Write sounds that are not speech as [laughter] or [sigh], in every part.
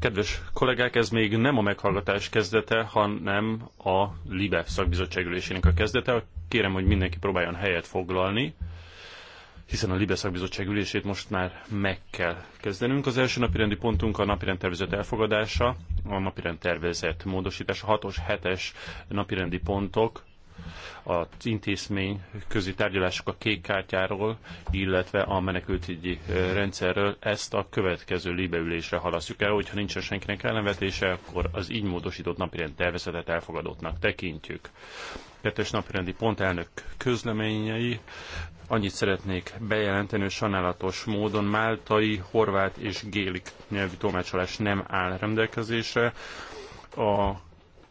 Kedves kollégák, ez még nem a meghallgatás kezdete, hanem a LIBE szakbizottság ülésének a kezdete. Kérem, hogy mindenki próbáljon helyet foglalni, hiszen a LIBE szakbizottság ülését most már meg kell kezdenünk. Az első napirendi pontunk a napirend tervezet elfogadása, a napirend tervezet módosítása, hatos os es napirendi pontok az intézmény közi tárgyalások a kék kártyáról, illetve a menekültügyi rendszerről. Ezt a következő libeülésre halasztjuk el, hogyha nincsen senkinek ellenvetése, akkor az így módosított napirend tervezetet elfogadottnak tekintjük. Kettes napirendi pont elnök közleményei. Annyit szeretnék bejelenteni, hogy sajnálatos módon máltai, horvát és gélik nyelvi tolmácsolás nem áll rendelkezésre. A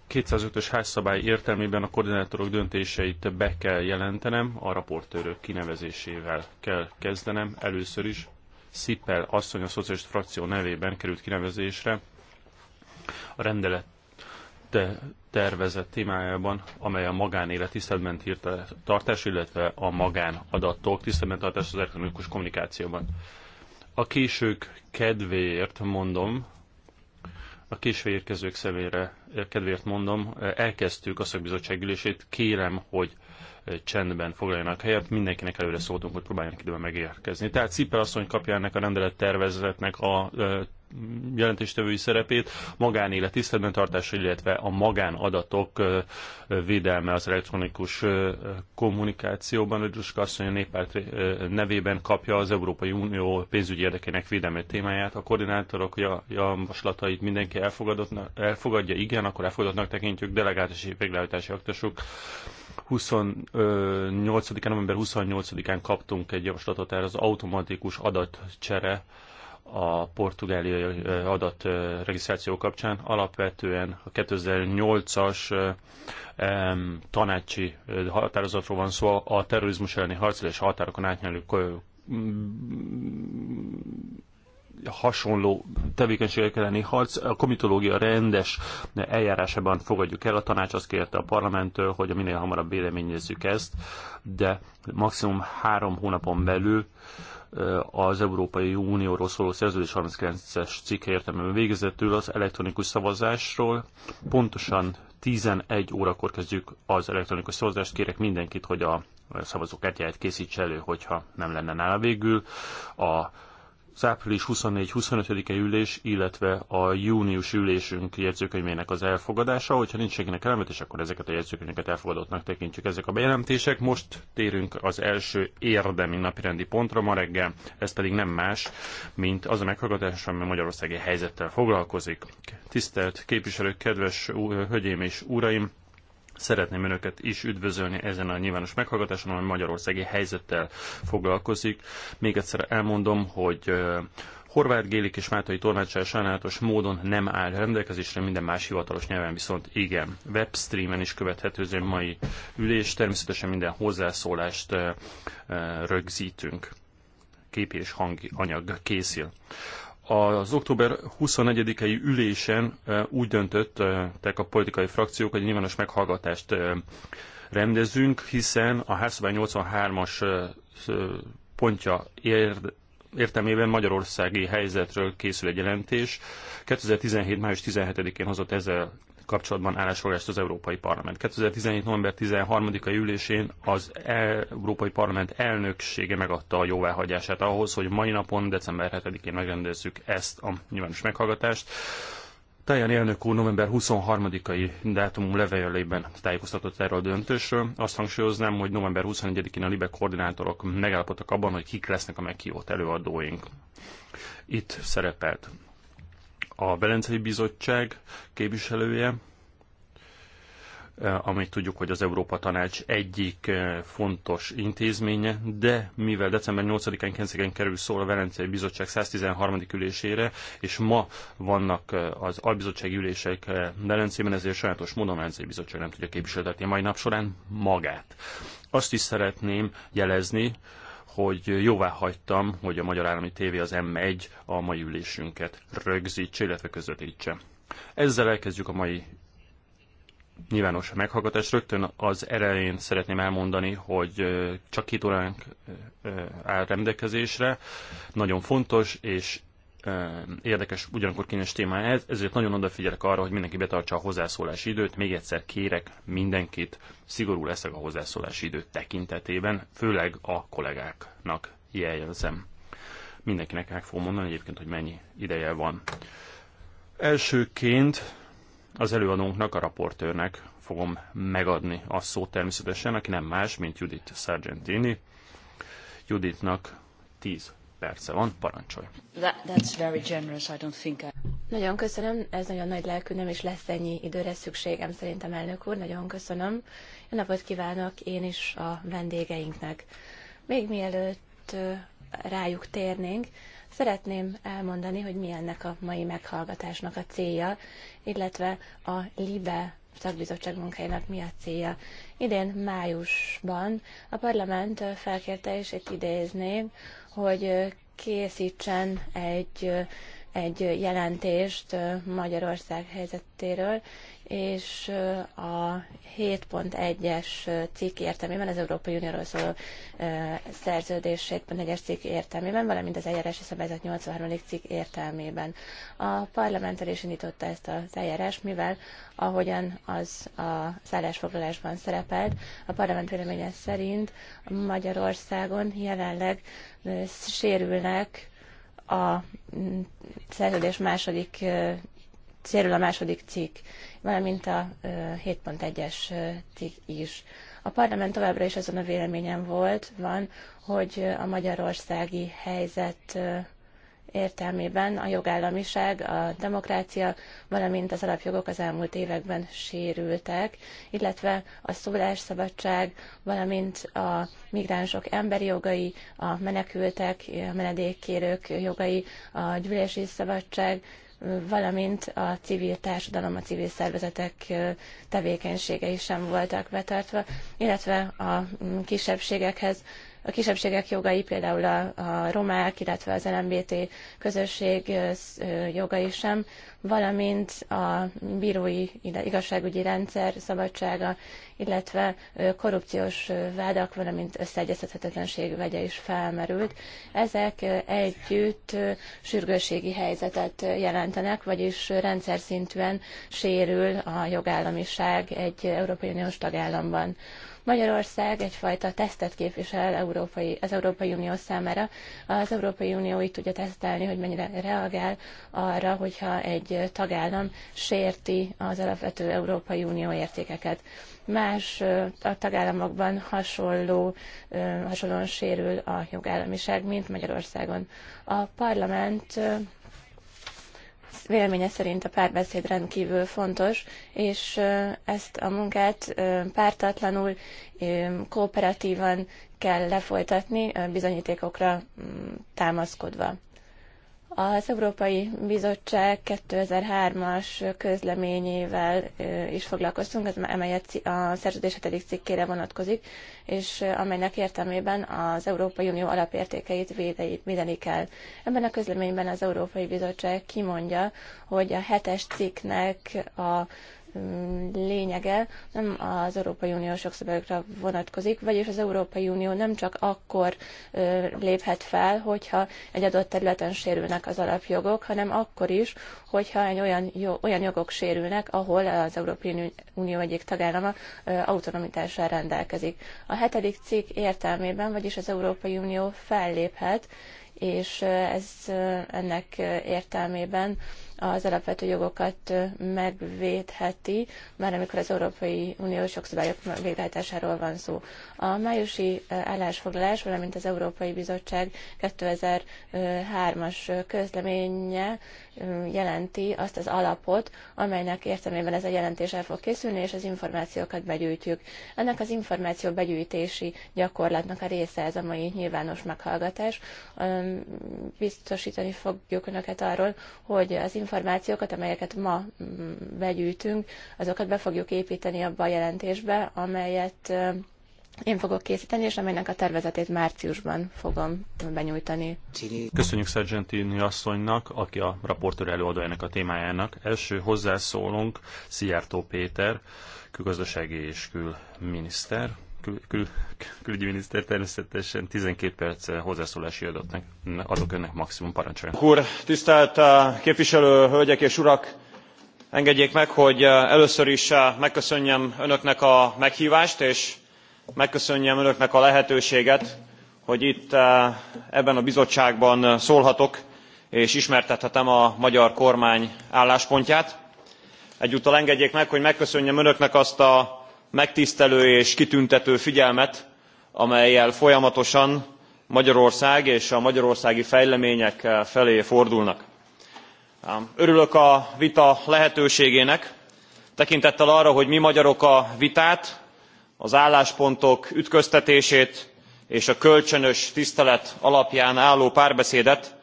205-ös házszabály értelmében a koordinátorok döntéseit be kell jelentenem, a raportőrök kinevezésével kell kezdenem. Először is Szippel asszony a szociális frakció nevében került kinevezésre a rendelet te tervezett témájában, amely a magánélet tiszteletben tartás, illetve a magánadatok tiszteletben tartás az elektronikus kommunikációban. A késők kedvéért mondom, a késve érkezők szemére eh, kedvéért mondom, eh, elkezdtük a szakbizottság ülését, kérem, hogy eh, csendben foglaljanak helyet, mindenkinek előre szóltunk, hogy próbáljanak időben megérkezni. Tehát Cipel asszony kapja ennek a rendelet tervezetnek a jelentéstevői szerepét, magánélet tiszteletben tartása, illetve a magánadatok védelme az elektronikus kommunikációban. Ödruska asszony a néppárt nevében kapja az Európai Unió pénzügyi érdekének védelme témáját. A koordinátorok javaslatait mindenki elfogadja, igen, akkor elfogadottnak tekintjük delegált végrehajtási aktusok. 28 november 28-án kaptunk egy javaslatot erre az automatikus adatcsere a portugáliai regisztráció kapcsán. Alapvetően a 2008-as tanácsi határozatról van szó a terrorizmus elleni harcra és határokon átnyelő mm, hasonló tevékenységek elleni harc. A komitológia rendes eljárásában fogadjuk el. A tanács azt kérte a parlamenttől, hogy a minél hamarabb véleményezzük ezt, de maximum három hónapon belül uh, az Európai Unióról szóló szerződés 39-es cikke értelmében végezetül az elektronikus szavazásról. Pontosan 11 órakor kezdjük az elektronikus szavazást. Kérek mindenkit, hogy a szavazókártyáját készíts elő, hogyha nem lenne nála végül. A az április 24-25-e ülés, illetve a június ülésünk jegyzőkönyvének az elfogadása. Hogyha nincs senkinek elmetés, akkor ezeket a jegyzőkönyveket elfogadottnak tekintjük ezek a bejelentések. Most térünk az első érdemi napirendi pontra ma reggel, ez pedig nem más, mint az a meghallgatás, ami magyarországi helyzettel foglalkozik. Tisztelt képviselők, kedves hölgyeim és uraim! Szeretném Önöket is üdvözölni ezen a nyilvános meghallgatáson, ami magyarországi helyzettel foglalkozik. Még egyszer elmondom, hogy Horváth Gélik és Mátai tolmácsája sajnálatos módon nem áll rendelkezésre, minden más hivatalos nyelven viszont igen. Webstreamen is követhető az mai ülés, természetesen minden hozzászólást rögzítünk. Kép és hangi anyag készül az október 24-i ülésen úgy döntöttek a politikai frakciók, hogy nyilvános meghallgatást rendezünk, hiszen a házszabály 83-as pontja érd, értelmében magyarországi helyzetről készül egy jelentés. 2017. május 17-én hozott ezzel kapcsolatban állásfoglalást az Európai Parlament. 2017. november 13-ai ülésén az Európai Parlament elnöksége megadta a jóváhagyását ahhoz, hogy mai napon, december 7-én megrendezzük ezt a nyilvános meghallgatást. Tajani elnök úr november 23-ai dátumú levelében tájékoztatott erről a döntősről. Azt hangsúlyoznám, hogy november 21-én a LIBE koordinátorok megállapodtak abban, hogy kik lesznek a meghívott előadóink. Itt szerepelt a Velencei Bizottság képviselője, Eh, amit tudjuk, hogy az Európa Tanács egyik eh, fontos intézménye, de mivel december 8-án Kenszegen kerül szól a Velencei Bizottság 113. ülésére, és ma vannak eh, az albizottsági ülések Velencében, ezért sajátos módon a Velencei Bizottság nem tudja képviseltetni a mai nap során magát. Azt is szeretném jelezni, hogy jóvá hagytam, hogy a Magyar Állami TV az M1 a mai ülésünket rögzítse, illetve közvetítse. Ezzel elkezdjük a mai nyilvános meghallgatás. Rögtön az elején szeretném elmondani, hogy csak két óránk áll rendelkezésre. Nagyon fontos és érdekes, ugyanakkor kényes téma ez, ezért nagyon odafigyelek arra, hogy mindenki betartsa a hozzászólási időt. Még egyszer kérek mindenkit, szigorú leszek a hozzászólási idő tekintetében, főleg a kollégáknak jeljelzem. Mindenkinek meg fogom mondani egyébként, hogy mennyi ideje van. Elsőként az előadónknak, a raportőrnek fogom megadni a szót természetesen, aki nem más, mint Judith Sargentini. Juditnak 10 perce van, parancsolj. That, that's very generous. I don't think I... Nagyon köszönöm, ez nagyon nagy lelkű, nem is lesz ennyi időre szükségem szerintem, elnök úr, nagyon köszönöm. Jó napot kívánok én is a vendégeinknek. Még mielőtt rájuk térnénk, Szeretném elmondani, hogy mi ennek a mai meghallgatásnak a célja, illetve a LIBE szakbizottság munkájának mi a célja. Idén májusban a parlament felkérte, és itt idézném, hogy készítsen egy egy jelentést Magyarország helyzetéről, és a 7.1-es cikk értelmében, az Európai Unióról szóló szerződés 7.1-es cikk értelmében, valamint az eljárási szabályzat 83. cikk értelmében. A parlament is indította ezt az eljárás, mivel ahogyan az a szállásfoglalásban szerepelt, a parlament véleménye szerint Magyarországon jelenleg sérülnek a mm, szerződés második célul a második cikk, valamint a 7.1-es cikk is. A parlament továbbra is azon a véleményem volt, van, hogy a magyarországi helyzet értelmében a jogállamiság, a demokrácia, valamint az alapjogok az elmúlt években sérültek, illetve a szólásszabadság, valamint a migránsok emberi jogai, a menekültek, a menedékkérők jogai, a gyűlési szabadság, valamint a civil társadalom, a civil szervezetek tevékenységei sem voltak betartva, illetve a kisebbségekhez a kisebbségek jogai, például a, a romák, illetve az LMBT közösség jogai sem, valamint a bírói igazságügyi rendszer szabadsága, illetve korrupciós vádak, valamint összeegyeztethetetlenség vegye is felmerült. Ezek együtt sürgőségi helyzetet jelentenek, vagyis rendszer szintűen sérül a jogállamiság egy Európai Uniós tagállamban. Magyarország egyfajta tesztet képvisel európai, az Európai Unió számára. Az Európai Unió itt tudja tesztelni, hogy mennyire reagál arra, hogyha egy tagállam sérti az alapvető Európai Unió értékeket más a tagállamokban hasonló, hasonlóan sérül a jogállamiság, mint Magyarországon. A parlament Véleménye szerint a párbeszéd rendkívül fontos, és ezt a munkát pártatlanul, kooperatívan kell lefolytatni, bizonyítékokra mm, támaszkodva. Az Európai Bizottság 2003-as közleményével is foglalkoztunk, az, amelyet a szerződés 7. cikkére vonatkozik, és amelynek értelmében az Európai Unió alapértékeit védeni kell. Ebben a közleményben az Európai Bizottság kimondja, hogy a 7 cikknek a lényege nem az Európai Unió jogszabályokra vonatkozik, vagyis az Európai Unió nem csak akkor léphet fel, hogyha egy adott területen sérülnek az alapjogok, hanem akkor is, hogyha egy olyan, olyan jogok sérülnek, ahol az Európai Unió egyik tagállama autonomitással rendelkezik. A hetedik cikk értelmében, vagyis az Európai Unió felléphet, és ez ennek értelmében az alapvető jogokat megvédheti, már amikor az Európai Uniós jogszabályok végrehajtásáról van szó. A májusi állásfoglalás, valamint az Európai Bizottság 2003-as közleménye jelenti azt az alapot, amelynek értelmében ez a jelentés el fog készülni, és az információkat begyűjtjük. Ennek az információ begyűjtési gyakorlatnak a része ez a mai nyilvános meghallgatás. Biztosítani fogjuk önöket arról, hogy az információ információkat, amelyeket ma mm, begyűjtünk, azokat be fogjuk építeni abba a jelentésbe, amelyet én fogok készíteni, és amelynek a tervezetét márciusban fogom benyújtani. Köszönjük Sargentini asszonynak, aki a raportőr előadójának a témájának. Első hozzászólunk, Szijjártó Péter, külgazdasági és külminiszter kül- kül- külügyi miniszter természetesen 12 perc hozzászólási adott adok önnek maximum parancsoljon. Úr, tisztelt eh, képviselő hölgyek és urak! Engedjék meg, hogy eh, először is eh, megköszönjem önöknek a meghívást, és megköszönjem önöknek a lehetőséget, hogy itt ebben a bizottságban szólhatok, és ismertethetem a magyar kormány álláspontját. Egyúttal engedjék meg, hogy megköszönjem önöknek azt a megtisztelő és kitüntető figyelmet amellyel folyamatosan magyarország és a magyarországi fejlemények felé fordulnak. örülök a vita lehetőségének tekintettel arra hogy mi magyarok a vitát az álláspontok ütköztetését és a kölcsönös tisztelet alapján álló párbeszédet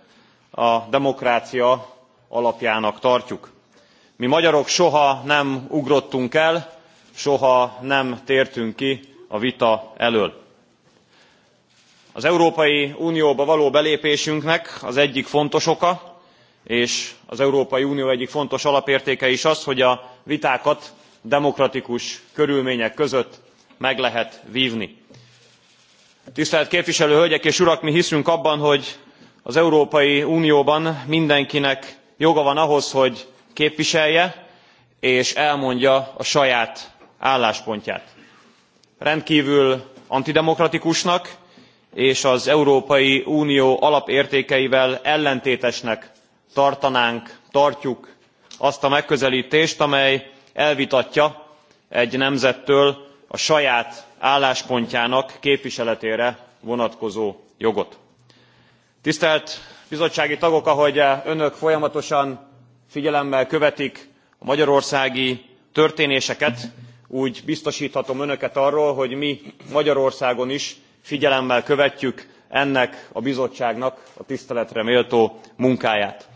a demokrácia alapjának tartjuk. mi magyarok soha nem ugrottunk el soha nem tértünk ki a vita elől. az európai unióba való belépésünknek az egyik fontos oka és az európai unió egyik fontos alapértéke is az hogy a vitákat demokratikus körülmények között meg lehet vvni. tisztelt képviselő hölgyek és urak mi hiszünk abban hogy az európai unióban mindenkinek joga van ahhoz hogy képviselje és elmondja a saját álláspontját. rendkvül antidemokratikusnak és az európai unió alapértékeivel ellentétesnek tartanánk tartjuk azt a megközeltést amely elvitatja egy nemzettől a saját álláspontjának képviseletére vonatkozó jogot. tisztelt bizottsági tagok ahogy önök folyamatosan figyelemmel követik a magyarországi történéseket úgy biztosthatom önöket arról hogy mi magyarországon is figyelemmel követjük ennek a bizottságnak a tiszteletre méltó munkáját.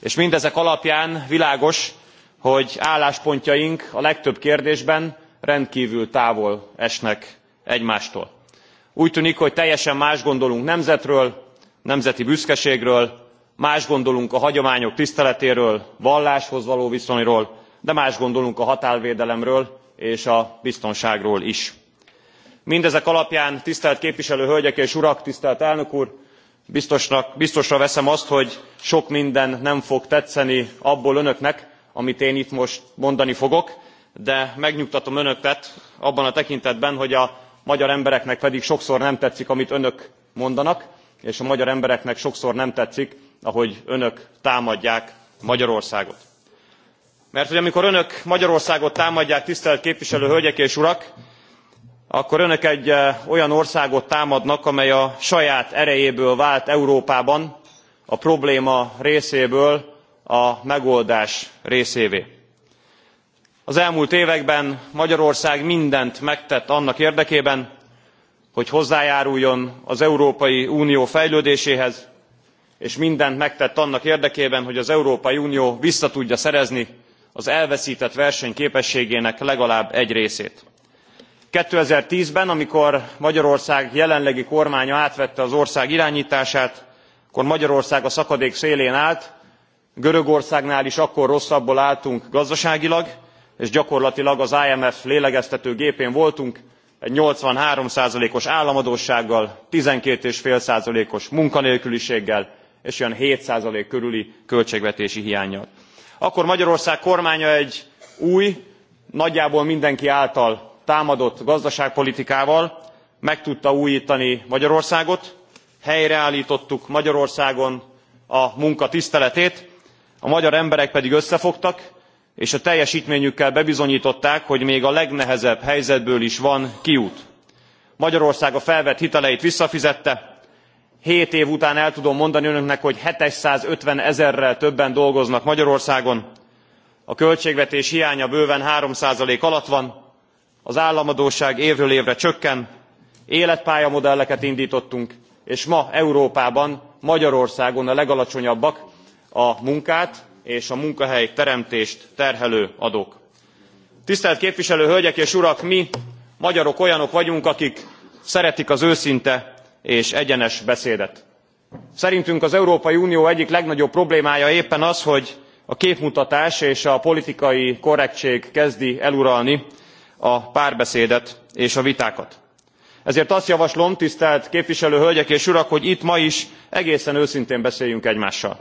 és mindezek alapján világos hogy álláspontjaink a legtöbb kérdésben rendkvül távol esnek egymástól. úgy tűnik hogy teljesen mást gondolunk nemzetről nemzeti büszkeségről mást gondolunk a hagyományok tiszteletéről valláshoz való viszonyról de mást gondolunk a határvédelemről és a biztonságról is. mindezek alapján tisztelt képviselő hölgyek és urak tisztelt elnök úr biztosnak, biztosra veszem azt hogy sok minden nem fog tetszeni abból önöknek amit én itt most mondani fogok de megnyugtatom önöket abban a tekintetben hogy a magyar embereknek pedig sokszor nem tetszik amit önök mondanak és a magyar embereknek sokszor nem tetszik ahogy önök támadják magyarországot mert hogy amikor önök magyarországot támadják tisztelt képviselő hölgyek és urak akkor önök egy eh, olyan országot támadnak amely a saját erejéből vált európában a probléma részéből a megoldás részévé. az elmúlt években magyarország mindent megtett annak érdekében hogy hozzájáruljon az európai unió fejlődéséhez és mindent megtett annak érdekében hogy az európai unió vissza tudja szerezni az elvesztett versenyképességének legalább egy részét. two thousand and ten ben amikor magyarország jelenlegi kormánya átvette az ország iránytását akkor magyarország a szakadék szélén állt görögországnál is akkor rosszabbul álltunk gazdaságilag és gyakorlatilag az imf lélegeztetőgépén voltunk egy eighty three os államadóssággal twelve five os munkanélküliséggel és olyan seven körüli költségvetési hiánnyal akkor magyarország kormánya egy új nagyjából mindenki által támadott gazdaságpolitikával meg tudta újtani magyarországot helyreálltottuk magyarországon a munka tiszteletét a magyar emberek pedig összefogtak és a teljestményükkel bebizonytották hogy még a legnehezebb helyzetből is van kiút. magyarország a felvett hiteleit visszafizette hét év után el tudom mondani önöknek hogy seven ezerrel többen dolgoznak magyarországon a költségvetés hiánya bőven three alatt van az államadósság évről évre csökken életpályamodelleket indtottunk és ma európában magyarországon a legalacsonyabbak a munkát és a munkahelyteremtést terhelő adók. tisztelt képviselő hölgyek és urak mi magyarok olyanok vagyunk akik szeretik az őszinte és egyenes beszédet. szerintünk az európai unió egyik legnagyobb problémája éppen az hogy a képmutatás és a politikai korrektség kezdi eluralni a párbeszédet és a vitákat. ezért azt javaslom tisztelt képviselő hölgyek és urak hogy itt ma is egészen őszintén beszéljünk egymással.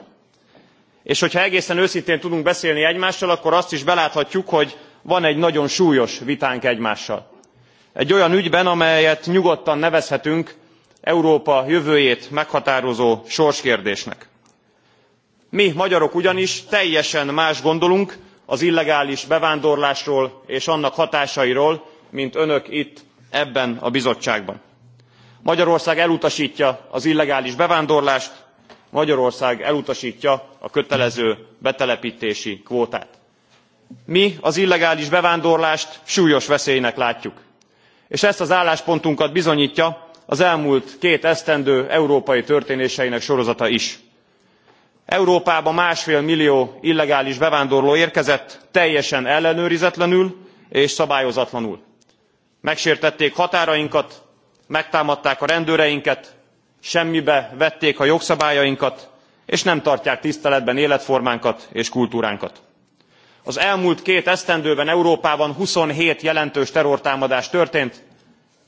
és hogyha egészen őszintén tudunk beszélni egymással akkor azt is beláthatjuk hogy van egy nagyon súlyos vitánk egymással egy olyan ügyben amelyet nyugodtan nevezhetünk európa jövőjét meghatározó sorskérdésnek. mi magyarok ugyanis teljesen mást gondolunk az illegális bevándorlásról és annak hatásairól mint önök itt ebben a bizottságban. magyarország elutastja az illegális bevándorlást magyarország elutastja a kötelező beteleptési kvótát. mi az illegális bevándorlást súlyos veszélynek látjuk és ezt az álláspontunkat bizonytja az elmúlt két esztendő európai történéseinek sorozata is. európába másfél millió illegális bevándorló érkezett teljesen ellenőrizetlenül és szabályozatlanul. megsértették határainkat megtámadták a rendőreinket semmibe vették a jogszabályainkat és nem tartják tiszteletben életformánkat és kultúránkat. az elmúlt két esztendőben európában twenty seven jelentős terrortámadás történt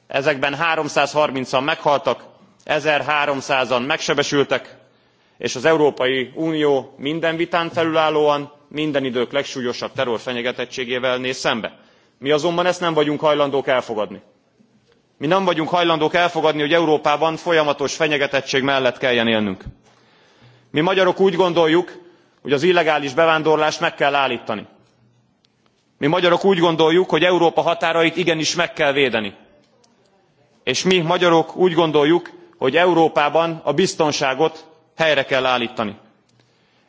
ezekben an meghaltak one three hundred an megsebesültek és az európai unió minden vitán felülállóan minden idők legsúlyosabb terrorfenyegetettségével néz szembe. mi azonban ezt nem vagyunk hajlandók elfogadni. mi nem vagyunk hajlandók elfogadni hogy európában folyamatos fenyegetettség mellett kelljen élnünk. mi magyarok úgy gondoljuk hogy az illegális bevándorlást meg kell álltani. mi magyarok úgy gondoljuk hogy európa határait igenis meg kell védeni és mi magyarok úgy gondoljuk hogy európában a biztonságot helyre kell álltani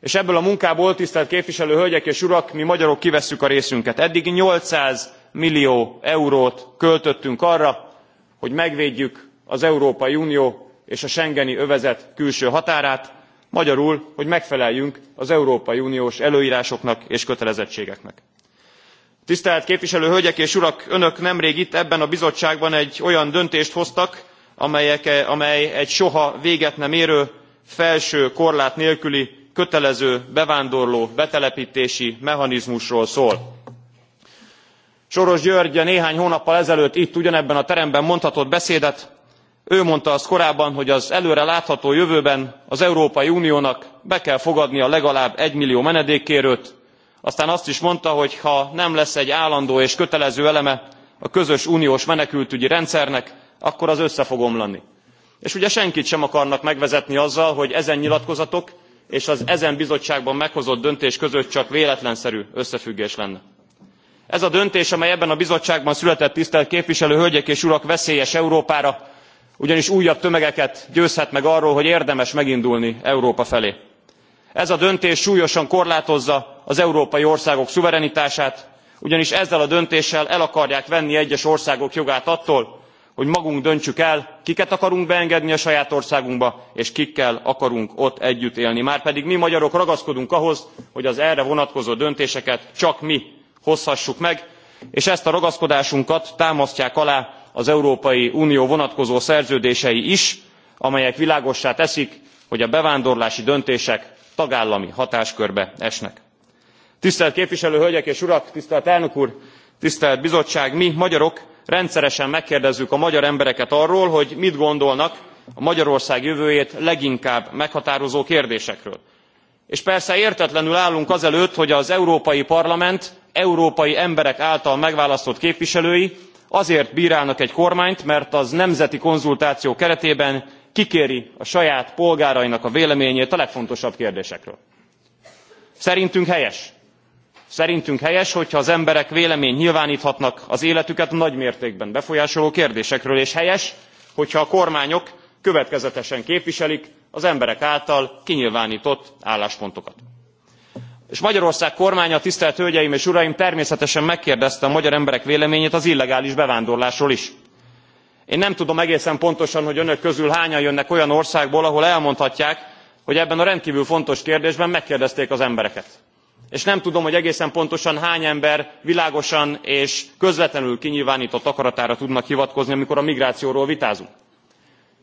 és ebből a munkából tisztelt képviselő hölgyek és urak mi magyarok kivesszük a részünket. eddig eight hundred millió eurót költöttünk arra hogy megvédjük az európai unió és a schengeni övezet külső határát magyarul hogy megfeleljünk az európai uniós előrásoknak és kötelezettségeknek tisztelt képviselő hölgyek és urak önök nemrég itt ebben a bizottságban egy olyan döntést hoztak amelyek, amely egy soha véget nem érő felső korlát nélküli kötelező bevándorló beteleptési mechanizmusról szól. soros györgy néhány hónappal ezelőtt itt ugyanebben a teremben mondhatott beszédet ő mondta azt korábban hogy az előre látható jövőben az európai uniónak be kell fogadnia legalább egymillió menedékkérőt aztán azt is mondta hogy ha nem lesz egy állandó és kötelező eleme a közös uniós menekültügyi rendszernek akkor az össze fog omlani. és ugye senkit sem akarnak megvezetni azzal hogy ezen nyilatkozatok és az ezen bizottságban meghozott döntés között csak véletlenszerű összefüggés lenne. ez a döntés amely ebben a bizottságban született tisztelt képviselő hölgyek és urak veszélyes európára ugyanis újabb tömegeket győzhet meg arról hogy érdemes megindulni európa felé ez a döntés súlyosan korlátozza az európai országok szuverenitását ugyanis ezzel a döntéssel el akarják venni egyes országok jogát attól hogy magunk döntsük el kiket akarunk beengedni a saját országunkba és kikkel akarunk ott együtt élni márpedig mi magyarok ragaszkodunk ahhoz hogy az erre vonatkozó döntéseket csak mi hozhassuk meg és ezt a ragaszkodásunkat támasztják alá az európai unió vonatkozó szerződései is amelyek világossá teszik hogy a bevándorlási döntések tagállami hatáskörbe esnek. tisztelt képviselő hölgyek és urak tisztelt elnök úr tisztelt bizottság mi magyarok rendszeresen megkérdezzük a magyar embereket arról hogy mit gondolnak a magyarország jövőjét leginkább meghatározó kérdésekről és persze értetlenül állunk azelőtt hogy az európai parlament európai emberek által megválasztott képviselői azért brálnak egy kormányt mert az nemzeti konzultáció keretében kikéri a saját polgárainak a véleményét a legfontosabb kérdésekről. szerintünk helyes szerintünk helyes hogyha az emberek véleményt nyilvánthatnak az életüket nagy mértékben befolyásoló kérdésekről és helyes hogyha a kormányok következetesen képviselik az emberek által kinyilvántott álláspontokat. és magyarország kormánya tisztelt hölgyeim és uraim természetesen megkérdezte a magyar emberek véleményét az illegális bevándorlásról is én nem tudom egészen pontosan hogy önök közül hányan jönnek olyan országból ahol elmondhatják hogy ebben a rendkvül fontos kérdésben megkérdezték az embereket és nem tudom hogy egészen pontosan hány ember világosan és közvetlenül kinyilvántott akaratára tudnak hivatkozni amikor a migrációról vitázunk.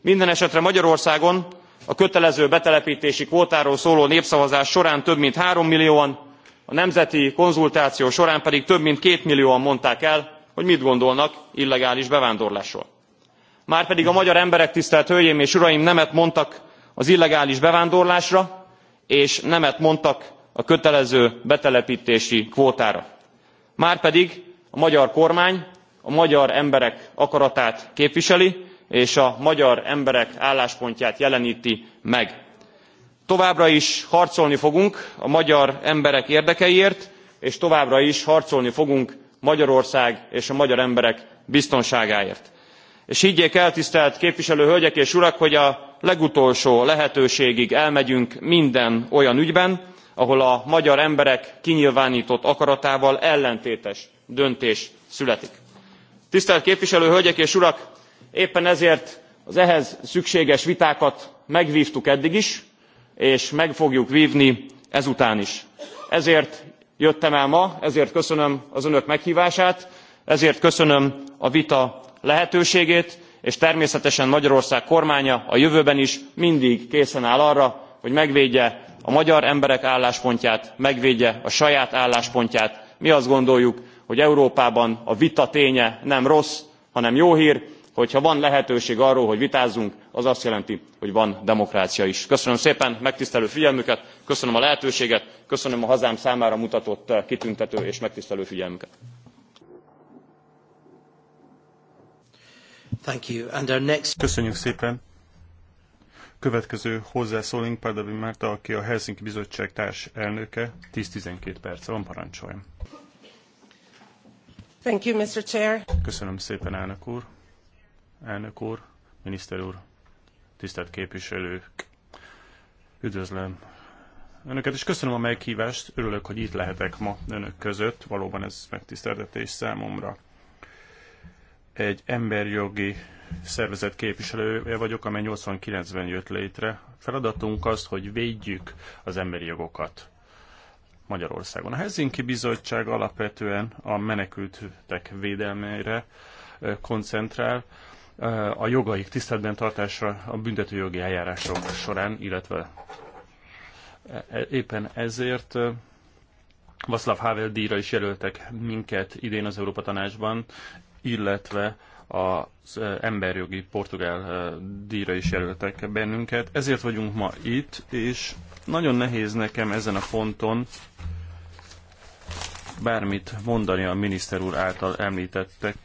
mindenesetre magyarországon a kötelező beteleptési kvótáról szóló népszavazás során több mint three millióan a nemzeti konzultáció során pedig több mint two millióan mondták el hogy mit gondolnak illegális bevándorlásról márpedig a magyar emberek tisztelt hölgyeim és uraim nemet mondtak az illegális bevándorlásra és nemet mondtak a kötelező beteleptési kvótára márpedig a magyar kormány a magyar emberek akaratát képviseli és a magyar emberek álláspontját jelenti meg. továbbra is harcolni fogunk a magyar emberek érdekeiért és továbbra is harcolni fogunk magyarország és a magyar emberek biztonságáért és higgyék el tisztelt képviselő hölgyek és urak hogy a legutolsó lehetőségig elmegyünk minden olyan ügyben ahol a magyar emberek kinyilvántott akaratával ellentétes döntés születik. tisztelt képviselő hölgyek és urak éppen ezért az ehhez szükséges vitákat megvvtuk eddig is és meg fogjuk vvni ezután is. ezért jöttem el ma ezért köszönöm az önök meghvását ezért köszönöm a vita lehetőségét és természetesen magyarország kormánya a jövőben is mindig készen áll arra hogy megvédje a magyar emberek álláspontját megvédje a saját álláspontját. mi azt gondoljuk hogy európában a vita ténye nem rossz hanem jó hr hogyha van lehetőség arról hogy vitázzunk az azt jelenti hogy van demokrácia is. köszönöm szépen megtisztelő figyelmüket köszönöm a lehetőséget köszönöm a hazám számára mutatott kitüntető és megtisztelő figyelmüket. Köszönjük szépen. Következő hozzászólink Pardavi Márta, aki a Helsinki Bizottság társ elnöke. 10-12 perc van, parancsoljon. Thank you, Mr. Chair. Köszönöm szépen, elnök úr. Elnök úr, miniszter úr, tisztelt képviselők. Üdvözlöm önöket, és köszönöm a meghívást. Örülök, hogy itt lehetek ma önök között. Valóban ez megtiszteltetés számomra egy emberjogi szervezet képviselője vagyok, amely 89-ben jött létre. Feladatunk az, hogy védjük az emberi jogokat Magyarországon. A Helsinki Bizottság alapvetően a menekültek védelmére koncentrál, a jogaik tiszteletben tartásra a büntetőjogi eljárások során, illetve e, e, éppen ezért Vaszlav Havel díjra is jelöltek minket idén az Európa Tanácsban, illetve az emberjogi portugál díjra is jelöltek bennünket. Ezért vagyunk ma itt, és nagyon nehéz nekem ezen a ponton bármit mondani a miniszter úr által említettek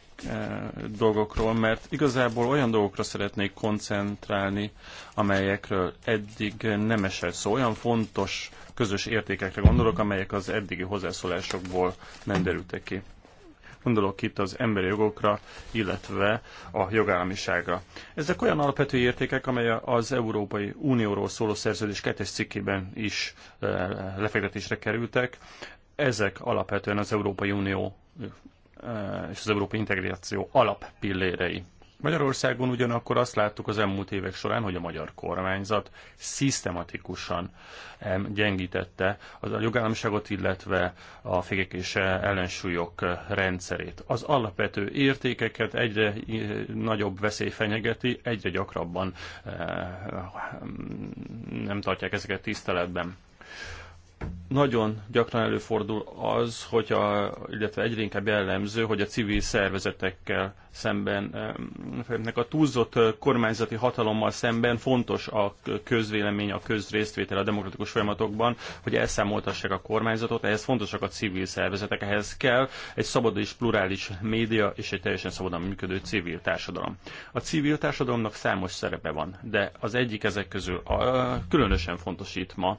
dolgokról, mert igazából olyan dolgokra szeretnék koncentrálni, amelyekről eddig nem esett szó. Olyan fontos közös értékekre gondolok, amelyek az eddigi hozzászólásokból nem derültek ki. Gondolok itt az emberi jogokra, illetve a jogállamiságra. Ezek olyan alapvető értékek, amely az Európai Unióról szóló szerződés kettes cikkében is eh, lefektetésre kerültek. Ezek alapvetően az Európai Unió eh, és az európai integráció alap pillérei. Magyarországon ugyanakkor azt láttuk az elmúlt évek során, hogy a magyar kormányzat szisztematikusan gyengítette a jogállamiságot, illetve a fékek és ellensúlyok rendszerét. Az alapvető értékeket egyre nagyobb veszély fenyegeti, egyre gyakrabban eh, nem tartják ezeket tiszteletben nagyon gyakran előfordul az, hogy a, illetve egyre inkább jellemző, hogy a civil szervezetekkel szemben, ennek a túlzott kormányzati hatalommal szemben fontos a közvélemény, a közrésztvétel a demokratikus folyamatokban, hogy elszámoltassák a kormányzatot, ehhez fontosak a civil szervezetek, ehhez kell egy szabad és plurális média és egy teljesen szabadon működő civil társadalom. A civil társadalomnak számos szerepe van, de az egyik ezek közül a, különösen fontos itt ma,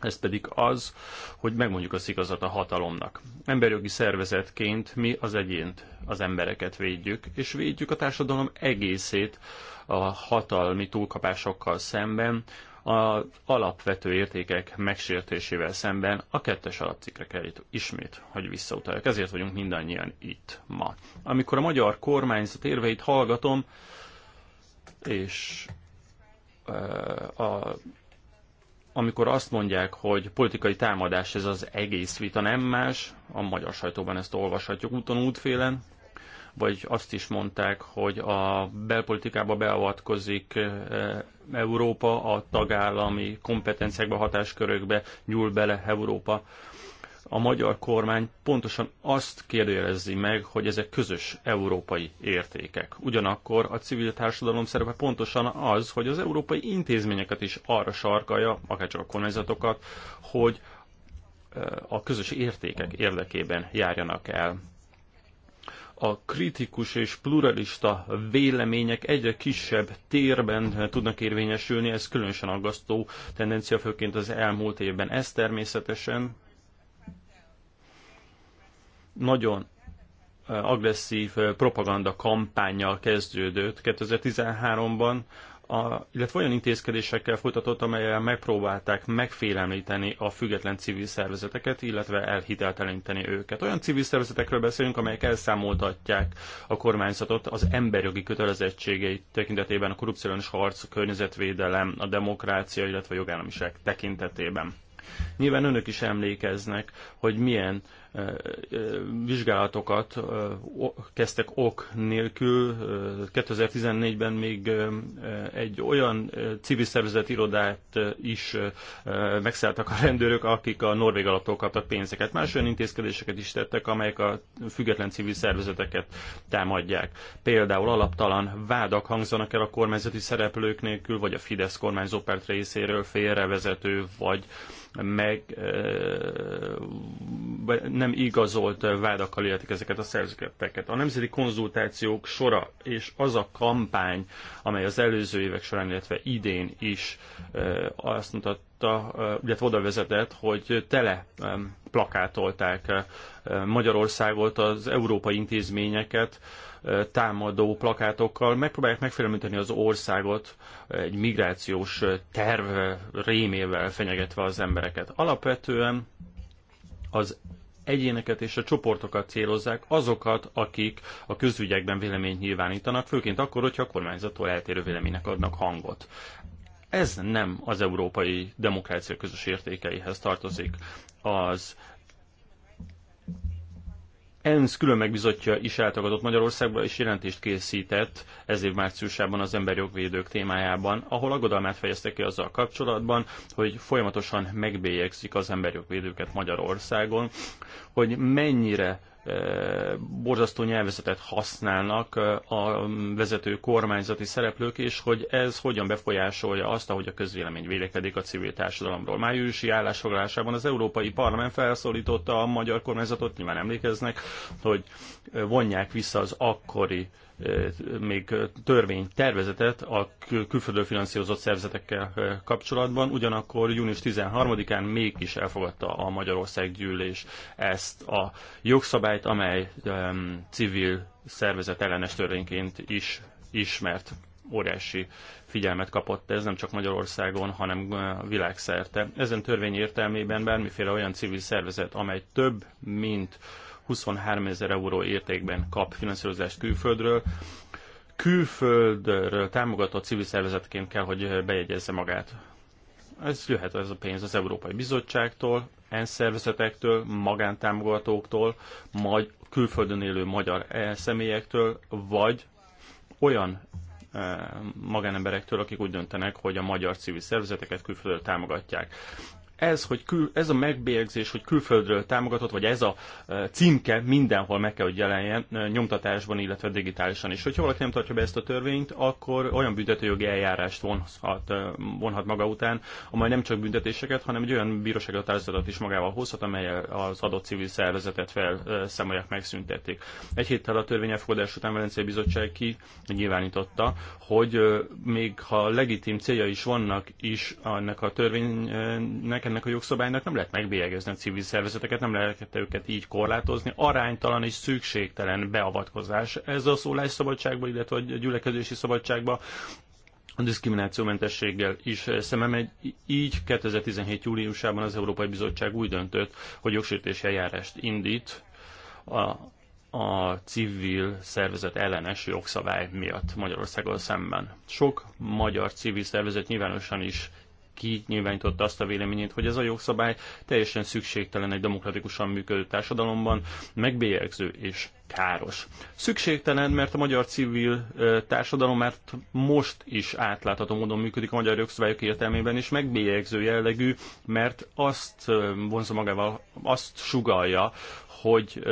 ez pedig az, hogy megmondjuk az igazat a hatalomnak. Emberjogi szervezetként mi az egyént, az embereket védjük, és védjük a társadalom egészét a hatalmi túlkapásokkal szemben, az alapvető értékek megsértésével szemben a kettes alapcikre kell itt ismét, hogy visszautaljak. Ezért vagyunk mindannyian itt ma. Amikor a magyar kormányzat érveit hallgatom, és a amikor azt mondják, hogy politikai támadás ez az egész vita, nem más, a magyar sajtóban ezt olvashatjuk úton útfélen, vagy azt is mondták, hogy a belpolitikába beavatkozik eh, Európa, a tagállami kompetenciákba, hatáskörökbe nyúl bele Európa a magyar kormány pontosan azt kérdőjelezi meg, hogy ezek közös európai értékek. Ugyanakkor a civil társadalom szerepe pontosan az, hogy az európai intézményeket is arra sarkalja, akárcsak a kormányzatokat, hogy a közös értékek érdekében járjanak el. A kritikus és pluralista vélemények egyre kisebb térben tudnak érvényesülni, ez különösen aggasztó tendencia, főként az elmúlt évben. Ez természetesen nagyon agresszív propaganda kampányjal kezdődött 2013-ban, a, illetve olyan intézkedésekkel folytatott, amelyel megpróbálták megfélemlíteni a független civil szervezeteket, illetve elhitelteleníteni őket. Olyan civil szervezetekről beszélünk, amelyek elszámoltatják a kormányzatot az emberjogi kötelezettségei tekintetében, a korrupciós harc, a környezetvédelem, a demokrácia, illetve a jogállamiság tekintetében. Nyilván önök is emlékeznek, hogy milyen vizsgálatokat kezdtek ok nélkül. 2014-ben még egy olyan civil szervezet irodát is megszálltak a rendőrök, akik a norvég alaptól kaptak pénzeket. Más olyan intézkedéseket is tettek, amelyek a független civil szervezeteket támadják. Például alaptalan vádak hangzanak el a kormányzati szereplők nélkül, vagy a Fidesz kormányzópárt részéről félrevezető, vagy meg nem igazolt vádakkal illetik ezeket a szerzőket. A nemzeti konzultációk sora és az a kampány, amely az előző évek során, illetve idén is azt mutatta, illetve oda vezetett, hogy tele plakátolták Magyarországot, az európai intézményeket, támadó plakátokkal megpróbálják megfélemlíteni az országot egy migrációs terv rémével fenyegetve az embereket. Alapvetően az egyéneket és a csoportokat célozzák, azokat, akik a közügyekben véleményt nyilvánítanak, főként akkor, hogyha a kormányzattól eltérő véleménynek adnak hangot. Ez nem az európai demokrácia közös értékeihez tartozik. Az ENSZ külön megbizotja is eltagadott Magyarországba, és jelentést készített ez év márciusában az emberjogvédők témájában, ahol aggodalmát fejezte ki azzal kapcsolatban, hogy folyamatosan megbélyegzik az emberjogvédőket Magyarországon, hogy mennyire borzasztó nyelvezetet használnak a vezető kormányzati szereplők, és hogy ez hogyan befolyásolja azt, ahogy a közvélemény vélekedik a civil társadalomról. Májusi állásfoglalásában az Európai Parlament felszólította a magyar kormányzatot, nyilván emlékeznek, hogy vonják vissza az akkori még törvénytervezetet a külföldről finanszírozott szervezetekkel kapcsolatban, ugyanakkor június 13-án mégis elfogadta a Magyarország gyűlés ezt a jogszabályt, amely um, civil szervezet ellenes törvényként is ismert óriási figyelmet kapott ez nem csak Magyarországon, hanem világszerte. Ezen törvény értelmében bármiféle olyan civil szervezet, amely több mint 23 ezer euró értékben kap finanszírozást külföldről. Külföldről támogatott civil szervezetként kell, hogy bejegyezze magát. Ez jöhet ez a pénz az Európai Bizottságtól, ENSZ szervezetektől, magántámogatóktól, majd külföldön élő magyar személyektől, vagy olyan eh, magánemberektől, akik úgy döntenek, hogy a magyar civil szervezeteket külföldön támogatják ez, hogy kül, ez a megbélyegzés, hogy külföldről támogatott, vagy ez a e, címke mindenhol meg kell, hogy jelenjen e, nyomtatásban, illetve digitálisan is. Hogyha valaki nem tartja be ezt a törvényt, akkor olyan büntetőjogi eljárást vonhat, e, vonhat maga után, amely nem csak büntetéseket, hanem egy olyan bírósági határozatot is magával hozhat, amely az adott civil szervezetet felszámolják, megszüntették. Egy héttel a törvény elfogadás után Velencei Bizottság ki nyilvánította, hogy még ha legitim célja is vannak is annak a törvénynek, kitétenek ennek a jogszabálynak, nem lehet megbélyegezni a civil szervezeteket, nem lehet őket így korlátozni. Aránytalan és szükségtelen beavatkozás. Ez a szólásszabadságba, illetve a gyülekezési szabadságba a diszkriminációmentességgel is szemem egy. Így 2017. júliusában az Európai Bizottság úgy döntött, hogy jogsértési eljárást indít a, a civil szervezet ellenes jogszabály miatt Magyarországgal szemben. Sok magyar civil szervezet nyilvánosan is kinyilvánította azt a véleményét, hogy ez a jogszabály teljesen szükségtelen egy demokratikusan működő társadalomban, megbélyegző és káros. Szükségtelen, mert a magyar civil társadalom már most is átlátható módon működik a magyar jogszabályok értelmében, és megbélyegző jellegű, mert azt vonza magával, azt sugalja, hogy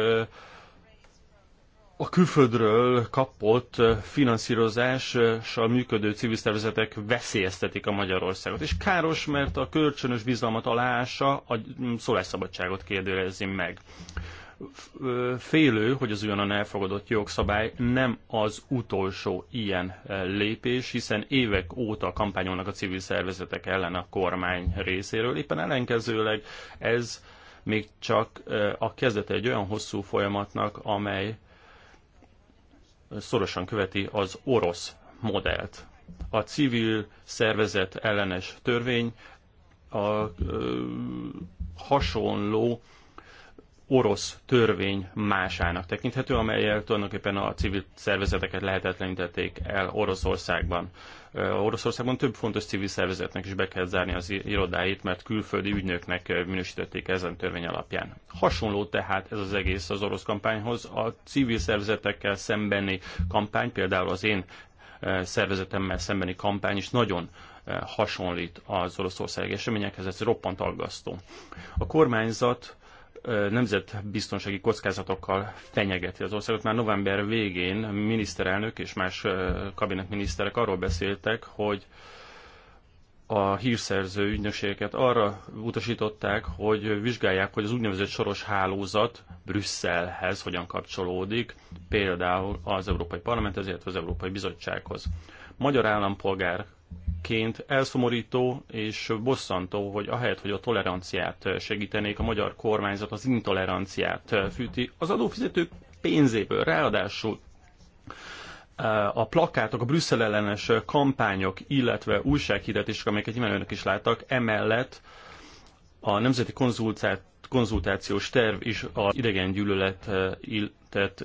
a külföldről kapott eh, finanszírozással működő civil szervezetek veszélyeztetik a Magyarországot. És káros, mert a kölcsönös bizalmat aláása a mm, szólásszabadságot kérdőjelezi meg. Félő, hogy az ugyanan elfogadott jogszabály nem az utolsó ilyen eh, lépés, hiszen évek óta kampányolnak a civil szervezetek ellen a kormány részéről. Éppen ellenkezőleg ez még csak eh, a kezdete egy olyan hosszú folyamatnak, amely szorosan követi az orosz modellt. A civil szervezet ellenes törvény a ö, hasonló orosz törvény másának tekinthető, amelyel tulajdonképpen a civil szervezeteket lehetetlenítették el Oroszországban. Oroszországban több fontos civil szervezetnek is be kell zárni az irodáit, mert külföldi ügynöknek minősítették ezen törvény alapján. Hasonló tehát ez az egész az orosz kampányhoz. A civil szervezetekkel szembeni kampány, például az én szervezetemmel szembeni kampány is nagyon hasonlít az oroszországi eseményekhez, ez roppant aggasztó. A kormányzat nemzetbiztonsági kockázatokkal fenyegeti az országot. Már november végén miniszterelnök és más kabinetminiszterek arról beszéltek, hogy a hírszerző ügynökségeket arra utasították, hogy vizsgálják, hogy az úgynevezett soros hálózat Brüsszelhez hogyan kapcsolódik, például az Európai Parlament ezért az Európai Bizottsághoz. Magyar állampolgár ként elszomorító és bosszantó, hogy ahelyett, hogy a toleranciát segítenék, a magyar kormányzat az intoleranciát fűti az adófizetők pénzéből. Ráadásul eh, a plakátok, a Brüsszel ellenes kampányok, illetve újsághirdetések, amelyeket nyilván önök is láttak, emellett a nemzeti konzultált konzultációs terv is az idegen gyűlölet eh,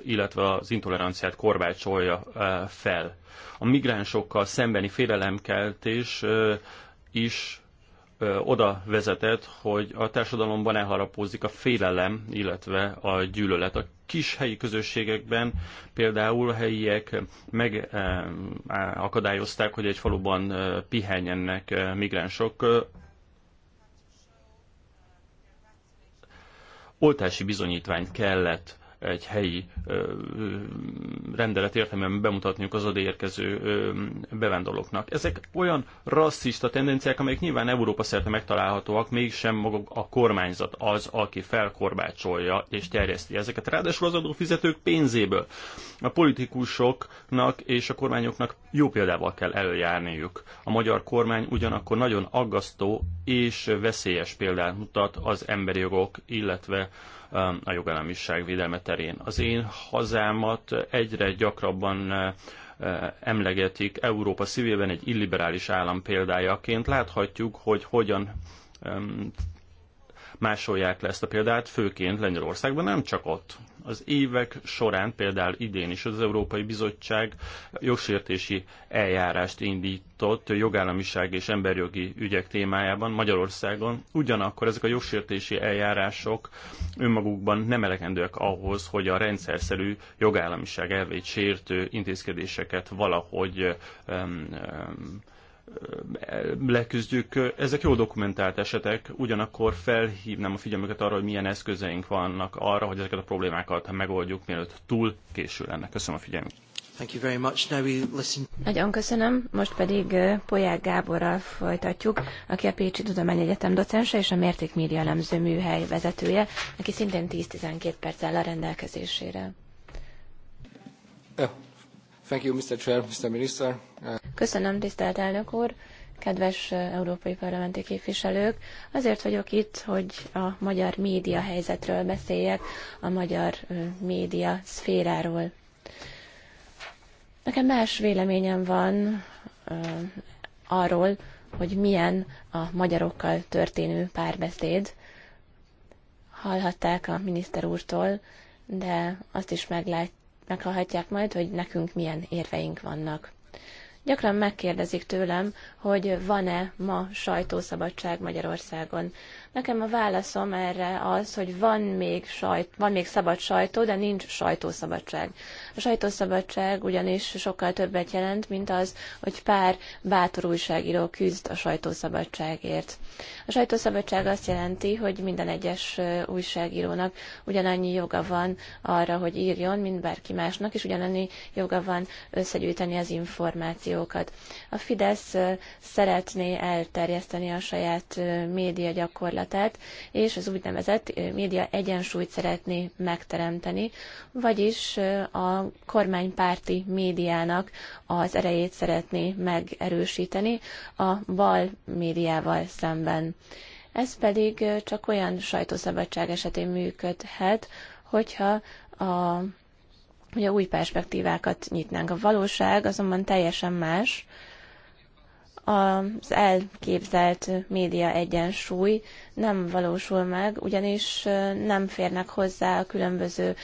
illetve az intoleranciát korbácsolja eh, fel. A migránsokkal szembeni félelemkeltés eh, is oda vezetett, hogy a társadalomban elharapózik a félelem, illetve a gyűlölet. A kis helyi közösségekben például a helyiek megakadályozták, hogy egy faluban pihenjenek migránsok. oltási bizonyítványt kellett egy helyi rendelet értelmében bemutatniuk az odaérkező bevándorlóknak. Ezek olyan rasszista tendenciák, amelyek nyilván Európa szerte megtalálhatóak, mégsem maga a kormányzat az, aki felkorbácsolja és terjeszti ezeket. Ráadásul az adófizetők pénzéből. A politikusoknak és a kormányoknak jó példával kell előjárniuk. A magyar kormány ugyanakkor nagyon aggasztó és veszélyes példát mutat az emberi jogok, illetve Um, a jogállamiság védelme terén. Az én hazámat egyre gyakrabban uh, uh, emlegetik Európa szívében egy illiberális állam példájaként. Láthatjuk, hogy hogyan um, másolják le ezt a példát, főként Lengyelországban, nem csak ott az évek során, például idén is az Európai Bizottság jogsértési eljárást indított jogállamiság és emberjogi ügyek témájában Magyarországon. Ugyanakkor ezek a jogsértési eljárások önmagukban nem elegendőek ahhoz, hogy a rendszerszerű jogállamiság elvét sértő intézkedéseket valahogy um, um, leküzdjük. Ezek jó dokumentált esetek, ugyanakkor felhívnám a figyelmüket arra, hogy milyen eszközeink vannak arra, hogy ezeket a problémákat megoldjuk, mielőtt túl késő lenne. Köszönöm a figyelmüket. Thank you very much. Now we listen. Nagyon köszönöm. Most pedig Poják Gáborral folytatjuk, aki a Pécsi Tudományegyetem docense és a Mérték Média Elemző Műhely vezetője, aki szintén 10-12 perc áll a rendelkezésére. Ja. Thank you, Mr. Chair, Mr. Minister. Köszönöm, tisztelt elnök úr, kedves európai parlamenti képviselők. Azért vagyok itt, hogy a magyar média helyzetről beszéljek, a magyar média szféráról. Nekem más véleményem van arról, hogy milyen a magyarokkal történő párbeszéd. Hallhatták a miniszter úrtól, de azt is meglát, meghallhatják majd, hogy nekünk milyen érveink vannak. Gyakran megkérdezik tőlem, hogy van-e ma sajtószabadság Magyarországon. Nekem a válaszom erre az, hogy van még, sajt, van még szabad sajtó, de nincs sajtószabadság. A sajtószabadság ugyanis sokkal többet jelent, mint az, hogy pár bátor újságíró küzd a sajtószabadságért. A sajtószabadság azt jelenti, hogy minden egyes újságírónak ugyanannyi joga van arra, hogy írjon, mint bárki másnak, és ugyanannyi joga van összegyűjteni az információkat. A Fidesz szeretné elterjeszteni a saját média gyakorlatát, helyzetet, és az úgynevezett média egyensúlyt szeretné megteremteni, vagyis a kormánypárti médiának az erejét szeretné megerősíteni a bal médiával szemben. Ez pedig csak olyan sajtószabadság esetén működhet, hogyha a, hogy a új perspektívákat nyitnánk. A valóság azonban teljesen más, az elképzelt média egyensúly nem valósul meg, ugyanis nem férnek hozzá a különböző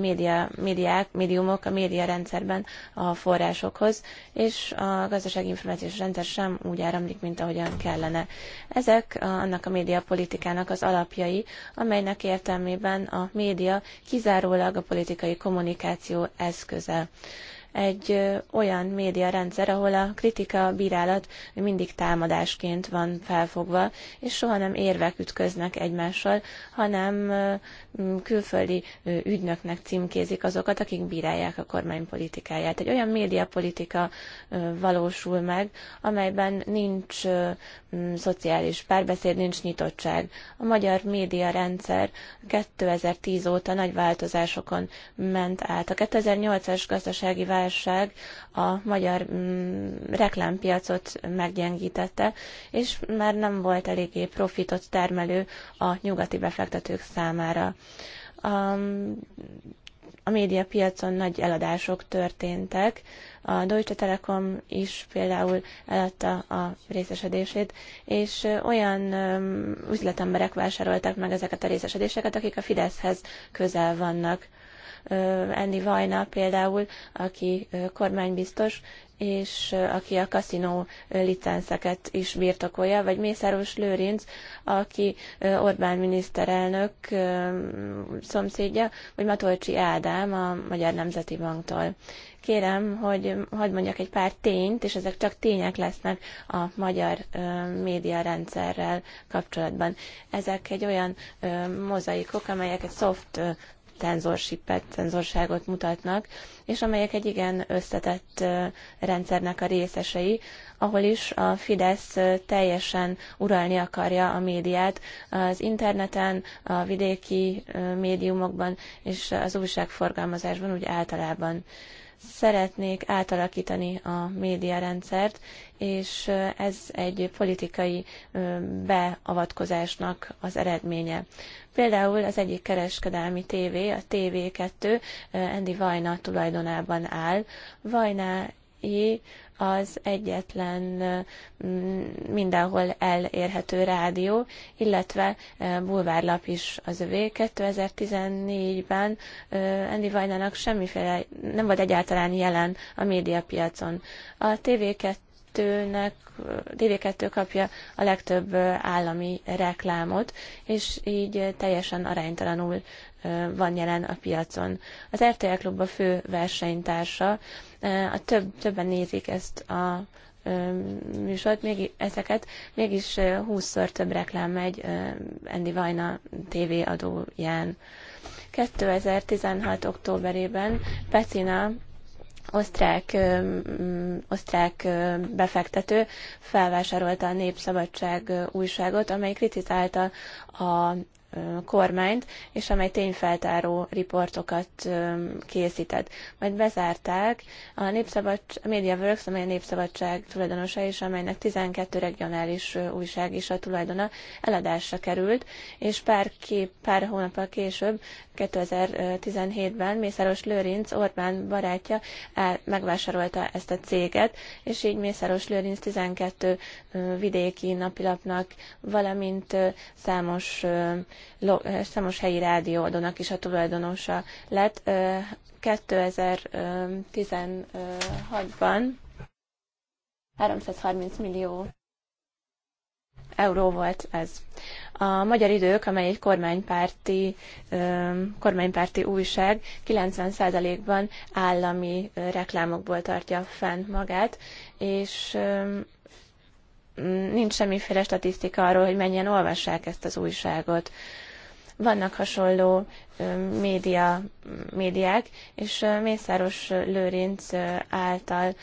média, médiák, médiumok a média rendszerben a forrásokhoz, és a gazdasági információs rendszer sem úgy áramlik, mint ahogyan kellene. Ezek annak a médiapolitikának az alapjai, amelynek értelmében a média kizárólag a politikai kommunikáció eszköze egy olyan médiarendszer, ahol a kritika, a bírálat mindig támadásként van felfogva, és soha nem érvek ütköznek egymással, hanem külföldi ügynöknek címkézik azokat, akik bírálják a kormány politikáját. Egy olyan médiapolitika valósul meg, amelyben nincs szociális párbeszéd, nincs nyitottság. A magyar médiarendszer 2010 óta nagy változásokon ment át. A 2008-as gazdasági válság a magyar reklámpiacot meggyengítette, és már nem volt eléggé profitot termelő a nyugati befektetők számára. A, a médiapiacon nagy eladások történtek. A Deutsche Telekom is például eladta a részesedését, és olyan üzletemberek vásárolták meg ezeket a részesedéseket, akik a Fideszhez közel vannak. Enni Vajna például, aki kormánybiztos, és aki a kaszinó licenszeket is birtokolja, vagy Mészáros Lőrinc, aki Orbán miniszterelnök szomszédja, vagy Matolcsi Ádám a Magyar Nemzeti Banktól. Kérem, hogy hadd mondjak egy pár tényt, és ezek csak tények lesznek a magyar médiarendszerrel kapcsolatban. Ezek egy olyan mozaikok, amelyek egy soft cenzorsipet, cenzorságot mutatnak, és amelyek egy igen összetett rendszernek a részesei, ahol is a Fidesz teljesen uralni akarja a médiát az interneten, a vidéki médiumokban és az újságforgalmazásban úgy általában szeretnék átalakítani a médiarendszert, és ez egy politikai beavatkozásnak az eredménye. Például az egyik kereskedelmi tévé, a TV2, Andy Vajna tulajdonában áll. Vajna az egyetlen mm, mindenhol elérhető rádió, illetve e, bulvárlap is az övé. 2014-ben e, Andy Vajnának semmiféle, nem volt egyáltalán jelen a médiapiacon. A TV2 2 TV2 kapja a legtöbb e, állami reklámot, és így teljesen aránytalanul van jelen a piacon. Az RTL Klub a fő versenytársa, a több, többen nézik ezt a műsort, még, ezeket, mégis 20 több reklám megy Andy Vajna TV adóján. 2016. októberében Pecina osztrák, osztrák befektető felvásárolta a Népszabadság újságot, amely kritizálta a kormányt, és amely tényfeltáró riportokat készített. Majd bezárták a, népszabadság, a MediaWorks, amely a Népszabadság tulajdonosa, és amelynek 12 regionális újság is a tulajdona, eladásra került, és pár, kép, pár hónappal később, 2017-ben Mészáros Lőrinc, Orbán barátja megvásárolta ezt a céget, és így Mészáros Lőrinc 12 vidéki napilapnak, valamint számos számos helyi rádióadónak is a tulajdonosa lett 2016-ban. 330 millió euró volt ez. A Magyar Idők, amely egy kormánypárti, kormánypárti újság, 90%-ban állami reklámokból tartja fenn magát, és nincs semmiféle statisztika arról, hogy mennyien olvassák ezt az újságot. Vannak hasonló média, médiák, és Mészáros Lőrinc által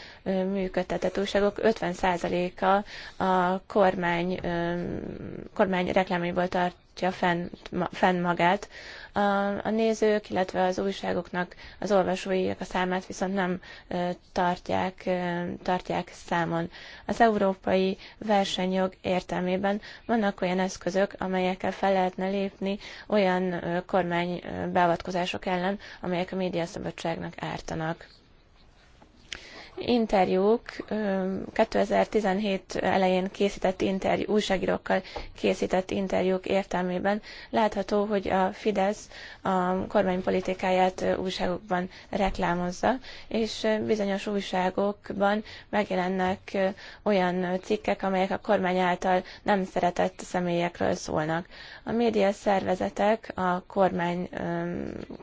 működtetett újságok 50%-a a kormány, kormány reklámaiból tart, tartja fenn, fenn magát. A, a nézők, illetve az újságoknak, az olvasóiak a számát viszont nem tartják, tartják számon. Az európai versenyjog értelmében vannak olyan eszközök, amelyekkel fel lehetne lépni olyan kormánybeavatkozások ellen, amelyek a médiaszabadságnak ártanak interjúk, 2017 elején készített interjú, újságírókkal készített interjúk értelmében látható, hogy a Fidesz a kormánypolitikáját újságokban reklámozza, és bizonyos újságokban megjelennek olyan cikkek, amelyek a kormány által nem szeretett személyekről szólnak. A média szervezetek a kormány,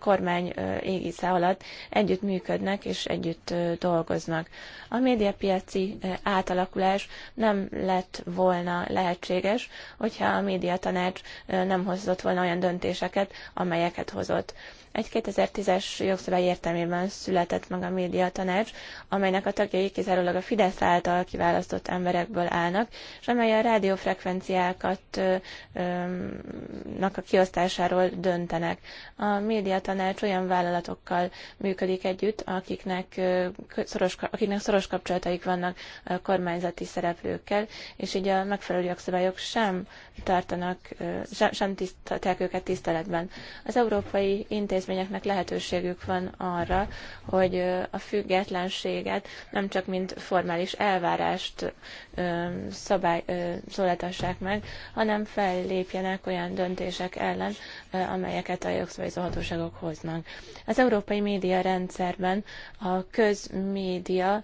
kormány égisze alatt együtt működnek és együtt dolgoznak vannak. A médiapiaci eh, átalakulás nem lett volna lehetséges, hogyha a médiatanács eh, nem hozott volna olyan döntéseket, amelyeket hozott. Egy 2010-es jogszabály értelmében született meg a média tanács, amelynek a tagjai kizárólag a Fidesz által kiválasztott emberekből állnak, és amely a rádiófrekvenciákat nak a kiosztásáról döntenek. A média tanács olyan vállalatokkal működik együtt, akiknek szoros, akiknek szoros kapcsolataik vannak a kormányzati szereplőkkel, és így a megfelelő jogszabályok sem tartanak, sem, sem tiszt őket tiszteletben. Az európai intézmény intézményeknek lehetőségük van arra, hogy a függetlenséget nem csak mint formális elvárást szabály, szólítassák meg, hanem fellépjenek olyan döntések ellen, amelyeket a jogszabályozó hatóságok hoznak. Az európai média rendszerben a közmédia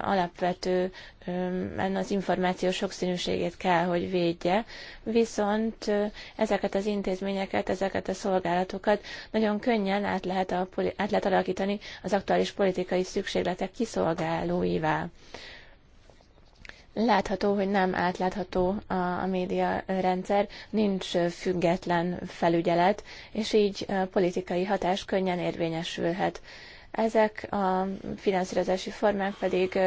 alapvető az információ sokszínűségét kell, hogy védje, viszont ezeket az intézményeket, ezeket a szolgálatokat nagyon könnyen át lehet, a, át lehet alakítani az aktuális politikai szükségletek kiszolgálóivá. Látható, hogy nem átlátható a, a média rendszer, nincs független felügyelet, és így politikai hatás könnyen érvényesülhet. Ezek a finanszírozási formák pedig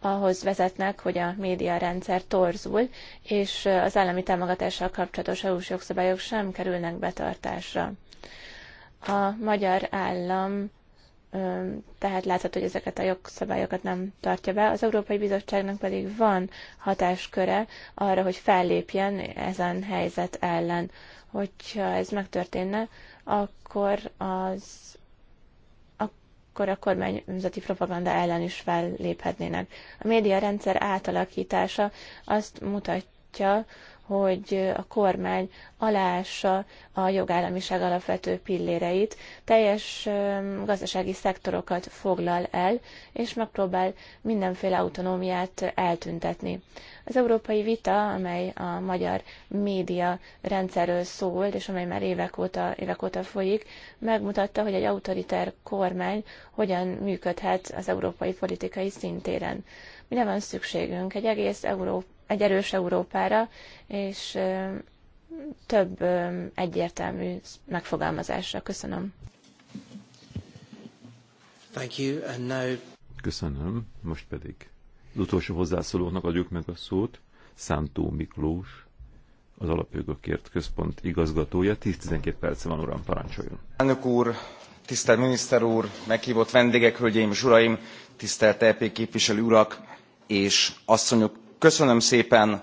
ahhoz vezetnek, hogy a média rendszer torzul, és az állami támogatással kapcsolatos EU-s jogszabályok sem kerülnek betartásra. A magyar állam tehát látható, hogy ezeket a jogszabályokat nem tartja be. Az Európai Bizottságnak pedig van hatásköre arra, hogy fellépjen ezen helyzet ellen. Hogyha ez megtörténne, akkor az akkor a kormányzati propaganda ellen is felléphetnének. A médiarendszer átalakítása azt mutatja, hogy a kormány aláássa a jogállamiság alapvető pilléreit, teljes gazdasági szektorokat foglal el, és megpróbál mindenféle autonómiát eltüntetni. Az európai vita, amely a magyar média rendszerről szól, és amely már évek óta, évek óta folyik, megmutatta, hogy egy autoriter kormány hogyan működhet az európai politikai szintéren. Mire van szükségünk? Egy egész Európa egy erős Európára, és több egyértelmű megfogalmazásra. Köszönöm. Thank you, and now... Köszönöm. Most pedig az utolsó hozzászólónak adjuk meg a szót. Szántó Miklós, az Alapjogokért Központ igazgatója. 10-12 perc van, uram, parancsoljon. Elnök úr, tisztelt miniszter úr, meghívott vendégek, hölgyeim és uraim, tisztelt EP képviselő urak és asszonyok, köszönöm szépen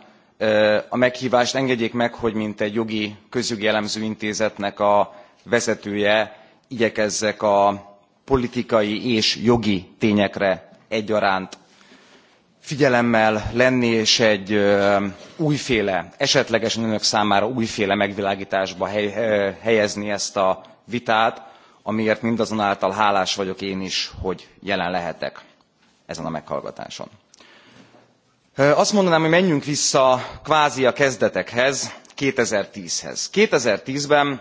a meghvást engedjék meg hogy mint egy jogi közjogi elemző intézetnek a vezetője igyekezzek a politikai és jogi tényekre egyaránt figyelemmel lenni és egy újféle esetlegesen önök számára újféle megvilágtásba helyezni ezt a vitát amiért mindazonáltal hálás vagyok én is hogy jelen lehetek ezen a meghallgatáson azt mondanám hogy menjünk vissza kvázi a kezdetekhez two thousand and ten hez. two thousand and ten ben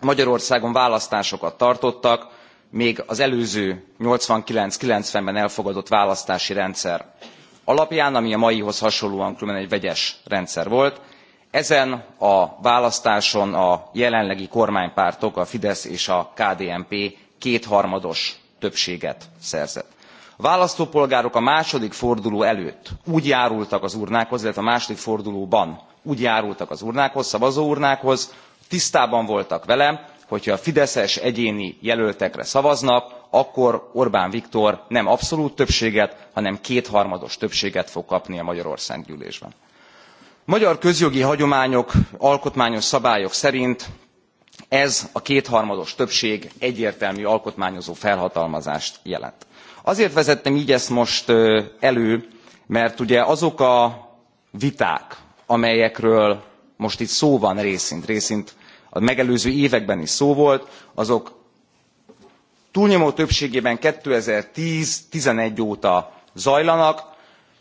magyarországon választásokat tartottak még az előző eighty nine ninety ben elfogadott választási rendszer alapján ami a maihoz hasonlóan különben egy vegyes rendszer volt. ezen a választáson a jelenlegi kormánypártok a fidesz és a kdnp kétharmados többséget szerzett választópolgárok a második forduló előtt úgy járultak az urnákhoz illetve a második fordulóban úgy járultak az urnákhoz szavazóurnákhoz tisztában voltak vele hogy ha a fideszes egyéni jelöltekre szavaznak akkor orbán viktor nem abszolút többséget hanem kétharmados többséget fog kapni a magyarországgyűlésben. magyar közjogi hagyományok alkotmányos szabályok szerint ez a kétharmados többség egyértelmű alkotmányozó felhatalmazást jelent azért vezettem gy ezt most elő mert ugye azok a viták amelyekről most itt szó van részint részint a megelőző években is szó volt azok túlnyomó többségében two thousand and ten eleven óta zajlanak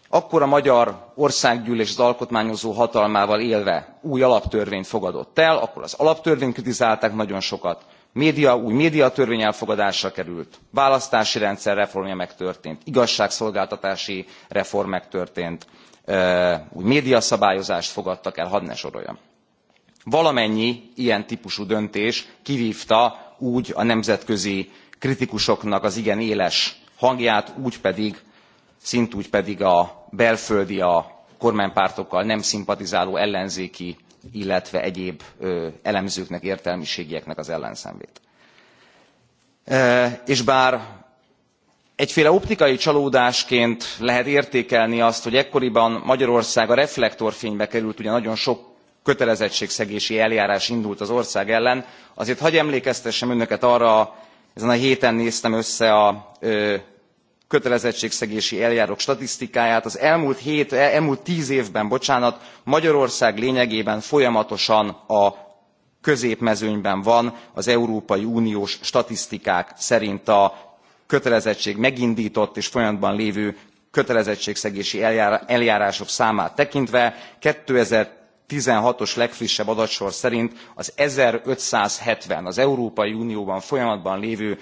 akkor a magyar országgyűlés az alkotmányozó hatalmával élve új alaptörvényt fogadott el akkor az alaptörvényt kritizálták nagyon sokat média új médiatörvény elfogadásra került választási rendszer reformja megtörtént igazságszolgáltatási reform megtörtént új médiaszabályozást fogadtak el hadd ne soroljam. valamennyi ilyen tpusú döntés kivvta úgy a nemzetközi kritikusoknak az igen éles hangját úgy pedig szintúgy pedig a belföldi a kormánypártokkal nem szimpatizáló ellenzéki illetve egyéb elemzőknek, értelmiségieknek az ellenszenvét. És bár egyféle optikai csalódásként lehet értékelni azt, hogy ekkoriban Magyarország a reflektorfénybe került, ugye nagyon sok kötelezettségszegési eljárás indult az ország ellen, azért hagy emlékeztessem önöket arra, ezen a héten néztem össze a kötelezettségszegési eljárók statisztikáját az elmúlt, hét, e, elmúlt tíz évben bocsánat, Magyarország lényegében folyamatosan a középmezőnyben van az Európai Uniós statisztikák szerint a kötelezettség megindított és folyamatban lévő kötelezettségszegési eljárások számát tekintve two thousand and sixteen os legfrissebb adatsor szerint az one five hundred and seventy az európai unióban folyamatban lévő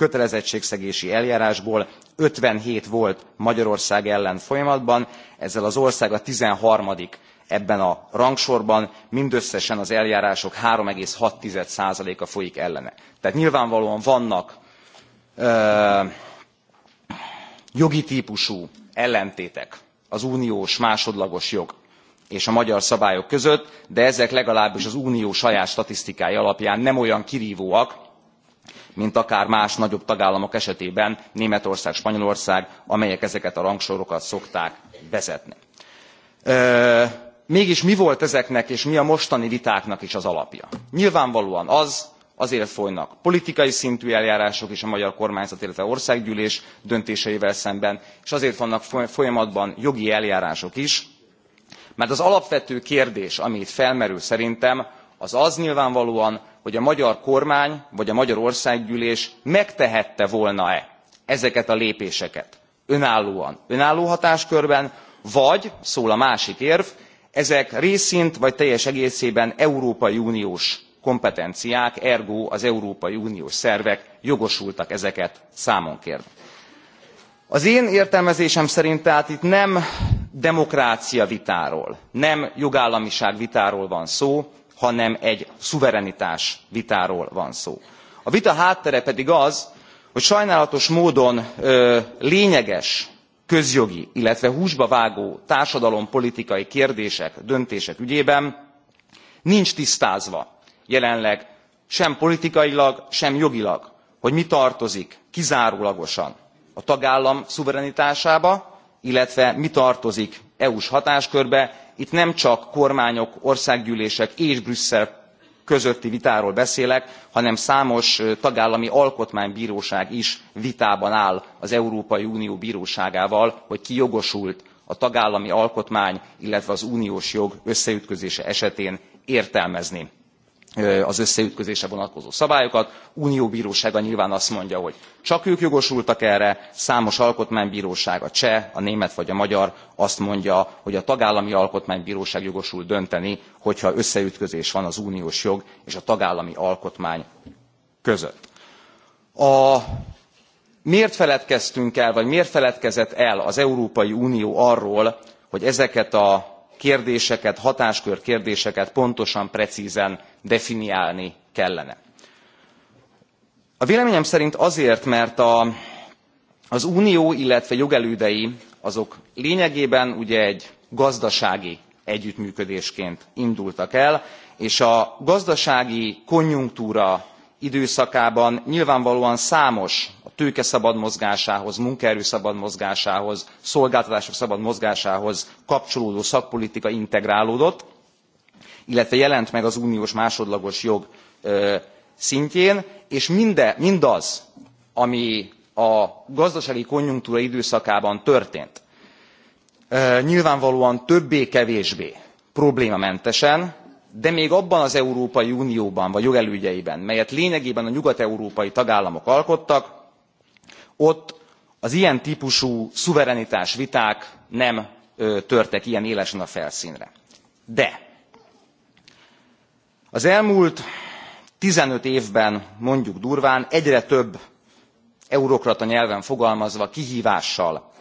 kötelezettségszegési eljárásból fifty seven volt magyarország ellen folyamatban ezzel az ország a thirteen ebben a rangsorban mindösszesen az eljárások three six a folyik ellene. tehát nyilvánvalóan vannak jogi tpusú ellentétek az uniós másodlagos jog és a magyar szabályok között de ezek legalábbis az unió saját statisztikái alapján nem olyan kirvóak mint akár más nagyobb tagállamok esetében németország spanyolország amelyek ezeket a rangsorokat szokták vezetni. mégis mi volt ezeknek és mi a mostani vitáknak is az alapja? nyilvánvalóan az azért folynak politikai szintű eljárások is a magyar kormányzat illetve országgyűlés döntéseivel szemben és azért vannak folyamatban jogi eljárások is mert az alapvető kérdés ami itt felmerül szerintem az az nyilvánvalóan hogy a magyar kormány vagy a magyar országgyűlés megtehette volna e ezeket a lépéseket önállóan önálló hatáskörben vagy szól a másik érv ezek részint vagy teljes egészében európai uniós kompetenciák ergo az európai uniós szervek jogosultak ezeket számon kérni. az én értelmezésem szerint tehát itt nem demokráciavitáról nem jogállamiságvitáról van szó hanem egy szuverenitás vitáról van szó. a vita háttere pedig az hogy sajnálatos módon lényeges közjogi illetve húsba vágó társadalompolitikai kérdések döntések ügyében nincs tisztázva jelenleg sem politikailag sem jogilag hogy mi tartozik kizárólagosan a tagállam szuverenitásába illetve mi tartozik eu s hatáskörbe itt nem csak kormányok országgyűlések és brüsszel közötti vitáról beszélek hanem számos tagállami alkotmánybróság is vitában áll az európai unió bróságával hogy ki jogosult a tagállami alkotmány illetve az uniós jog összeütközése esetén értelmezni az összeütközésre vonatkozó szabályokat unióbrósága nyilván azt mondja hogy csak ők jogosultak erre számos alkotmánybróság a cseh a német vagy a magyar azt mondja hogy a tagállami alkotmánybróság jogosult dönteni hogyha összeütközés van az uniós jog és a tagállami alkotmány között. A miért feledkeztünk el vagy miért feledkezett el az európai unió arról hogy ezeket a kérdéseket hatáskör kérdéseket pontosan preczen definiálni kellene. a véleményem szerint azért mert a, az unió illetve jogelődei azok lényegében ugye egy gazdasági együttműködésként indultak el és a gazdasági konjunktúra időszakában nyilvánvalóan számos tőke szabad mozgásához munkaerő szabad mozgásához szolgáltatások szabad mozgásához kapcsolódó szakpolitika integrálódott illetve jelent meg az uniós másodlagos jog szintjén és minde, mindaz ami a gazdasági konjunktúra időszakában történt nyilvánvalóan többé kevésbé problémamentesen de még abban az európai unióban vagy jogelődjeiben melyet lényegében a nyugat európai tagállamok alkottak ott az ilyen tpusú szuverenitásviták viták nem törtek ilyen élesen a felsznre. de az elmúlt fifteen évben mondjuk durván egyre több eurokrata nyelven fogalmazva kihvással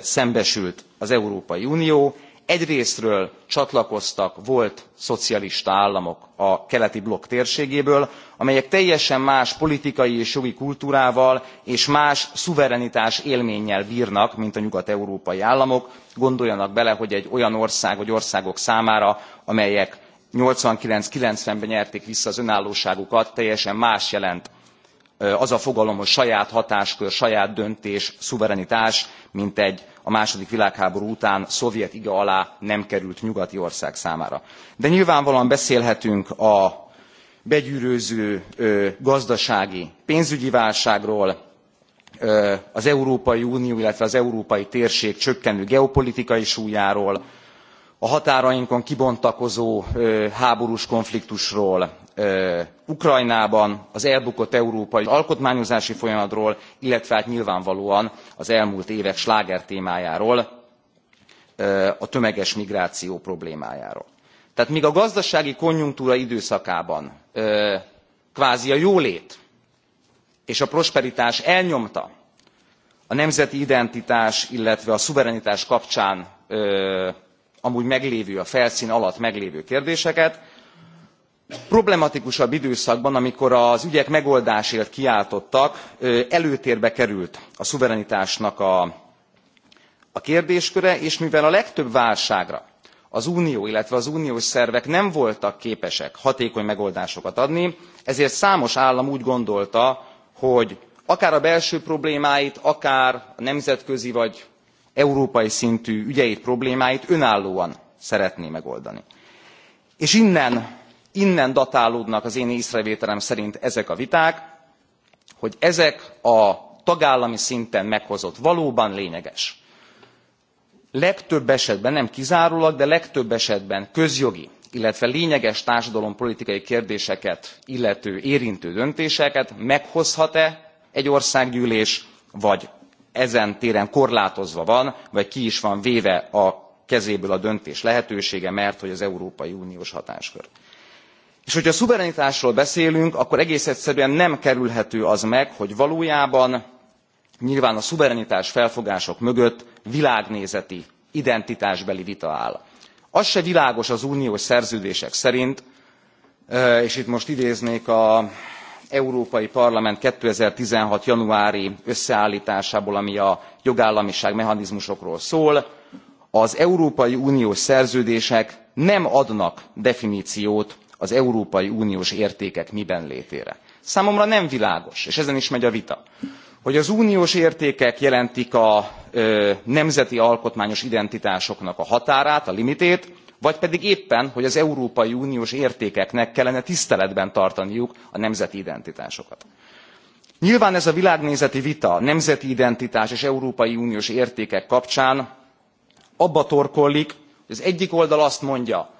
szembesült az európai unió egyrészről csatlakoztak volt szocialista államok a keleti blokk térségéből amelyek teljesen más politikai és jogi kultúrával és más szuverenitás élménnyel brnak mint a nyugat európai államok gondoljanak bele hogy egy olyan ország vagy országok számára amelyek eighty nine ninety ben nyerték vissza az önállóságukat teljesen más jelent az a fogalom hogy saját hatáskör saját döntés szuverenitás mint egy a második világháború után szovjet iga alá nem került nyugati ország számára. de nyilvánvalóan beszélhetünk a begyűrőző gazdasági pénzügyi válságról az európai unió illetve az európai térség csökkenő geopolitikai súlyáról a határainkon kibontakozó háborús konfliktusról ukrajnában az elbukott európai alkotmányozási folyamatról illetve hát nyilvánvalóan az elmúlt évek slágertémájáról a tömeges migráció problémájáról. tehát mg a gazdasági konjunktúra időszakában kvázi a jólét és a prosperitás elnyomta a nemzeti identitás illetve a szuverenitás kapcsán amúgy meglévő, a felszín alatt meglévő kérdéseket. Problematikusabb időszakban, amikor az ügyek megoldásért kiáltottak, előtérbe került a szuverenitásnak a, a kérdésköre, és mivel a legtöbb válságra az unió, illetve az uniós szervek nem voltak képesek hatékony megoldásokat adni, ezért számos állam úgy gondolta, hogy akár a belső problémáit, akár a nemzetközi vagy európai szintű ügyeit problémáit önállóan szeretné megoldani. és innen innen datálódnak az én észrevételem szerint ezek a viták hogy ezek a tagállami szinten meghozott valóban lényeges legtöbb esetben nem kizárólag de legtöbb esetben közjogi illetve lényeges társadalompolitikai kérdéseket illető érintő döntéseket meghozhat e egy országgyűlés vagy ezen téren korlátozva van vagy ki is van véve a kezéből a döntés lehetősége mert hogy az európai uniós hatáskör. és hogyha szuverenitásról beszélünk akkor egész egyszerűen nem kerülhető az meg hogy valójában nyilván a szuverenitás felfogások mögött világnézeti identitásbeli vita áll. az se világos az uniós szerződések szerint és itt most idéznék a európai parlament two thousand and sixteen januári összeálltásából ami a jogállamiság mechanizmusokról szól az európai uniós szerződések nem adnak definciót az európai uniós értékek mibenlétére. számomra nem világos és ezen is megy a vita hogy az uniós értékek jelentik a nemzeti alkotmányos identitásoknak a határát a limitét vagy pedig éppen hogy az európai uniós értékeknek kellene tiszteletben tartaniuk a nemzeti identitásokat. nyilván ez a világnézeti vita nemzeti identitás és európai uniós értékek kapcsán abba torkollik hogy az egyik oldal azt mondja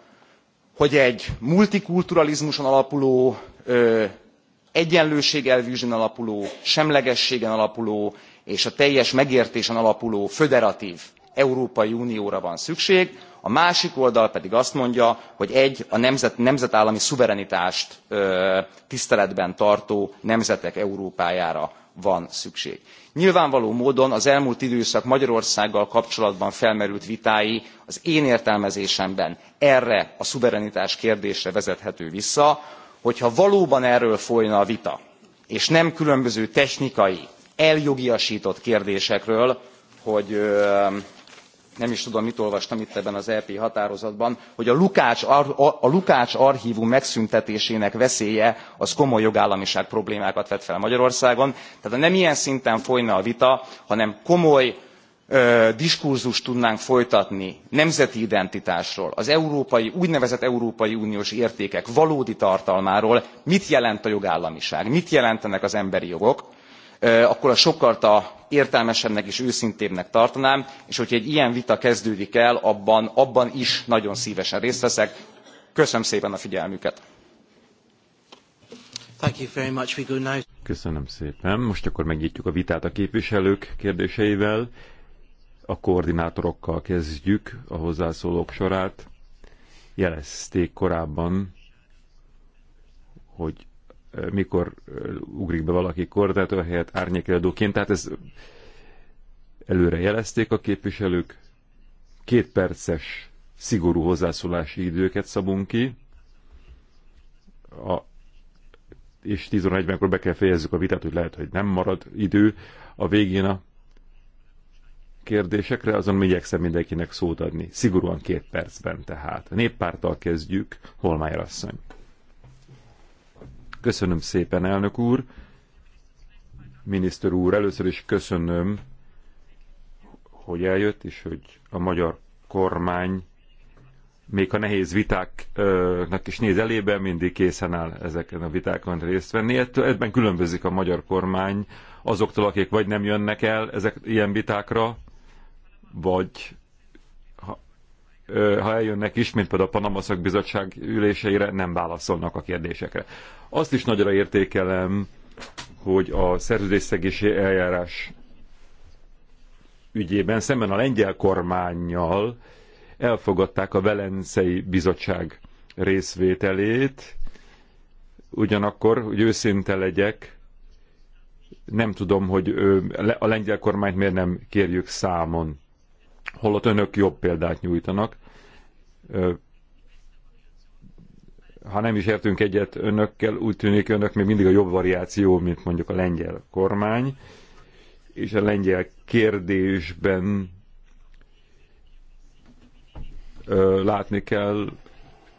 hogy egy multikulturalizmuson alapuló ö, egyenlőségelvűsön alapuló semlegességen alapuló és a teljes megértésen alapuló föderatv európai unióra van szükség a másik oldal pedig azt mondja hogy egy a nemzet, nemzetállami szuverenitást tiszteletben tartó nemzetek európájára van szükség. nyilvánvaló módon az elmúlt időszak magyarországgal kapcsolatban felmerült vitái az én értelmezésemben erre a szuverenitás kérdésre vezethető vissza hogyha valóban erről folyna a vita és nem különböző technikai eljogiastott kérdésekről hogy nem is tudom mit olvastam itt ebben az ep határozatban hogy a lukács, a lukács archvum megszüntetésének veszélye az komoly jogállamiság problémákat vet fel magyarországon tehát ha nem ilyen szinten folyna a vita hanem komoly diskurzust tudnánk folytatni nemzeti identitásról az európai úgynevezett európai uniós értékek valódi tartalmáról mit jelent a jogállamiság mit jelentenek az emberi jogok akkor azt sokkal értelmesebbnek és őszintébbnek tartanám és hogyha egy ilyen vita kezdődik el abban, abban is nagyon szvesen részt veszek. köszönöm szépen a figyelmüket. Köszönöm szépen. Most akkor megnyitjuk a vitát a képviselők kérdéseivel. A koordinátorokkal kezdjük a hozzászólók sorát. Jelezték korábban, hogy mikor ugrik be valaki a helyett árnyékeladóként, tehát ez előre jelezték a képviselők, két perces szigorú hozzászólási időket szabunk ki, a, és 10 kor be kell fejezzük a vitát, hogy lehet, hogy nem marad idő a végén a kérdésekre, azon igyekszem mindenkinek szót adni. Szigorúan két percben tehát. A néppárttal kezdjük, Holmájer asszony. Köszönöm szépen, elnök úr. Miniszter úr, először is köszönöm, hogy eljött, és hogy a magyar kormány még a nehéz vitáknak is néz elébe, mindig készen áll ezeken a vitákon részt venni. Ebben különbözik a magyar kormány azoktól, akik vagy nem jönnek el ezek ilyen vitákra, vagy ha eljönnek is, mint például a Panama Szakbizottság üléseire, nem válaszolnak a kérdésekre. Azt is nagyra értékelem, hogy a szerződésszegési eljárás ügyében szemben a lengyel kormányjal elfogadták a Velencei Bizottság részvételét, ugyanakkor, hogy őszinte legyek, nem tudom, hogy a lengyel kormányt miért nem kérjük számon holott önök jobb példát nyújtanak. Ha nem is értünk egyet önökkel, úgy tűnik önök még mindig a jobb variáció, mint mondjuk a lengyel kormány, és a lengyel kérdésben látni kell,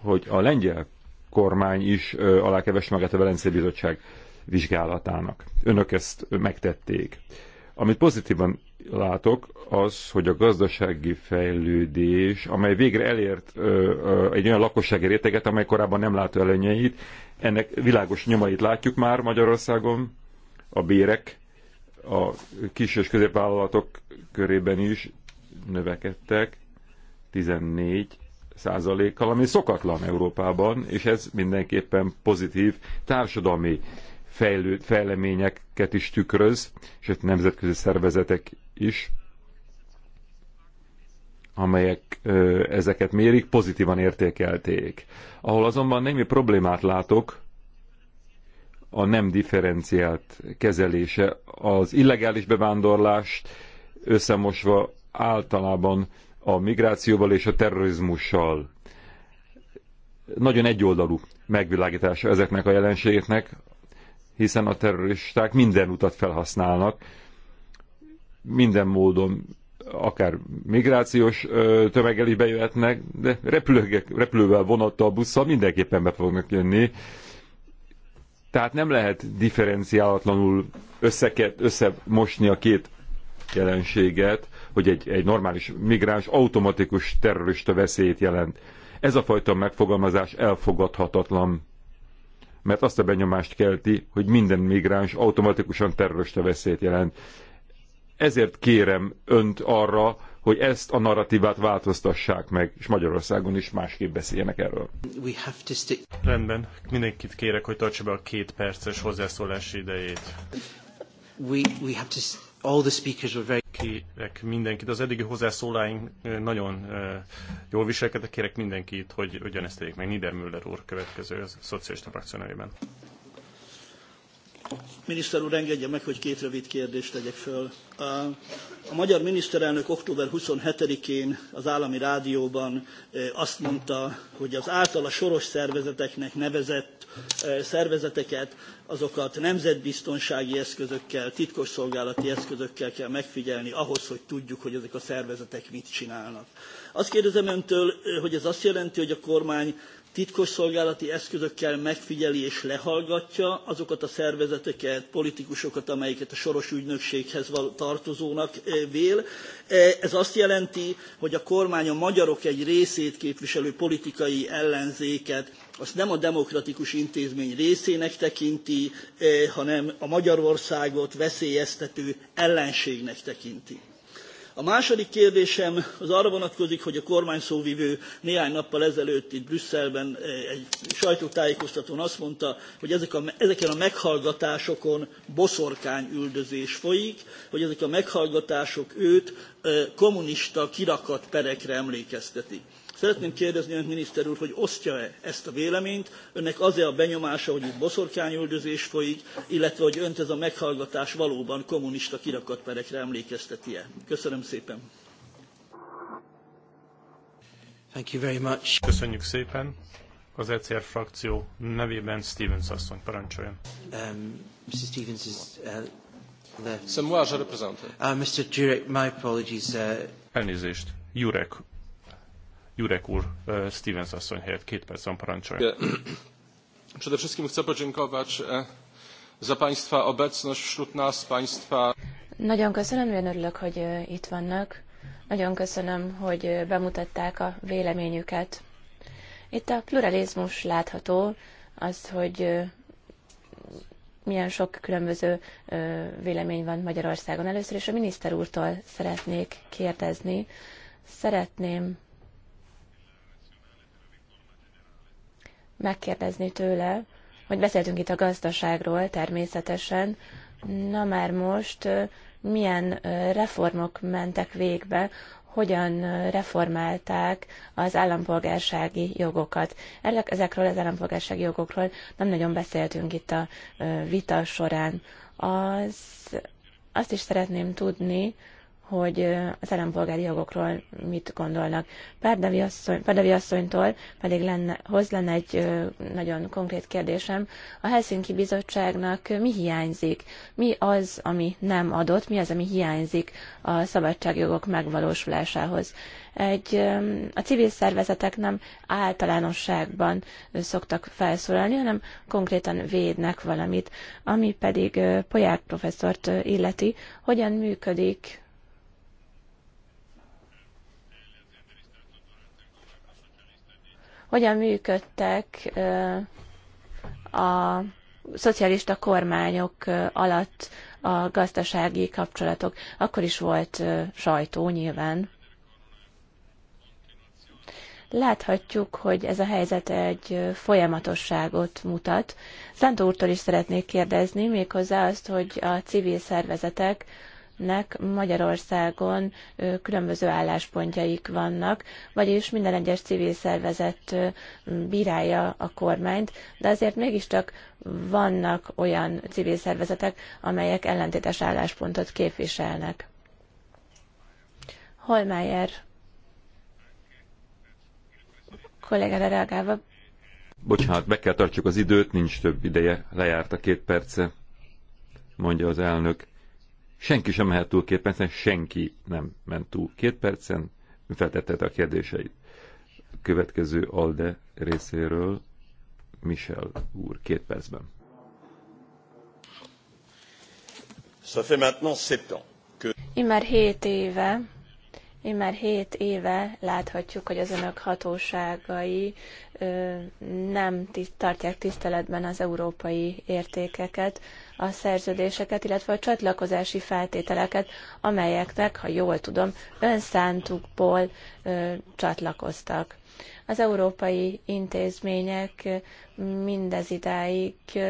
hogy a lengyel kormány is alákevesse magát a Velencei Bizottság vizsgálatának. Önök ezt megtették. Amit pozitívan látok, az, hogy a gazdasági fejlődés, amely végre elért ö, ö, egy olyan lakossági réteget, amely korábban nem látta előnyeit, ennek világos nyomait látjuk már Magyarországon, a bérek, a kis és középvállalatok körében is növekedtek 14 százalékkal, ami szokatlan Európában, és ez mindenképpen pozitív társadalmi fejlő, fejleményeket is tükröz, és a nemzetközi szervezetek is, amelyek ö, ezeket mérik, pozitívan értékelték. Ahol azonban némi problémát látok, a nem differenciált kezelése, az illegális bevándorlást összemosva általában a migrációval és a terrorizmussal. Nagyon egyoldalú megvilágítása ezeknek a jelenségeknek, hiszen a terroristák minden utat felhasználnak, minden módon, akár migrációs tömeggel is bejöhetnek, de repülővel, vonattal, busszal mindenképpen be fognak jönni. Tehát nem lehet differenciálatlanul összeket, összemosni a két jelenséget, hogy egy, egy normális migráns automatikus terrorista veszélyt jelent. Ez a fajta megfogalmazás elfogadhatatlan mert azt a benyomást kelti, hogy minden migráns automatikusan terrorista veszélyt jelent. Ezért kérem önt arra, hogy ezt a narratívát változtassák meg, és Magyarországon is másképp beszéljenek erről. Rendben, mindenkit kérek, hogy tartsa be a két perces hozzászólási idejét. We, we have to all the speakers were very... Kérek mindenkit, az eddigi hozzászólóink nagyon jól viselkedtek, kérek mindenkit, hogy ugyanezt tegyék meg Niedermüller úr következő a szocialista frakció Miniszter úr, engedje meg, hogy két rövid kérdést tegyek föl. A magyar miniszterelnök október 27-én az állami rádióban eh, azt mondta, hogy az általa soros szervezeteknek nevezett eh, szervezeteket, azokat nemzetbiztonsági eszközökkel, titkosszolgálati eszközökkel kell megfigyelni ahhoz, hogy tudjuk, hogy ezek a szervezetek mit csinálnak. Azt kérdezem öntől, eh, hogy ez azt jelenti, hogy a kormány titkosszolgálati eszközökkel megfigyeli és lehallgatja azokat a szervezeteket, politikusokat, amelyeket a soros ügynökséghez tartozónak e, vél. E, ez azt jelenti, hogy a kormány a magyarok egy részét képviselő politikai ellenzéket azt nem a demokratikus intézmény részének tekinti, e, hanem a Magyarországot veszélyeztető ellenségnek tekinti. A második kérdésem az arra vonatkozik, hogy a kormányszóvivő néhány nappal ezelőtt itt Brüsszelben eh, egy sajtótájékoztatón azt mondta, hogy ezek a, ezeken a meghallgatásokon boszorkányüldözés folyik, hogy ezek a meghallgatások őt eh, kommunista kirakat perekre emlékeztetik. Szeretném kérdezni önt, miniszter úr, hogy osztja-e ezt a véleményt? Önnek az-e a benyomása, hogy itt boszorkányüldözés folyik, illetve hogy önt ez a meghallgatás valóban kommunista kirakatperekre emlékezteti-e? Köszönöm szépen. Thank you very much. Köszönjük szépen. Az ECR frakció nevében Stevens asszony parancsoljon. Um, Mr. Stevens is uh, left. Uh, Mr. Jurek, my apologies. Uh... Elnézést. Jurek Jurek úr, Stevens asszony helyett két percen parancsolja. Przede wszystkim chcę podziękować e, za Państwa obecność wśród nas, Państwa... Nagyon köszönöm, nagyon örülök, hogy e, itt vannak. Nagyon köszönöm, hogy e, bemutatták a véleményüket. Itt a pluralizmus látható, az, hogy milyen sok különböző vélemény van Magyarországon. Először is a miniszter úrtól szeretnék kérdezni. Szeretném megkérdezni tőle, hogy beszéltünk itt a gazdaságról természetesen, na már most milyen reformok mentek végbe, hogyan reformálták az állampolgársági jogokat. Ezekről az állampolgársági jogokról nem nagyon beszéltünk itt a vita során. Az, azt is szeretném tudni, hogy az állampolgári jogokról mit gondolnak. Párdevi, asszony, Párdevi asszonytól pedig lenne, hoz lenne egy nagyon konkrét kérdésem. A Helsinki Bizottságnak mi hiányzik? Mi az, ami nem adott? Mi az, ami hiányzik a szabadságjogok megvalósulásához? Egy, a civil szervezetek nem általánosságban szoktak felszólalni, hanem konkrétan védnek valamit, ami pedig Poják professzort illeti, hogyan működik hogyan működtek a szocialista kormányok alatt a gazdasági kapcsolatok. Akkor is volt sajtó nyilván. Láthatjuk, hogy ez a helyzet egy folyamatosságot mutat. Szent úrtól is szeretnék kérdezni, méghozzá azt, hogy a civil szervezetek nek Magyarországon különböző álláspontjaik vannak, vagyis minden egyes civil szervezet bírálja a kormányt, de azért mégiscsak vannak olyan civil szervezetek, amelyek ellentétes álláspontot képviselnek. Holmeyer kollégára reagálva. Bocsánat, be kell tartsuk az időt, nincs több ideje, lejárt a két perce, mondja az elnök. Senki sem mehet túl két percen, senki nem ment túl két percen, feltettette a kérdéseit. Következő Alde részéről Michel úr két percben. Ça fait Immár hét éve, immár hét éve láthatjuk, hogy az önök hatóságai ö, nem tartják tiszteletben az európai értékeket, a szerződéseket, illetve a csatlakozási feltételeket, amelyeknek, ha jól tudom, önszántukból ö, csatlakoztak. Az európai intézmények mindezidáig ö,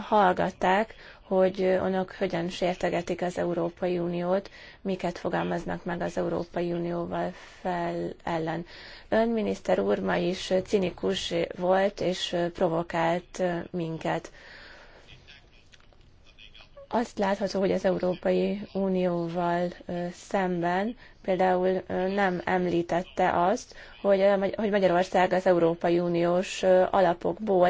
hallgatták, hogy önök hogyan sértegetik az Európai Uniót, miket fogalmaznak meg az Európai Unióval fel ellen. Ön, miniszter úr, ma is cinikus volt és provokált minket azt látható, hogy az Európai Unióval szemben például nem említette azt, hogy, hogy Magyarország az Európai Uniós alapokból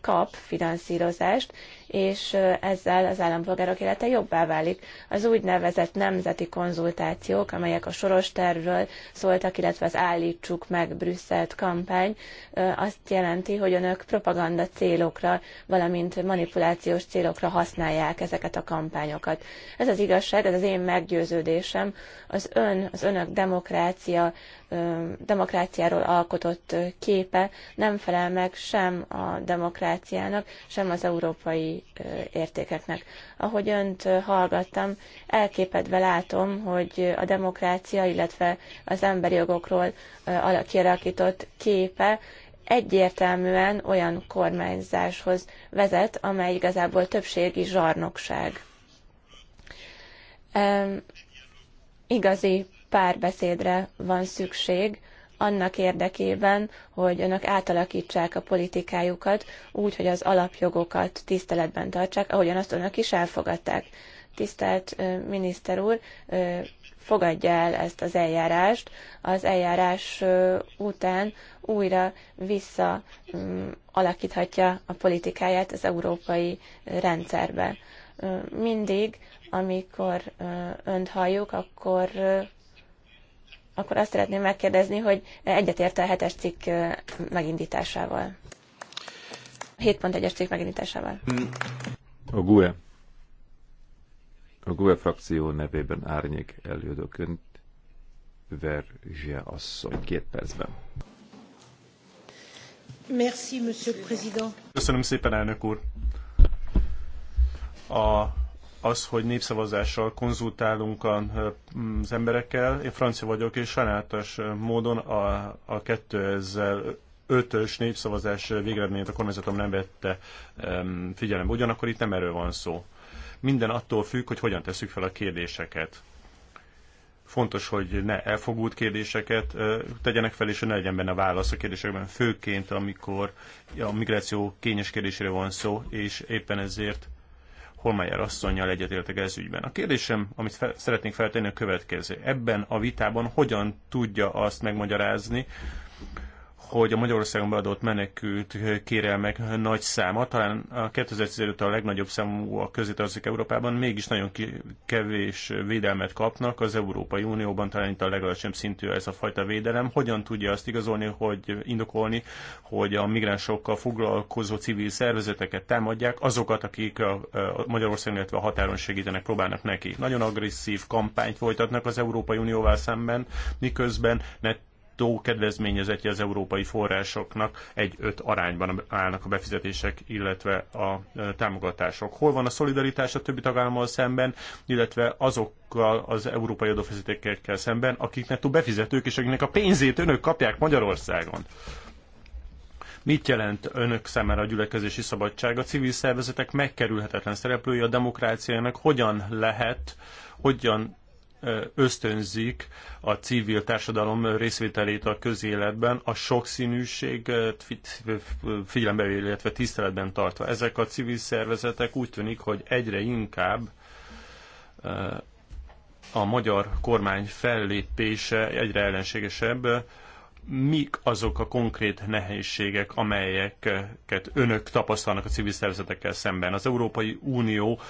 kap finanszírozást, és ezzel az állampolgárok élete jobbá válik. Az úgynevezett nemzeti konzultációk, amelyek a soros tervről szóltak, illetve az Állítsuk meg Brüsszelt kampány, azt jelenti, hogy önök propaganda célokra, valamint manipulációs célokra használják ezeket a kampányokat. Ez az igazság, ez az én meggyőződésem, az ön az önök demokrácia, demokráciáról alkotott képe nem felel meg sem a demokráciának, sem az európai értékeknek. Ahogy önt hallgattam, elképedve látom, hogy a demokrácia, illetve az emberi jogokról kialakított képe egyértelműen olyan kormányzáshoz vezet, amely igazából többségi zsarnokság igazi párbeszédre van szükség annak érdekében, hogy önök átalakítsák a politikájukat úgy, hogy az alapjogokat tiszteletben tartsák, ahogyan azt önök is elfogadták. Tisztelt miniszter úr, fogadja el ezt az eljárást, az eljárás után újra vissza mm, alakíthatja a politikáját az európai rendszerbe. Mindig, amikor önt halljuk, akkor akkor azt szeretném megkérdezni, hogy egyetért a hetes cikk megindításával. 7.1-es cikk megindításával. Mm. A GUE. A GUE frakció nevében árnyék elődökönt Verzsia asszony két percben. Merci, monsieur le président. Köszönöm szépen, elnök úr. A az, hogy népszavazással konzultálunk az emberekkel. Én francia vagyok, és sajnálatos módon a, a 2005-ös népszavazás végeredményét a kormányzatom nem vette figyelembe. Ugyanakkor itt nem erről van szó. Minden attól függ, hogy hogyan tesszük fel a kérdéseket. Fontos, hogy ne elfogult kérdéseket tegyenek fel, és ne legyen benne a válasz a kérdésekben, főként, amikor a migráció kényes kérdésére van szó, és éppen ezért Holmeyer asszonynal egyetértek ez ügyben. A kérdésem, amit fel, szeretnék feltenni, a következő. Ebben a vitában hogyan tudja azt megmagyarázni, hogy a Magyarországon beadott menekült kérelmek nagy száma, talán a 2015 a legnagyobb számú a közétarzik Európában, mégis nagyon kevés védelmet kapnak az Európai Unióban, talán itt a legalacsonyabb szintű ez a fajta védelem. Hogyan tudja azt igazolni, hogy indokolni, hogy a migránsokkal foglalkozó civil szervezeteket támadják, azokat, akik a Magyarországon, illetve a határon segítenek, próbálnak neki. Nagyon agresszív kampányt folytatnak az Európai Unióval szemben, miközben nettó kedvezményezetje az európai forrásoknak egy-öt arányban állnak a befizetések, illetve a támogatások. Hol van a szolidaritás a többi tagállammal szemben, illetve azokkal az európai adófizetékekkel szemben, akik nettó befizetők, és akiknek a pénzét önök kapják Magyarországon? Mit jelent önök szemére a gyülekezési szabadság? A civil szervezetek megkerülhetetlen szereplői a demokráciának. Hogyan lehet, hogyan ösztönzik a civil társadalom részvételét a közéletben, a sokszínűséget figyelembe illetve tiszteletben tartva. Ezek a civil szervezetek úgy tűnik, hogy egyre inkább a magyar kormány fellépése egyre ellenségesebb, mik azok a konkrét nehézségek, amelyeket önök tapasztalnak a civil szervezetekkel szemben. Az Európai Unió,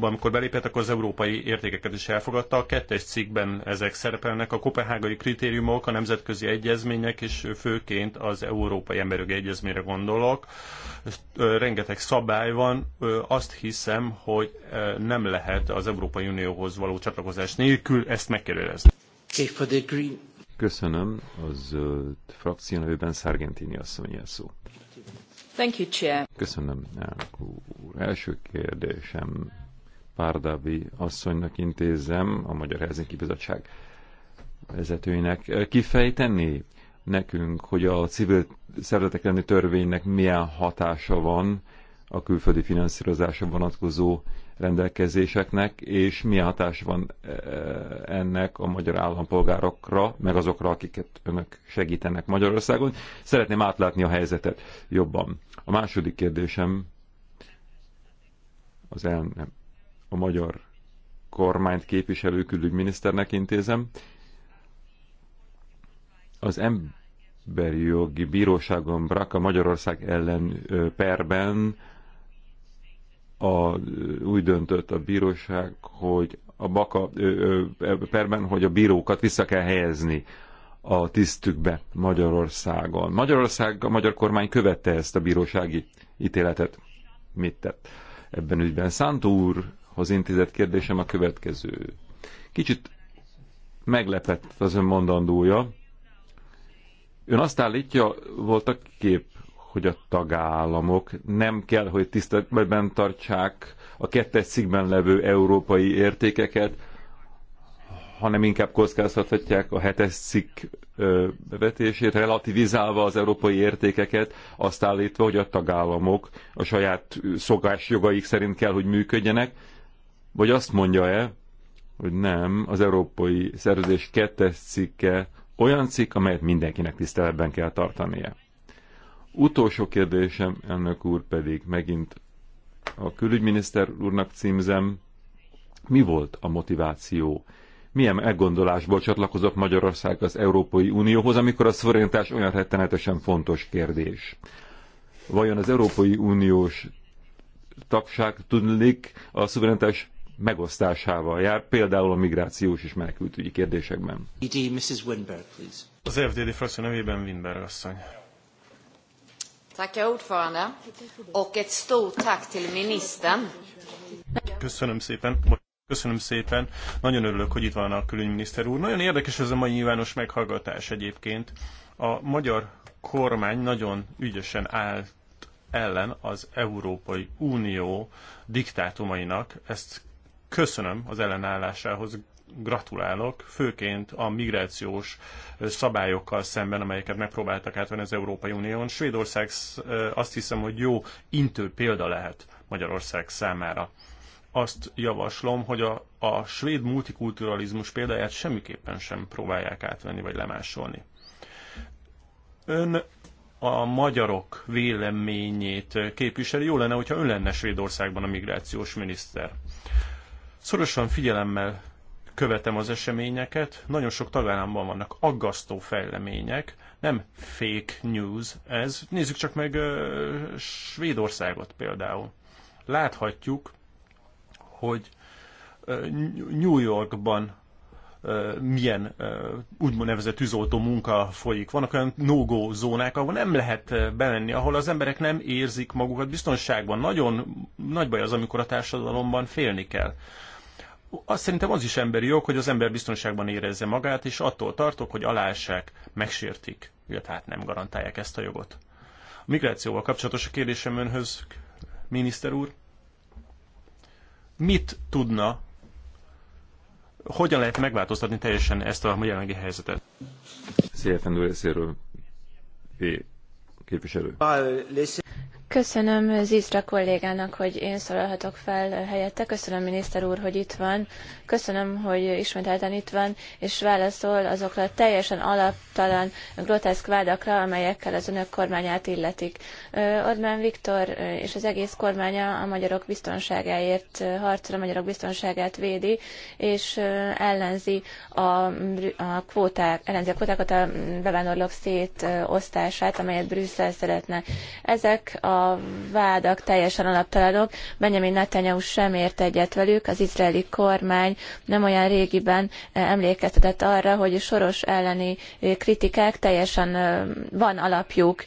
amikor belépett, akkor az európai értékeket is elfogadta. A kettes cikkben ezek szerepelnek, a kopenhágai kritériumok, a nemzetközi egyezmények, és főként az Európai Emberjogi Egyezményre gondolok. Rengeteg szabály van, azt hiszem, hogy nem lehet az Európai Unióhoz való csatlakozás nélkül ezt megkérdezni. Okay, for the green. Köszönöm, az frakció nevében Szargentini asszony szó. Thank you, Chair. Köszönöm, elnök úr. Első kérdésem Párdábi asszonynak intézem, a Magyar Helsinki Bizottság vezetőinek. Kifejteni nekünk, hogy a civil szervezetek elleni törvénynek milyen hatása van a külföldi finanszírozásra vonatkozó rendelkezéseknek, és mi hatás van e, e, ennek a magyar állampolgárokra, meg azokra, akiket önök segítenek Magyarországon. Szeretném átlátni a helyzetet jobban. A második kérdésem az el, nem, a magyar kormányt képviselő külügyminiszternek intézem. Az emberi jogi bíróságon a Magyarország ellen perben a, úgy döntött a bíróság, hogy a baka ö, ö, perben, hogy a bírókat vissza kell helyezni a tisztükbe Magyarországon. Magyarország, a magyar kormány követte ezt a bírósági ítéletet. Mit tett? Ebben ügyben Szántó úrhoz intézett kérdésem a következő. Kicsit meglepett az ön mondandója. Ön azt állítja, voltak kép, hogy a tagállamok nem kell, hogy tiszteletben tartsák a kettes cikkben levő európai értékeket, hanem inkább kockázhatják a hetes cikk bevetését, relativizálva az európai értékeket, azt állítva, hogy a tagállamok a saját szokásjogaik szerint kell, hogy működjenek, vagy azt mondja-e, hogy nem, az európai szerződés kettes cikke olyan cikk, amelyet mindenkinek tiszteletben kell tartania. Utolsó kérdésem, elnök úr, pedig megint a külügyminiszter úrnak címzem. Mi volt a motiváció? Milyen elgondolásból csatlakozott Magyarország az Európai Unióhoz, amikor a szorintás olyan rettenetesen fontos kérdés? Vajon az Európai Uniós tagság tudnék a szuverenitás megosztásával jár, például a migrációs és menekültügyi kérdésekben. Az FDD frakció nevében Winberg asszony. Tackar ordförande och ett stort tack till ministern. Köszönöm szépen. Köszönöm szépen. Nagyon örülök, hogy itt van a külügyminiszter úr. Nagyon érdekes ez a mai nyilvános meghallgatás egyébként. A magyar kormány nagyon ügyesen állt ellen az Európai Unió diktátumainak. Ezt köszönöm az ellenállásához gratulálok, főként a migrációs szabályokkal szemben, amelyeket megpróbáltak átvenni az Európai Unión. Svédország azt hiszem, hogy jó intő példa lehet Magyarország számára. Azt javaslom, hogy a, a svéd multikulturalizmus példáját semmiképpen sem próbálják átvenni vagy lemásolni. Ön a magyarok véleményét képviseli. Jó lenne, hogyha ön lenne Svédországban a migrációs miniszter. Szorosan figyelemmel követem az eseményeket. Nagyon sok tagállamban vannak aggasztó fejlemények, nem fake news ez. Nézzük csak meg uh, Svédországot például. Láthatjuk, hogy uh, New Yorkban uh, milyen úgymond nevezett tűzoltó munka folyik. Vannak olyan no-go zónák, ahol nem lehet bemenni, ahol az emberek nem érzik magukat biztonságban. Nagyon nagy baj az, amikor a társadalomban félni kell azt szerintem az is emberi jog, hogy az ember biztonságban érezze magát, és attól tartok, hogy alássák, megsértik, hát nem garantálják ezt a jogot. A migrációval kapcsolatos a kérdésem önhöz, miniszter úr. Mit tudna, hogyan lehet megváltoztatni teljesen ezt a jelenlegi helyzetet? Szépen úr részéről, képviselő. Köszönöm Zizra kollégának, hogy én szólalhatok fel helyette. Köszönöm miniszter úr, hogy itt van. Köszönöm, hogy ismételten itt van, és válaszol azokra a teljesen alaptalan, groteszk vádakra, amelyekkel az önök kormányát illetik. Orbán Viktor és az egész kormánya a magyarok biztonságáért harcol, a magyarok biztonságát védi, és ellenzi a, a kvóták, ellenzi a kvótákat, a bevándorlók szétosztását, amelyet Brüsszel szeretne. Ezek a a vádak teljesen alaptalanok. Benjamin Netanyahu sem ért egyet velük, az izraeli kormány nem olyan régiben eh, emlékeztetett arra, hogy soros elleni eh, kritikák teljesen eh, van alapjuk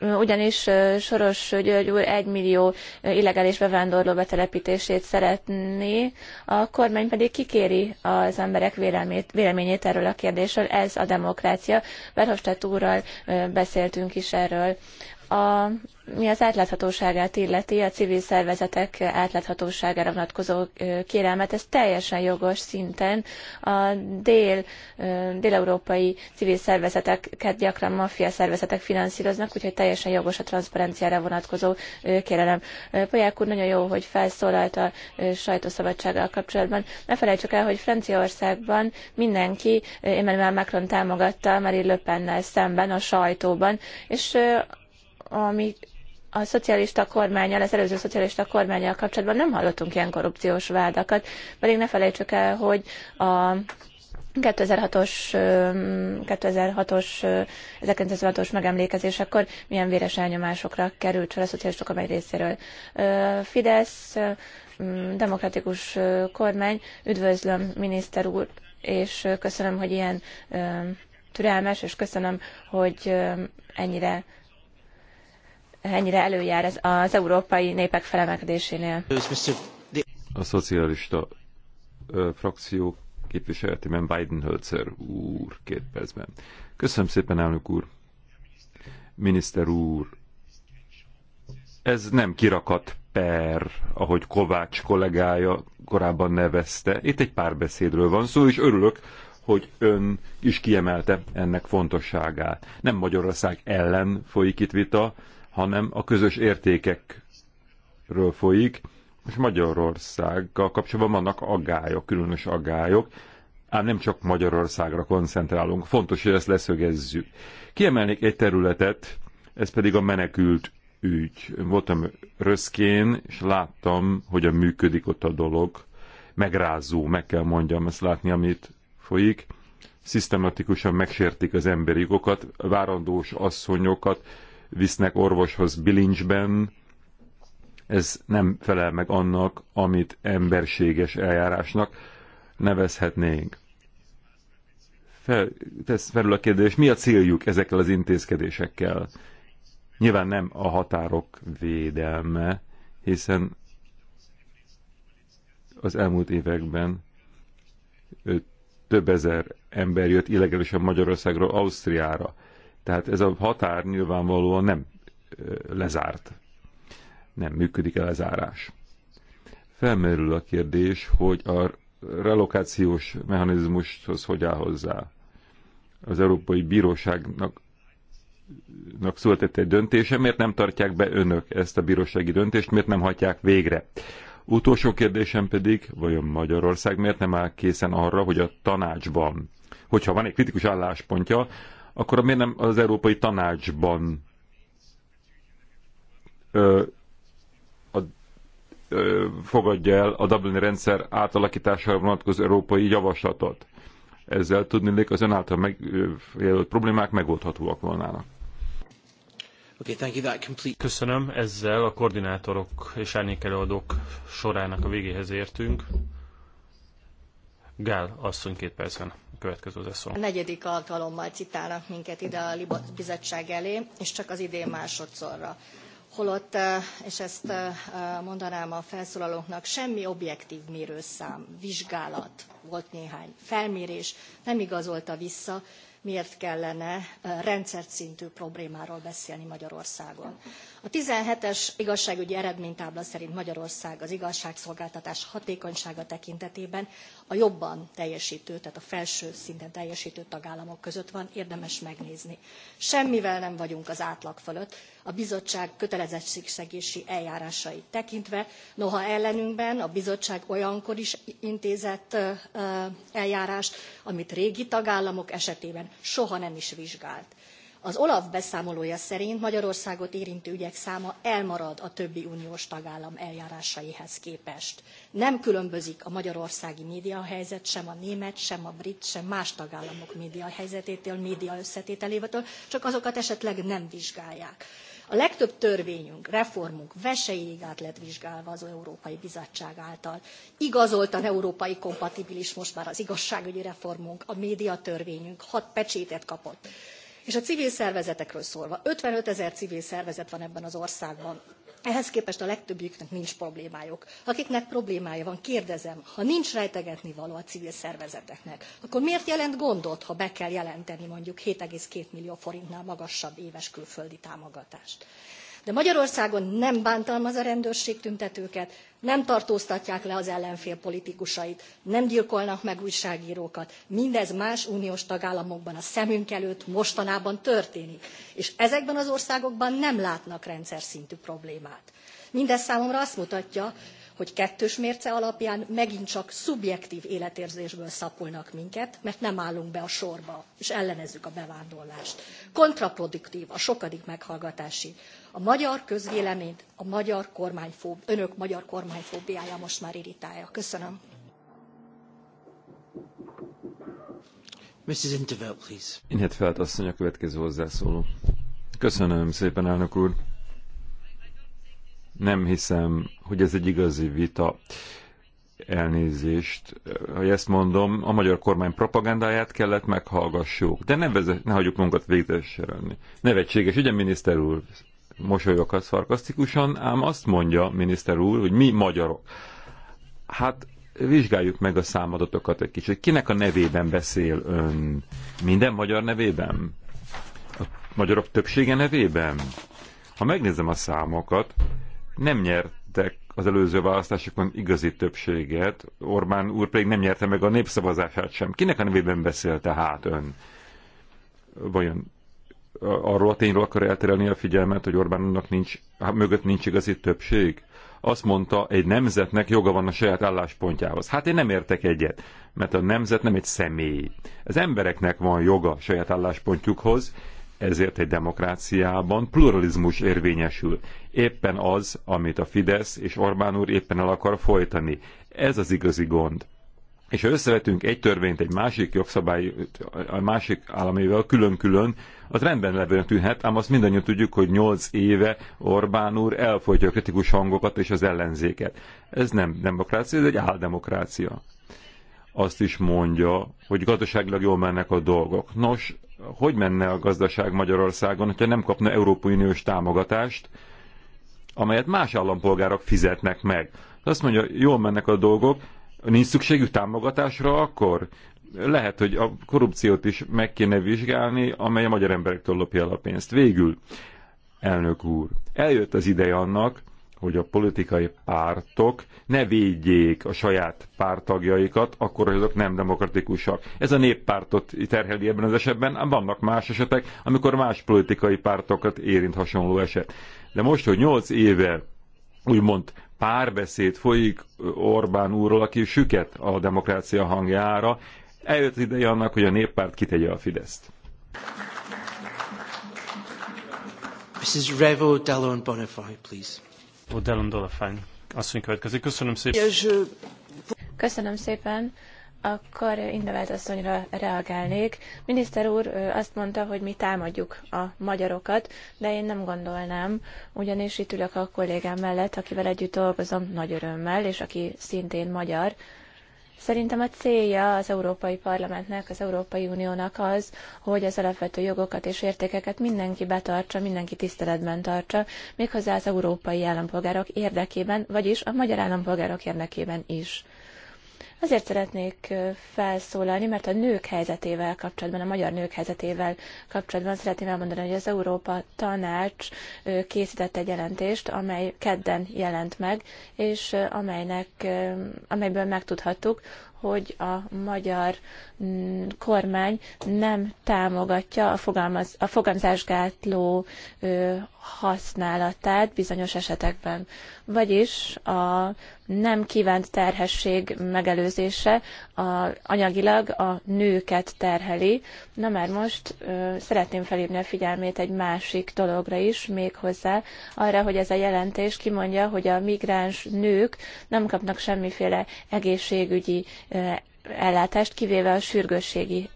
ugyanis Soros György úr 1 millió illegális bevándorló betelepítését szeretné, a kormány pedig kikéri az emberek vélemét, véleményét erről a kérdésről. Ez a demokrácia. Verhofstadt úrral beszéltünk is erről a, mi az átláthatóságát illeti, a civil szervezetek átláthatóságára vonatkozó kérelmet, ez teljesen jogos szinten. A dél, dél-európai civil szervezeteket gyakran maffia szervezetek finanszíroznak, úgyhogy teljesen jogos a transzparenciára vonatkozó kérelem. Paják úr, nagyon jó, hogy felszólalt a sajtószabadsággal kapcsolatban. Ne felejtsük el, hogy Franciaországban mindenki Emmanuel Macron támogatta Marie Le Pennel szemben a sajtóban, és ami a szocialista kormányjal, az előző szocialista kormányjal kapcsolatban nem hallottunk ilyen korrupciós vádakat, pedig ne felejtsük el, hogy a 2006-os, 2006-os, 1906-os megemlékezésekor milyen véres elnyomásokra került sor a szocialista kormány részéről. Fidesz, demokratikus kormány, üdvözlöm miniszter úr, és köszönöm, hogy ilyen türelmes, és köszönöm, hogy ennyire ennyire előjár ez az európai népek felemelkedésénél. A szocialista ö, frakció képviseletében Weidenhölzer úr két percben. Köszönöm szépen, elnök úr. Miniszter úr, ez nem kirakat per, ahogy Kovács kollégája korábban nevezte. Itt egy párbeszédről van szó, és örülök, hogy ön is kiemelte ennek fontosságát. Nem Magyarország ellen folyik itt vita, hanem a közös értékekről folyik, és Magyarországgal kapcsolatban vannak agályok, különös agályok. ám nem csak Magyarországra koncentrálunk, fontos, hogy ezt leszögezzük. Kiemelnék egy területet, ez pedig a menekült ügy. Voltam röszkén, és láttam, hogyan működik ott a dolog. Megrázó, meg kell mondjam, ezt látni, amit folyik. Szisztematikusan megsértik az emberi jogokat, várandós asszonyokat, visznek orvoshoz bilincsben, ez nem felel meg annak, amit emberséges eljárásnak nevezhetnénk. Fel, tesz felül a kérdés, mi a céljuk ezekkel az intézkedésekkel? Nyilván nem a határok védelme, hiszen az elmúlt években több ezer ember jött illegálisan Magyarországról Ausztriára. Tehát ez a határ nyilvánvalóan nem lezárt. Nem működik a lezárás. Felmerül a kérdés, hogy a relokációs mechanizmushoz hogy áll hozzá. Az Európai Bíróságnak született egy döntése, miért nem tartják be önök ezt a bírósági döntést, miért nem hagyják végre? Utolsó kérdésem pedig, vajon Magyarország miért nem áll készen arra, hogy a tanácsban, hogyha van egy kritikus álláspontja, akkor miért nem az Európai Tanácsban ö, a, ö, fogadja el a Dublini rendszer átalakítására vonatkozó európai javaslatot? Ezzel tudnék az ön által megjelölt problémák megoldhatóak volnának. Köszönöm, ezzel a koordinátorok és árnyékelőadók sorának a végéhez értünk. Gál asszony két percen következő A negyedik alkalommal citálnak minket ide a Libot bizottság elé, és csak az idén másodszorra. Holott, és ezt mondanám a felszólalóknak, semmi objektív mérőszám, vizsgálat, volt néhány felmérés, nem igazolta vissza, miért kellene rendszert szintű problémáról beszélni Magyarországon. A 17-es igazságügyi eredménytábla szerint Magyarország az igazságszolgáltatás hatékonysága tekintetében a jobban teljesítő, tehát a felső szinten teljesítő tagállamok között van, érdemes megnézni. Semmivel nem vagyunk az átlag fölött, a bizottság kötelezettségszegési eljárásait tekintve noha ellenünkben a bizottság olyankor is intézett eljárást amit régi tagállamok esetében soha nem is vizsgált. az olaf beszámolója szerint magyarországot érintő ügyek száma elmarad a többi uniós tagállam eljárásaihoz képest. nem különbözik a magyarországi médiahelyzet sem a német sem a brit sem más tagállamok médiahelyzetétől médiaösszetételétől csak azokat esetleg nem vizsgálják. A legtöbb törvényünk, reformunk veseig át lett vizsgálva az Európai Bizottság által. Igazoltan európai kompatibilis most már az igazságügyi reformunk, a médiatörvényünk hat pecsétet kapott. És a civil szervezetekről szólva, 55 ezer civil szervezet van ebben az országban ehhez képest a legtöbbjüknek nincs problémájuk. Akiknek problémája van, kérdezem, ha nincs rejtegetni való a civil szervezeteknek, akkor miért jelent gondot, ha be kell jelenteni mondjuk 7,2 millió forintnál magasabb éves külföldi támogatást? De Magyarországon nem bántalmaz a rendőrség tüntetőket, nem tartóztatják le az ellenfél politikusait, nem gyilkolnak meg újságírókat. Mindez más uniós tagállamokban a szemünk előtt mostanában történik, és ezekben az országokban nem látnak rendszer szintű problémát. Mindez számomra azt mutatja, hogy kettős mérce alapján megint csak szubjektív életérzésből szapulnak minket, mert nem állunk be a sorba, és ellenezzük a bevándorlást. Kontraproduktív a sokadik meghallgatási a magyar közvéleményt a magyar kormányfób, önök magyar kormányfóbiája most már irritálja. Köszönöm. Mrs. Intervelt, please. Inhet Inhetfeld asszony a következő hozzászóló. Köszönöm szépen, elnök úr. Nem hiszem, hogy ez egy igazi vita. Elnézést, Ha ezt mondom, a magyar kormány propagandáját kellett meghallgassuk, de ne, vezet, ne hagyjuk magunkat végzetesre venni. Nevetséges, ugye, miniszter úr? a szarkasztikusan, ám azt mondja miniszter úr, hogy mi magyarok. Hát vizsgáljuk meg a számadatokat egy kicsit. Kinek a nevében beszél ön? Minden magyar nevében? A magyarok többsége nevében? Ha megnézem a számokat, nem nyertek az előző választásokon igazi többséget, Orbán úr pedig nem nyerte meg a népszavazását sem. Kinek a nevében beszél tehát ön? Vajon arról a tényről akar elterelni a figyelmet, hogy Orbánnak nincs, hát mögött nincs igazi többség? Azt mondta, egy nemzetnek joga van a saját álláspontjához. Hát én nem értek egyet, mert a nemzet nem egy személy. Az embereknek van joga a saját álláspontjukhoz, ezért egy demokráciában pluralizmus érvényesül. Éppen az, amit a Fidesz és Orbán úr éppen el akar folytani. Ez az igazi gond. És ha összevetünk egy törvényt egy másik jogszabály, a másik államével külön-külön, az rendben levőnek tűnhet, ám azt mindannyian tudjuk, hogy nyolc éve Orbán úr elfolytja a kritikus hangokat és az ellenzéket. Ez nem demokrácia, ez egy áldemokrácia. Azt is mondja, hogy gazdaságilag jól mennek a dolgok. Nos, hogy menne a gazdaság Magyarországon, ha nem kapna Európai Uniós támogatást, amelyet más állampolgárok fizetnek meg? Azt mondja, jól mennek a dolgok, Nincs szükségük támogatásra akkor? Lehet, hogy a korrupciót is meg kéne vizsgálni, amely a magyar emberektől lopja el a pénzt. Végül, elnök úr, eljött az ideje annak, hogy a politikai pártok ne védjék a saját pártagjaikat, akkor, azok nem demokratikusak. Ez a néppártot terheli ebben az esetben, vannak más esetek, amikor más politikai pártokat érint hasonló eset. De most, hogy 8 éve úgymond párbeszéd folyik Orbán úrról, aki süket a demokrácia hangjára. Eljött ideje annak, hogy a néppárt kitegye a Fideszt. Mrs. Revo Dallon Bonifay, please. O Dallon Bonifay. Asszony következik. Köszönöm szépen. Köszönöm szépen akkor Indevált asszonyra reagálnék. Miniszter úr azt mondta, hogy mi támadjuk a magyarokat, de én nem gondolnám, ugyanis itt ülök a kollégám mellett, akivel együtt dolgozom nagy örömmel, és aki szintén magyar. Szerintem a célja az Európai Parlamentnek, az Európai Uniónak az, hogy az alapvető jogokat és értékeket mindenki betartsa, mindenki tiszteletben tartsa, méghozzá az európai állampolgárok érdekében, vagyis a magyar állampolgárok érdekében is Azért szeretnék felszólalni, mert a nők helyzetével kapcsolatban, a magyar nők helyzetével kapcsolatban szeretném elmondani, hogy az Európa Tanács készített egy jelentést, amely kedden jelent meg, és amelynek, amelyből megtudhattuk, hogy a magyar mm, kormány nem támogatja a, fogalmaz, a fogamzásgátló használatát bizonyos esetekben. Vagyis a nem kívánt terhesség megelőzése a, anyagilag a nőket terheli. Na már most ö, szeretném felírni a figyelmét egy másik dologra is, méghozzá arra, hogy ez a jelentés kimondja, hogy a migráns nők nem kapnak semmiféle egészségügyi ellátást, kivéve a sürgősségi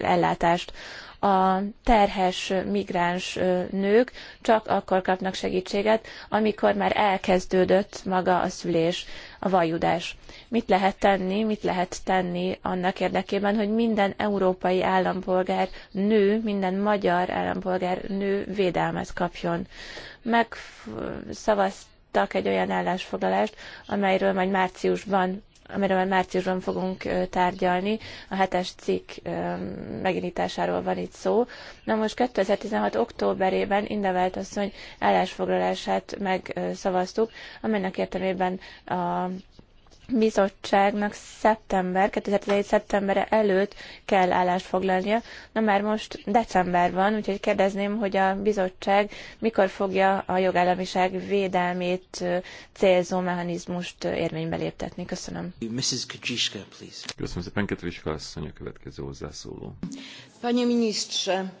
ellátást. A terhes migráns nők csak akkor kapnak segítséget, amikor már elkezdődött maga a szülés, a vajudás. Mit lehet tenni, mit lehet tenni annak érdekében, hogy minden európai állampolgár nő, minden magyar állampolgár nő védelmet kapjon. Megszavaztak egy olyan állásfoglalást, amelyről majd márciusban amiről már márciusban fogunk tárgyalni, a hetes cikk megindításáról van itt szó. Na most 2016. októberében Indevelt asszony állásfoglalását megszavaztuk, amelynek értelmében a bizottságnak szeptember, 2017. szeptembere előtt kell állást foglalnia. Na már most december van, úgyhogy kérdezném, hogy a bizottság mikor fogja a jogállamiság védelmét célzó mechanizmust érvénybe léptetni. Köszönöm. Mrs. Kajiska, please. Köszönöm szépen, Katriska asszony, a következő hozzászóló. Panie ministrze,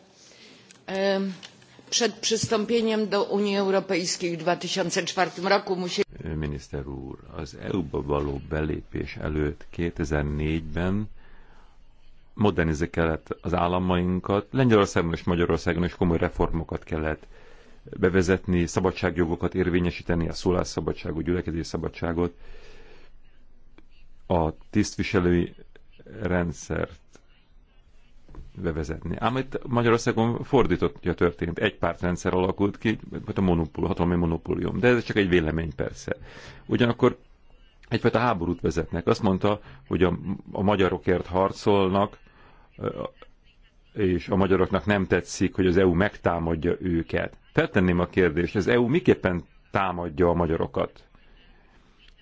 um przed przystąpieniem do Unii Europejskiej w 2004 roku musi... Miniszter úr, az EU-ba való belépés előtt 2004-ben modernizálni kellett az államainkat. Lengyelországon és Magyarországon is komoly reformokat kellett bevezetni, szabadságjogokat érvényesíteni, a szólásszabadságot, gyülekezés szabadságot, a tisztviselői rendszert bevezetni. Ám itt Magyarországon fordítottja történt. Egy pártrendszer alakult ki, vagy hát a monopól, hatalmi monopólium. De ez csak egy vélemény persze. Ugyanakkor egyfajta háborút vezetnek. Azt mondta, hogy a, a magyarokért harcolnak, és a magyaroknak nem tetszik, hogy az EU megtámadja őket. Feltenném a kérdést, az EU miképpen támadja a magyarokat?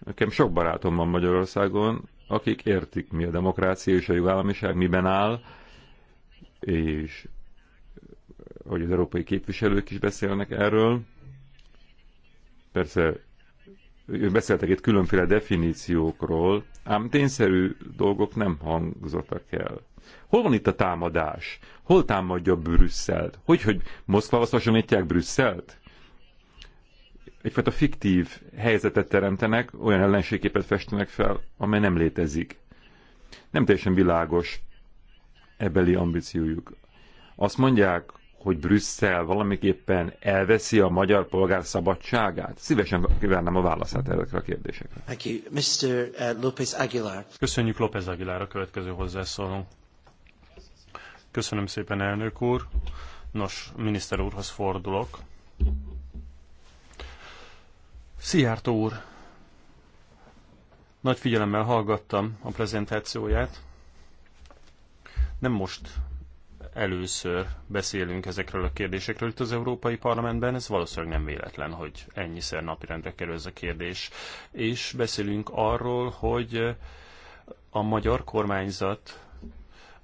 Nekem sok barátom van Magyarországon, akik értik, mi a demokrácia és a jogállamiság miben áll, és hogy az európai képviselők is beszélnek erről. Persze beszéltek itt különféle definíciókról, ám tényszerű dolgok nem hangzottak el. Hol van itt a támadás? Hol támadja Brüsszelt? Hogy, hogy Moszkvához hasonlítják Brüsszelt? Egyfajta fiktív helyzetet teremtenek, olyan ellenségképet festenek fel, amely nem létezik. Nem teljesen világos, ebeli ambíciójuk. Azt mondják, hogy Brüsszel valamiképpen elveszi a magyar polgár szabadságát? Szívesen kívánnám a válaszát ezekre a kérdésekre. Thank you. Mr. Uh, López Aguilar. Köszönjük López Aguilar a következő hozzászóló. Köszönöm szépen, elnök úr. Nos, miniszter úrhoz fordulok. Szijjártó úr, nagy figyelemmel hallgattam a prezentációját. Nem most először beszélünk ezekről a kérdésekről itt az Európai Parlamentben, ez valószínűleg nem véletlen, hogy ennyiszer napirendre kerül ez a kérdés. És beszélünk arról, hogy a magyar kormányzat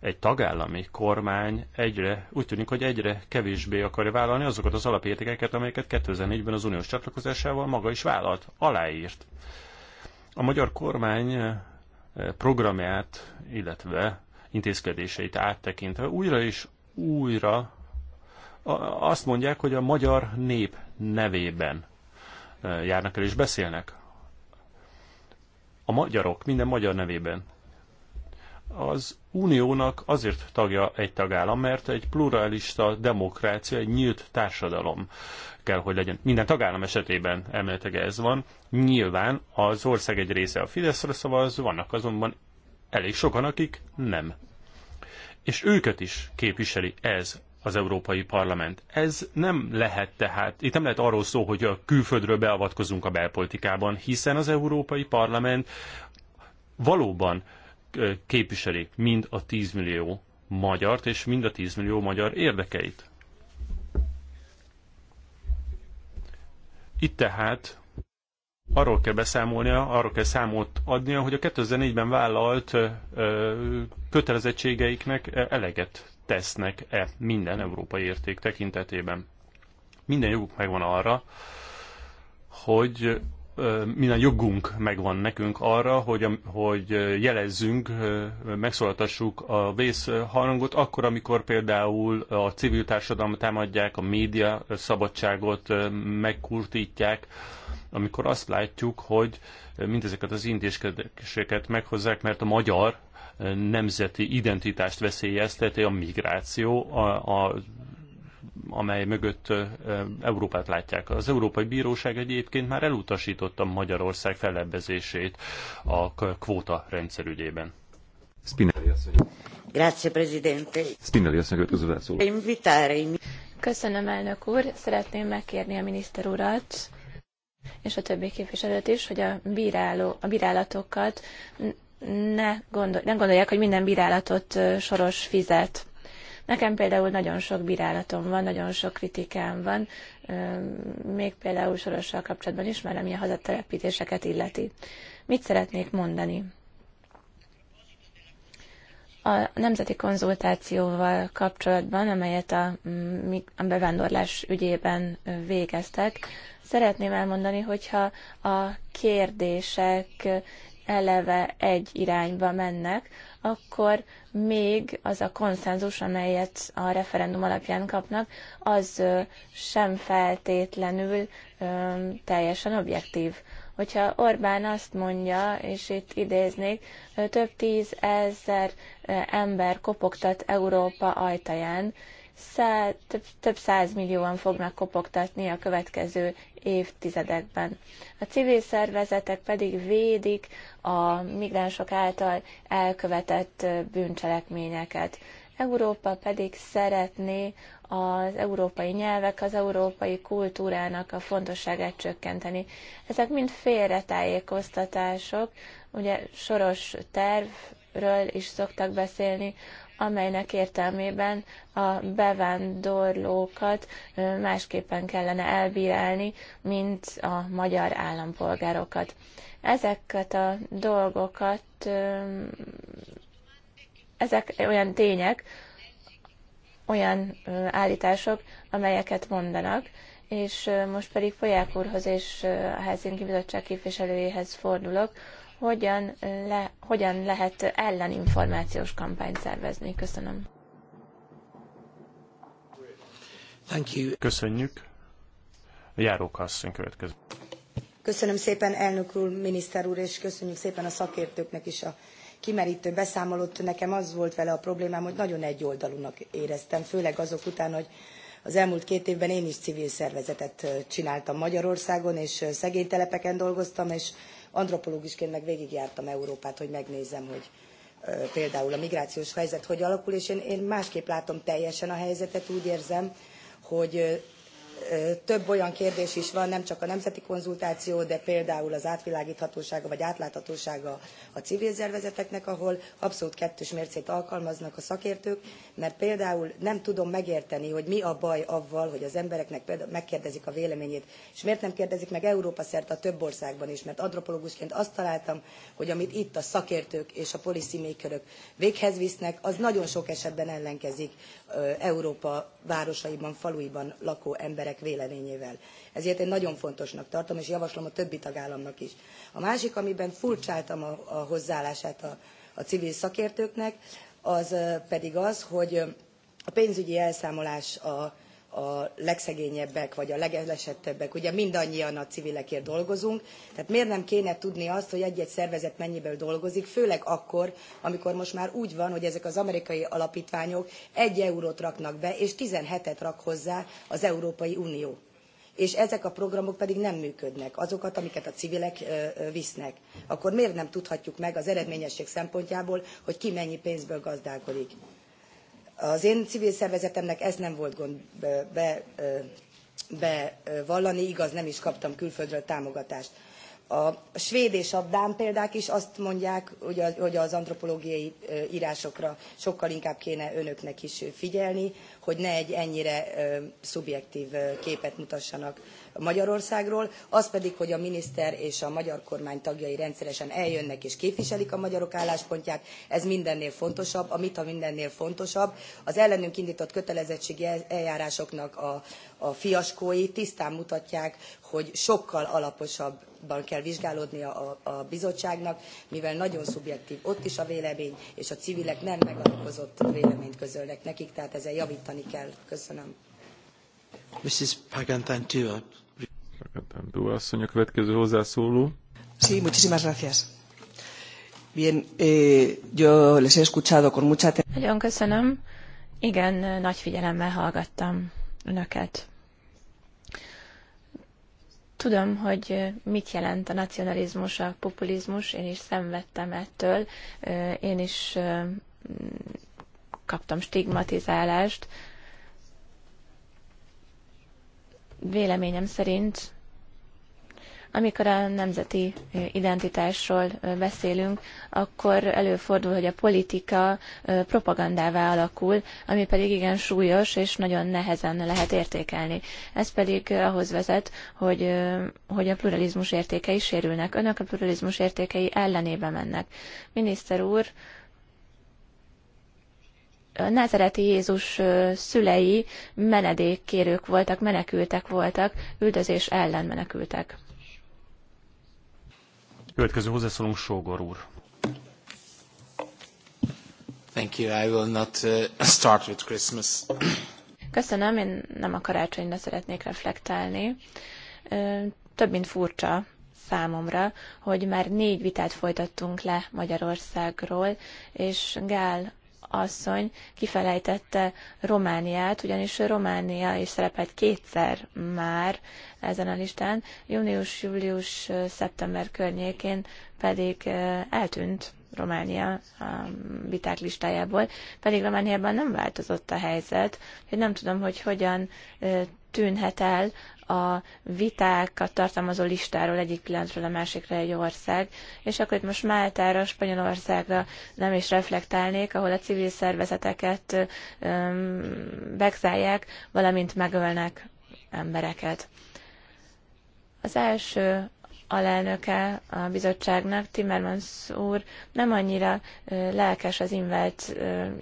egy tagállami kormány egyre, úgy tűnik, hogy egyre kevésbé akarja vállalni azokat az alapértékeket, amelyeket 2004-ben az uniós csatlakozásával maga is vállalt, aláírt. A magyar kormány programját, illetve intézkedéseit áttekintve újra és újra azt mondják, hogy a magyar nép nevében e, járnak el és beszélnek. A magyarok, minden magyar nevében. Az uniónak azért tagja egy tagállam, mert egy pluralista demokrácia, egy nyílt társadalom kell, hogy legyen. Minden tagállam esetében elméletileg ez van. Nyilván az ország egy része a Fideszre szavaz, vannak azonban elég sokan, akik nem. És őket is képviseli ez az Európai Parlament. Ez nem lehet tehát, itt nem lehet arról szó, hogy a külföldről beavatkozunk a belpolitikában, hiszen az Európai Parlament valóban képviseli mind a 10 millió magyart és mind a 10 millió magyar érdekeit. Itt tehát arról kell beszámolnia, arról kell számot adnia, hogy a 2004-ben vállalt kötelezettségeiknek eleget tesznek-e minden európai érték tekintetében. Minden joguk megvan arra, hogy minden jogunk megvan nekünk arra, hogy, hogy jelezzünk, megszólaltassuk a vészharangot, akkor, amikor például a civil társadalmat támadják, a média szabadságot megkurtítják, amikor azt látjuk, hogy mindezeket az intézkedéseket meghozzák, mert a magyar nemzeti identitást veszélyezteti a migráció, a, a amely mögött Európát látják. Az Európai Bíróság egyébként már elutasította Magyarország fellebbezését a kvóta rendszerügyében. Spinelli asszony. Grazie, Presidente. Spinelli asszony, következő Köszönöm, elnök úr. Szeretném megkérni a miniszter urat és a többi képviselőt is, hogy a, bíráló, a bírálatokat ne, gondol, ne gondolják, hogy minden bírálatot soros fizet. Nekem például nagyon sok bírálatom van, nagyon sok kritikám van, még például sorossal kapcsolatban is, mert ami a hazatelepítéseket illeti. Mit szeretnék mondani? a nemzeti konzultációval kapcsolatban, amelyet a, mm, a bevándorlás ügyében végeztek, szeretném elmondani, hogyha a kérdések eleve egy irányba mennek, akkor még az a konszenzus, amelyet a referendum alapján kapnak, az sem feltétlenül teljesen objektív. Hogyha Orbán azt mondja, és itt idéznék, több tízezer ember kopogtat Európa ajtaján, szá, több, több százmillióan fognak kopogtatni a következő évtizedekben. A civil szervezetek pedig védik a migránsok által elkövetett bűncselekményeket. Európa pedig szeretné az európai nyelvek, az európai kultúrának a fontosságát csökkenteni. Ezek mind félretájékoztatások, ugye soros tervről is szoktak beszélni, amelynek értelmében a bevándorlókat másképpen kellene elbírálni, mint a magyar állampolgárokat. Ezeket a dolgokat, ezek olyan tények, olyan állítások, amelyeket mondanak, és most pedig Folyák úrhoz és a Helsinki Bizottság képviselőjéhez fordulok, hogyan, le, hogyan lehet elleninformációs kampányt szervezni. Köszönöm. Thank you. Köszönjük. A járókasszony következő. Köszönöm szépen, elnök úr, miniszter úr, és köszönjük szépen a szakértőknek is a kimerítő beszámolót. Nekem az volt vele a problémám, hogy nagyon egyoldalúnak éreztem, főleg azok után, hogy az elmúlt két évben én is civil szervezetet csináltam Magyarországon, és szegénytelepeken dolgoztam, és antropológusként meg végigjártam Európát, hogy megnézzem, hogy például a migrációs helyzet hogy alakul, és én, én másképp látom teljesen a helyzetet, úgy érzem, hogy több olyan kérdés is van, nem csak a nemzeti konzultáció, de például az átvilágíthatósága vagy átláthatósága a civil szervezeteknek, ahol abszolút kettős mércét alkalmaznak a szakértők, mert például nem tudom megérteni, hogy mi a baj avval, hogy az embereknek például megkérdezik a véleményét, és miért nem kérdezik meg Európa szerte a több országban is, mert antropológusként azt találtam, hogy amit itt a szakértők és a policymakerök véghez visznek, az nagyon sok esetben ellenkezik Európa városaiban, faluiban lakó emberek véleményével. Ezért én nagyon fontosnak tartom, és javaslom a többi tagállamnak is. A másik, amiben furcsáltam a, a hozzáállását a, a civil szakértőknek, az pedig az, hogy a pénzügyi elszámolás a a legszegényebbek, vagy a legelesettebbek, ugye mindannyian a civilekért dolgozunk, tehát miért nem kéne tudni azt, hogy egy-egy szervezet mennyiből dolgozik, főleg akkor, amikor most már úgy van, hogy ezek az amerikai alapítványok egy eurót raknak be, és 17-et rak hozzá az Európai Unió és ezek a programok pedig nem működnek, azokat, amiket a civilek visznek, akkor miért nem tudhatjuk meg az eredményesség szempontjából, hogy ki mennyi pénzből gazdálkodik? Az én civil szervezetemnek ez nem volt gond bevallani, be igaz, nem is kaptam külföldről támogatást. A svéd és a dán példák is azt mondják, hogy az antropológiai írásokra sokkal inkább kéne önöknek is figyelni, hogy ne egy ennyire szubjektív képet mutassanak Magyarországról, az pedig, hogy a miniszter és a magyar kormány tagjai rendszeresen eljönnek és képviselik a magyarok álláspontját, ez mindennél fontosabb, a mita mindennél fontosabb. Az ellenünk indított kötelezettségi eljárásoknak a, a fiaskói tisztán mutatják, hogy sokkal alaposabban kell vizsgálódnia a, a bizottságnak, mivel nagyon szubjektív ott is a vélemény, és a civilek nem megalapozott véleményt közölnek nekik, tehát ezzel javítani kell. Köszönöm. Mrs. Pagantantua, Pagantantúa asszony a következő hozzászóló. Sí, muchísimas gracias. Bien, eh, yo les he escuchado con mucha atención. Nagyon köszönöm. Igen, nagy figyelemmel hallgattam önöket. Tudom, hogy mit jelent a nacionalizmus, a populizmus, én is szenvedtem ettől, eh, én is eh, kaptam stigmatizálást, Véleményem szerint, amikor a nemzeti identitásról beszélünk, akkor előfordul, hogy a politika propagandává alakul, ami pedig igen súlyos és nagyon nehezen lehet értékelni. Ez pedig ahhoz vezet, hogy, hogy a pluralizmus értékei sérülnek. Önök a pluralizmus értékei ellenébe mennek. Miniszter úr, názereti Jézus szülei menedékkérők voltak, menekültek voltak, üldözés ellen menekültek. Következő hozzászólunk Sógor úr. Thank you. I will not uh, [coughs] start with Christmas. [coughs] Köszönöm, én nem a karácsonyra szeretnék reflektálni. Több mint furcsa számomra, hogy már négy vitát folytattunk le Magyarországról, és Gál asszony kifelejtette Romániát, ugyanis Románia is szerepelt kétszer már ezen a listán, június, július, szeptember környékén pedig eh, eltűnt Románia um, viták listájából, pedig Romániában nem változott a helyzet, hogy nem tudom, hogy hogyan tűnhet el a vitákat tartalmazó listáról egyik pillanatról a másikra egy ország, és akkor itt most Máltára, Spanyolországra nem is reflektálnék, ahol a civil szervezeteket öm, valamint megölnek embereket. Az első alelnöke a bizottságnak, Timmermans úr nem annyira lelkes az invert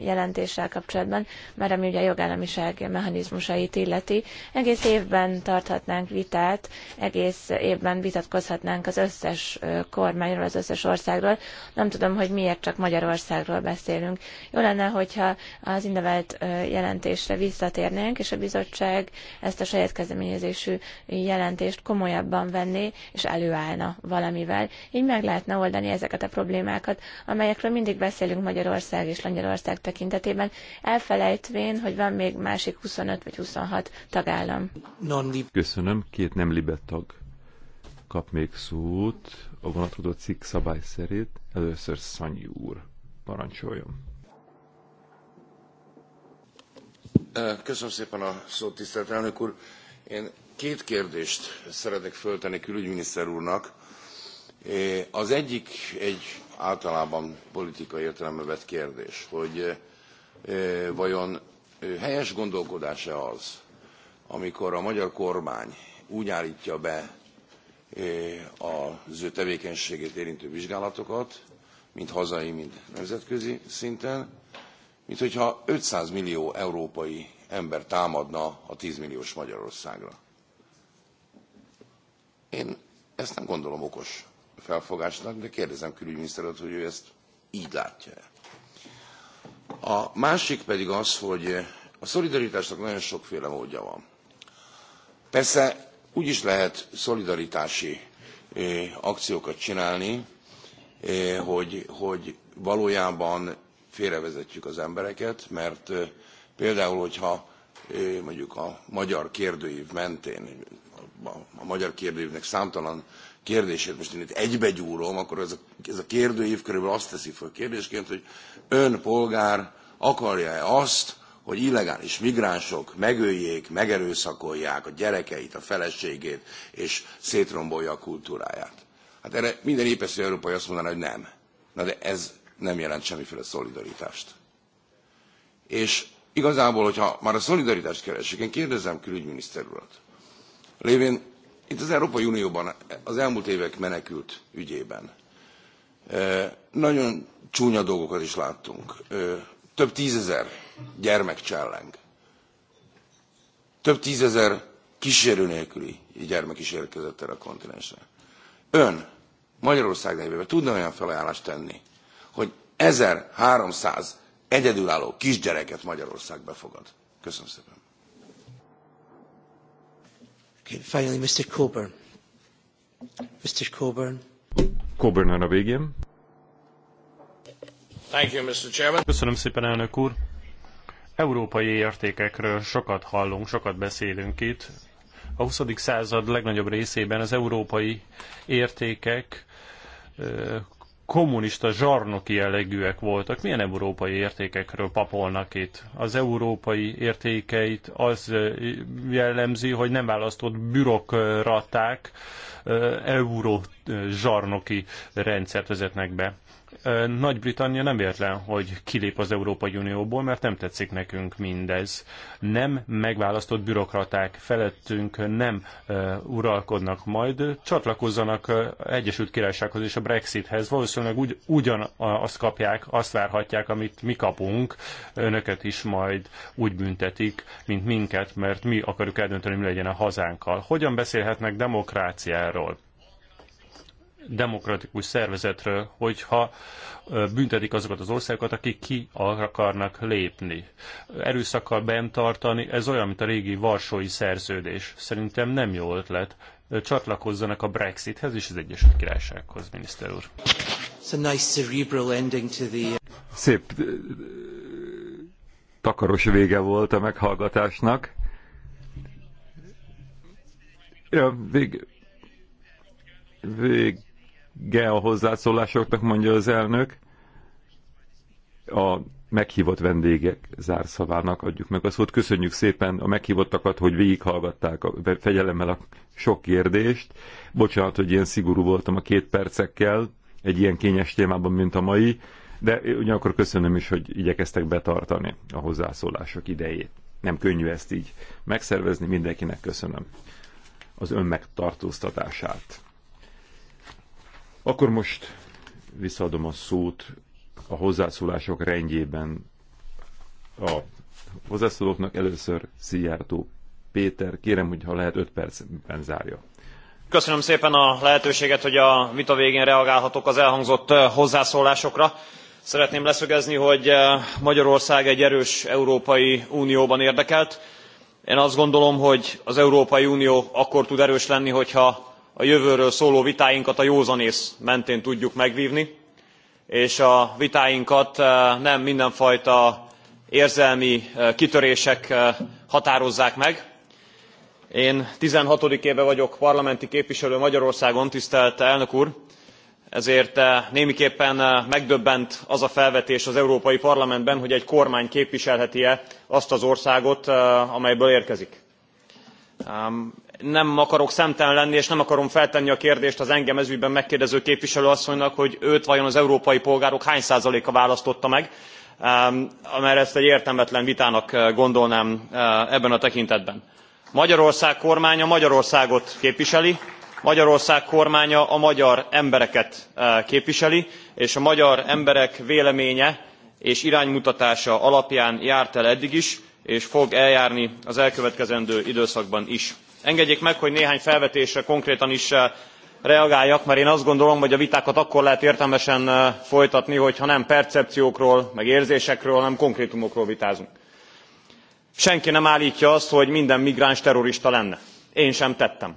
jelentéssel kapcsolatban, mert ami ugye a jogállamiság mechanizmusait illeti, egész évben tarthatnánk vitát, egész évben vitatkozhatnánk az összes kormányról, az összes országról. Nem tudom, hogy miért csak Magyarországról beszélünk. Jó lenne, hogyha az indevelt jelentésre visszatérnénk, és a bizottság ezt a saját kezdeményezésű jelentést komolyabban venné, és elő előállna valamivel, így meg lehetne oldani ezeket a problémákat, amelyekről mindig beszélünk Magyarország és Lengyelország tekintetében, elfelejtvén, hogy van még másik 25 vagy 26 tagállam. Köszönöm, két nem libet tag kap még szót a vonatkozó cikk szabály szerint. Először Szanyi úr, parancsoljon. Köszönöm szépen a szót, tisztelt elnök úr. Én Két kérdést szeretek föltenni külügyminiszter úrnak. Az egyik egy általában politikai értelembe vett kérdés, hogy vajon helyes gondolkodása az, amikor a magyar kormány úgy állítja be az ő tevékenységét érintő vizsgálatokat, mind hazai, mind nemzetközi szinten, mint hogyha 500 millió európai ember támadna a 10 milliós Magyarországra. Én ezt nem gondolom okos felfogásnak, de kérdezem külügyminiszter urat, hogy ő ezt így látja-e. A másik pedig az, hogy a szolidaritásnak nagyon sokféle módja van. Persze úgy is lehet szolidaritási akciókat csinálni, hogy, hogy valójában félrevezetjük az embereket, mert például, hogyha mondjuk a magyar kérdőív mentén a magyar kérdőívnek számtalan kérdését most én itt egybegyúrom, akkor ez a, ez a kérdőív körülbelül azt teszi fel kérdésként, hogy ön polgár akarja-e azt, hogy illegális migránsok megöljék, megerőszakolják a gyerekeit, a feleségét, és szétrombolja a kultúráját. Hát erre minden épeszű európai azt mondaná, hogy nem. Na de ez nem jelent semmiféle szolidaritást. És igazából, hogyha már a szolidaritást keresik, én kérdezem külügyminiszter urat, lévén itt az Európai Unióban az elmúlt évek menekült ügyében nagyon csúnya dolgokat is láttunk. Több tízezer gyermek cselleng. Több tízezer kísérő nélküli gyermek is érkezett erre a kontinensre. Ön Magyarország nevében tudna olyan felajánlást tenni, hogy 1300 egyedülálló kisgyereket Magyarország befogad? Köszönöm szépen finally, Mr. Coburn. Mr. Coburn. Coburn a végén. Thank you, Mr. Chairman. Köszönöm szépen, elnök úr. Európai értékekről sokat hallunk, sokat beszélünk itt. A 20. század legnagyobb részében az európai értékek kommunista zsarnoki jellegűek voltak. Milyen európai értékekről papolnak itt? Az európai értékeit az jellemzi, hogy nem választott bürokraták euró zsarnoki rendszert vezetnek be. Nagy-Britannia nem véletlen, hogy kilép az Európai Unióból, mert nem tetszik nekünk mindez. Nem megválasztott bürokraták felettünk nem uralkodnak majd, csatlakozzanak Egyesült Királysághoz és a Brexithez. Valószínűleg ugy, ugyanazt kapják, azt várhatják, amit mi kapunk. Önöket is majd úgy büntetik, mint minket, mert mi akarjuk eldönteni, mi legyen a hazánkkal. Hogyan beszélhetnek demokráciáról? demokratikus szervezetről, hogyha büntetik azokat az országokat, akik ki akarnak lépni. Erőszakkal bent tartani, ez olyan, mint a régi Varsói szerződés. Szerintem nem jó ötlet. Csatlakozzanak a Brexithez és az Egyesült Királysághoz, miniszter úr. nice cerebral ending to the... Szép takaros vége volt a meghallgatásnak. Ja, vég, vég, vége a hozzászólásoknak, mondja az elnök. A meghívott vendégek zárszavának adjuk meg a szót. Köszönjük szépen a meghívottakat, hogy végighallgatták a fegyelemmel a sok kérdést. Bocsánat, hogy ilyen szigorú voltam a két percekkel egy ilyen kényes témában, mint a mai, de ugyanakkor köszönöm is, hogy igyekeztek betartani a hozzászólások idejét. Nem könnyű ezt így megszervezni, mindenkinek köszönöm az önmegtartóztatását. Akkor most visszaadom a szót a hozzászólások rendjében a hozzászólóknak először Szijjártó Péter. Kérem, hogy ha lehet 5 percben zárja. Köszönöm szépen a lehetőséget, hogy a vita végén reagálhatok az elhangzott hozzászólásokra. Szeretném leszögezni, hogy Magyarország egy erős Európai Unióban érdekelt. Én azt gondolom, hogy az Európai Unió akkor tud erős lenni, hogyha a jövőről szóló vitáinkat a józan ész mentén tudjuk megvvni és a vitáinkat eh, nem mindenfajta érzelmi eh, kitörések eh, határozzák meg. én sixteen éve vagyok parlamenti képviselő magyarországon tisztelt elnök úr ezért némiképpen megdöbbent az a felvetés az európai parlamentben hogy egy kormány képviselheti e azt az országot amelyből érkezik nem akarok szemtelen lenni és nem akarom feltenni a kérdést az engem ezügyben megkérdező képviselő asszonynak hogy őt vajon az európai polgárok hány százaléka választotta meg mert ezt egy értelmetlen vitának eh, gondolnám eh, ebben a tekintetben. magyarország kormánya magyarországot képviseli magyarország kormánya a magyar embereket eh, képviseli és a magyar emberek véleménye és iránymutatása alapján járt el eddig is és fog eljárni az elkövetkezendő időszakban is engedjék meg hogy néhány felvetésre konkrétan is eh, reagáljak mert én azt gondolom hogy a vitákat akkor lehet értelmesen eh, folytatni hogyha nem percepciókról meg érzésekről hanem konkrétumokról vitázunk. senki nem álltja azt hogy minden migráns terrorista lenne én sem tettem.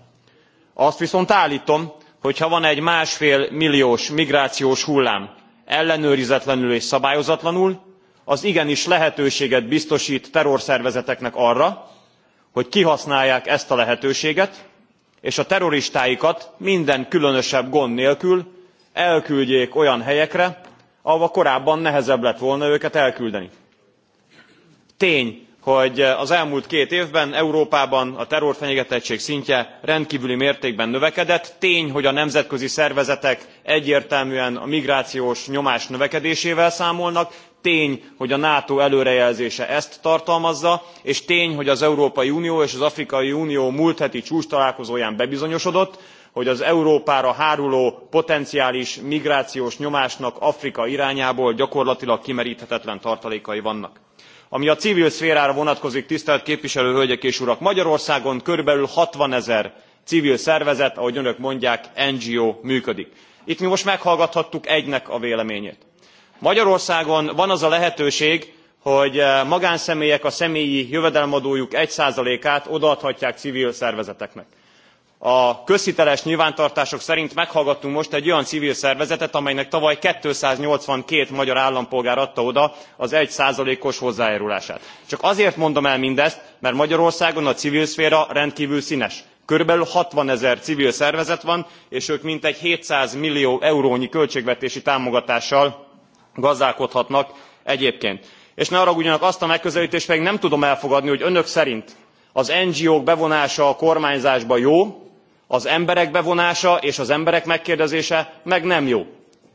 azt viszont álltom hogy ha van egy másfél milliós migrációs hullám ellenőrizetlenül és szabályozatlanul az igenis lehetőséget biztost terrorszervezeteknek arra hogy kihasználják ezt a lehetőséget és a terroristáikat minden különösebb gond nélkül elküldjék olyan helyekre ahova korábban nehezebb lett volna őket elküldeni. tény hogy az elmúlt két évben európában a terrorfenyegetettség szintje rendkvüli mértékben növekedett tény hogy a nemzetközi szervezetek egyértelműen a migrációs nyomás növekedésével számolnak tény hogy a nato előrejelzése ezt tartalmazza és tény hogy az európai unió és az afrikai unió múlt heti csúcstalálkozóján bebizonyosodott hogy az európára háruló potenciális migrációs nyomásnak afrika irányából gyakorlatilag kimerthetetlen tartalékai vannak. ami a civil szférára vonatkozik tisztelt képviselő hölgyek és urak magyarországon körülbelül 60 ezer civil szervezet ahogy önök mondják ngo működik. itt mi most meghallgathattuk egynek a véleményét magyarországon van az a lehetőség hogy eh, magánszemélyek a személyi jövedelemadójuk one át odaadhatják civil szervezeteknek. a közhiteles nyilvántartások szerint meghallgattunk most egy olyan civil szervezetet amelynek tavaly two hundred and eighty two magyar állampolgár adta oda az one os hozzájárulását. csak azért mondom el mindezt mert magyarországon a civil szféra rendkvül sznes körülbelül sixty ezer civil szervezet van és ők mintegy seven hundred millió eurónyi költségvetési támogatással gazdálkodhatnak egyébként. és ne haragudjanak azt a megközeltést pedig nem tudom elfogadni hogy önök szerint az ngo k bevonása a kormányzásba jó az emberek bevonása és az emberek megkérdezése meg nem jó.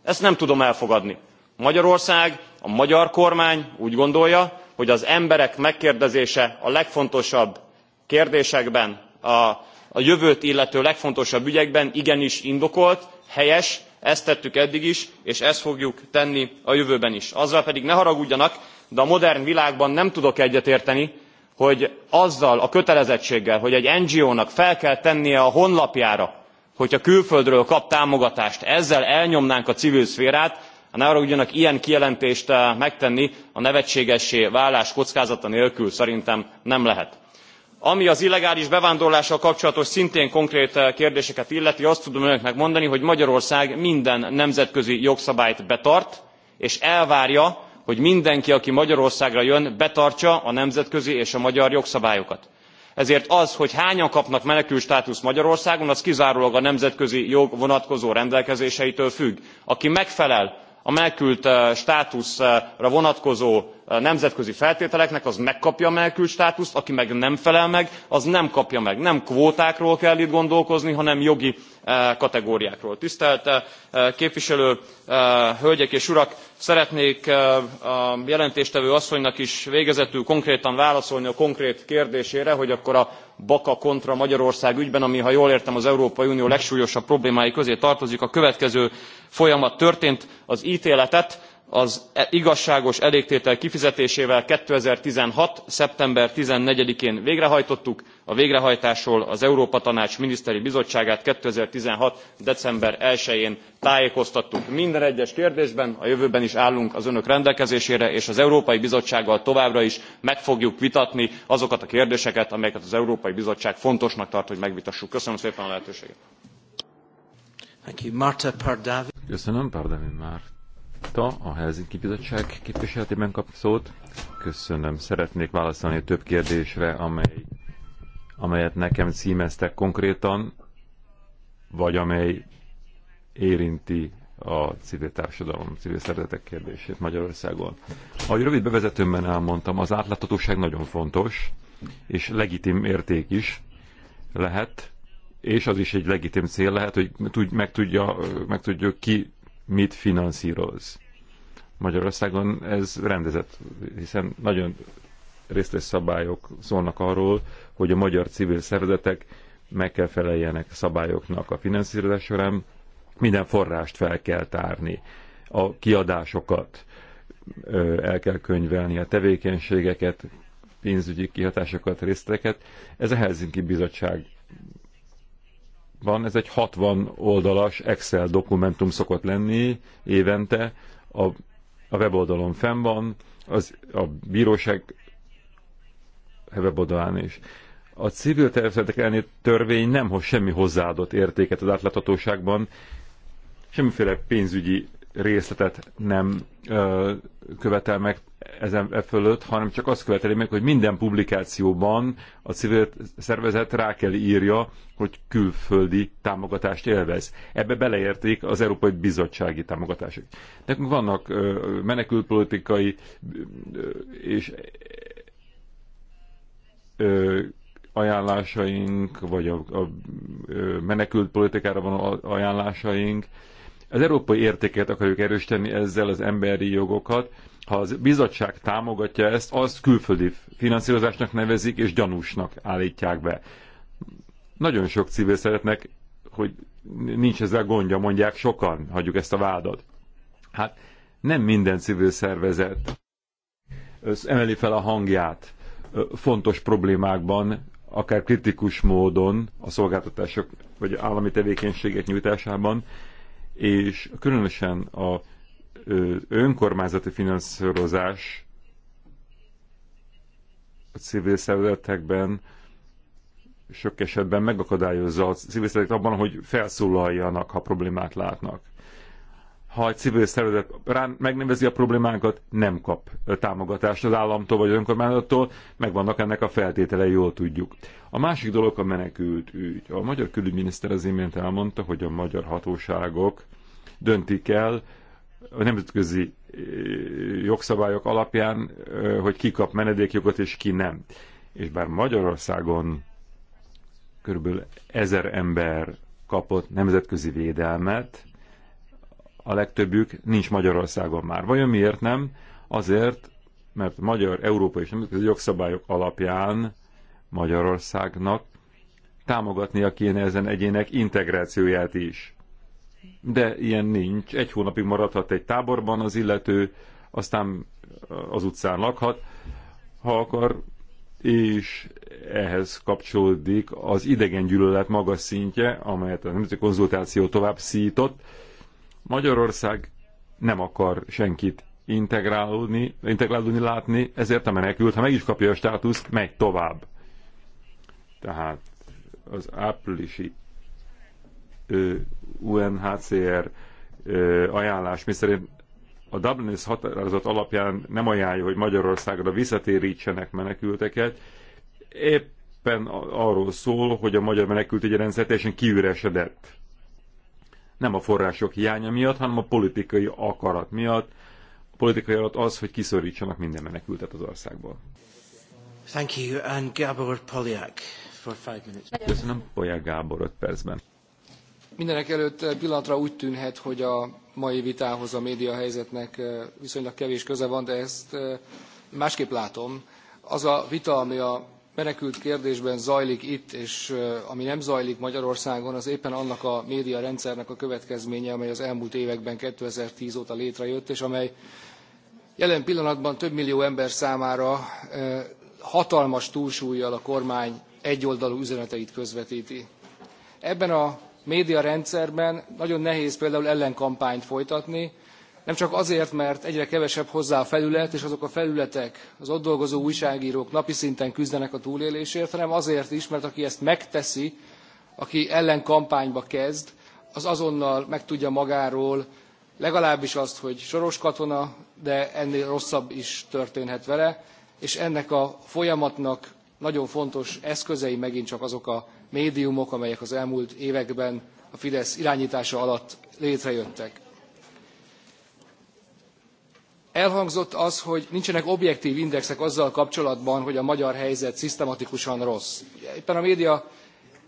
ezt nem tudom elfogadni. magyarország a magyar kormány úgy gondolja hogy az emberek megkérdezése a legfontosabb kérdésekben a jövőt illető legfontosabb ügyekben igenis indokolt helyes ezt tettük eddig is és ezt fogjuk tenni a jövőben is. azzal pedig ne haragudjanak de a modern világban nem tudok egyetérteni hogy azzal a kötelezettséggel hogy egy ngo nak fel kell tennie a honlapjára hogyha külföldről kap támogatást ezzel elnyomnánk a civil szférát ne haragudjanak ilyen kijelentést eh, megtenni a nevetségessé válás kockázata nélkül szerintem nem lehet ami az illegális bevándorlással kapcsolatos szintén konkrét eh, kérdéseket illeti azt tudom önöknek mondani hogy magyarország minden nemzetközi jogszabályt betart és elvárja hogy mindenki aki magyarországra jön betartsa a nemzetközi és a magyar jogszabályokat ezért az hogy hányan kapnak menekültstátuszt magyarországon az kizárólag a nemzetközi jog vonatkozó rendelkezéseitől függ. aki megfelel a menekültstátuszra eh, vonatkozó nemzetközi feltételeknek az megkapja a menekült státuszt aki meg nem felel meg az nem kapja meg. nem kvótákról kell itt gondolkozni hanem jogi eh, kategóriákról. tisztelt eh, képviselő eh, hölgyek és urak! szeretnék a jelentéstevő asszonynak is végezetül konkrétan válaszolni a konkrét kérdésére hogy akkor a baka kontra magyarország ügyben ami ha jól értem az európai unió legsúlyosabb problémái közé tartozik a következő folyamat történt az téletet az igazságos elégtétel kifizetésével two thousand and sixteen szeptember fourteen én végrehajtottuk a végrehajtásról az európa tanács miniszteri bizottságát two thousand and sixteen december one jén tájékoztattuk. minden egyes kérdésben a jövőben is állunk az önök rendelkezésére és az európai bizottsággal továbbra is meg fogjuk vitatni azokat a kérdéseket amelyeket az európai bizottság fontosnak tart hogy megvitassuk. köszönöm szépen a lehetőséget. Köszönöm, Britta a Helsinki Bizottság képviseletében kap szót. Köszönöm. Szeretnék válaszolni több kérdésre, amely, amelyet nekem címeztek konkrétan, vagy amely érinti a civil társadalom, civil szervezetek kérdését Magyarországon. Ahogy rövid bevezetőmben elmondtam, az átláthatóság nagyon fontos, és legitim érték is lehet, és az is egy legitim cél lehet, hogy meg, tudja, meg tudjuk ki mit finanszíroz. Magyarországon ez rendezett, hiszen nagyon részletes szabályok szólnak arról, hogy a magyar civil szervezetek meg kell feleljenek szabályoknak a finanszírozás során, minden forrást fel kell tárni, a kiadásokat el kell könyvelni, a tevékenységeket, pénzügyi kihatásokat, részleteket. Ez a Helsinki Bizottság van, ez egy 60 oldalas Excel dokumentum szokott lenni évente, a, a weboldalon fenn van, az, a bíróság weboldalán is. A civil tervezetek elleni törvény nem hoz semmi hozzáadott értéket az átláthatóságban, semmiféle pénzügyi részletet nem ö, követel meg ezen e fölött, hanem csak azt követeli meg, hogy minden publikációban a civil szervezet rá kell írja, hogy külföldi támogatást élvez. Ebbe beleérték az Európai Bizottsági támogatások. Nekünk vannak ö, menekülpolitikai ö, és ö, ajánlásaink, vagy a, a menekültpolitikára van ajánlásaink, ö, az európai értéket akarjuk erősíteni ezzel az emberi jogokat. Ha a bizottság támogatja ezt, az külföldi finanszírozásnak nevezik, és gyanúsnak állítják be. Nagyon sok civil szeretnek, hogy nincs ezzel gondja, mondják sokan, hagyjuk ezt a vádat. Hát nem minden civil szervezet emeli fel a hangját fontos problémákban, akár kritikus módon a szolgáltatások vagy állami tevékenységek nyújtásában, és különösen a önkormányzati finanszírozás a civil szervezetekben sok esetben megakadályozza a civil szervezetek abban, hogy felszólaljanak, ha problémát látnak ha egy civil szervezet rán megnevezi a problémánkat, nem kap támogatást az államtól vagy az önkormányzattól, megvannak ennek a feltételei, jól tudjuk. A másik dolog a menekült ügy. A magyar külügyminiszter az imént elmondta, hogy a magyar hatóságok döntik el a nemzetközi jogszabályok alapján, hogy ki kap menedékjogot és ki nem. És bár Magyarországon körülbelül ezer ember kapott nemzetközi védelmet, a legtöbbük nincs Magyarországon már. Vajon miért nem? Azért, mert magyar, európai és nemzetközi jogszabályok alapján Magyarországnak támogatnia kéne ezen egyének integrációját is. De ilyen nincs. Egy hónapig maradhat egy táborban az illető, aztán az utcán lakhat, ha akar, és ehhez kapcsolódik az idegen gyűlölet magas szintje, amelyet a nemzeti konzultáció tovább szított, Magyarország nem akar senkit integrálódni, integrálódni látni, ezért a menekült, ha meg is kapja a státuszt, megy tovább. Tehát az áprilisi ö, UNHCR ö, ajánlás, miszerint a Dublin határozat alapján nem ajánlja, hogy Magyarországra visszatérítsenek menekülteket, éppen arról szól, hogy a magyar menekültügyi rendszer teljesen kiüresedett nem a források hiánya miatt, hanem a politikai akarat miatt. A politikai alatt az, hogy kiszorítsanak minden menekültet az országból. Thank you, and Gábor Poliak for five minutes. Köszönöm, Poliak Gábor, öt percben. Mindenek előtt pillanatra úgy tűnhet, hogy a mai vitához a média helyzetnek viszonylag kevés köze van, de ezt másképp látom. Az a vita, ami a menekült kérdésben zajlik itt, és ami nem zajlik Magyarországon, az éppen annak a médiarendszernek a következménye, amely az elmúlt években 2010 óta létrejött, és amely jelen pillanatban több millió ember számára hatalmas túlsúlyjal a kormány egyoldalú üzeneteit közvetíti. Ebben a médiarendszerben nagyon nehéz például ellenkampányt folytatni, nem csak azért, mert egyre kevesebb hozzá a felület, és azok a felületek, az ott dolgozó újságírók napi szinten küzdenek a túlélésért, hanem azért is, mert aki ezt megteszi, aki ellen kampányba kezd, az azonnal megtudja magáról legalábbis azt, hogy soros katona, de ennél rosszabb is történhet vele, és ennek a folyamatnak nagyon fontos eszközei megint csak azok a médiumok, amelyek az elmúlt években a Fidesz irányítása alatt létrejöttek. Elhangzott az, hogy nincsenek objektív indexek azzal kapcsolatban, hogy a magyar helyzet szisztematikusan rossz. Éppen a média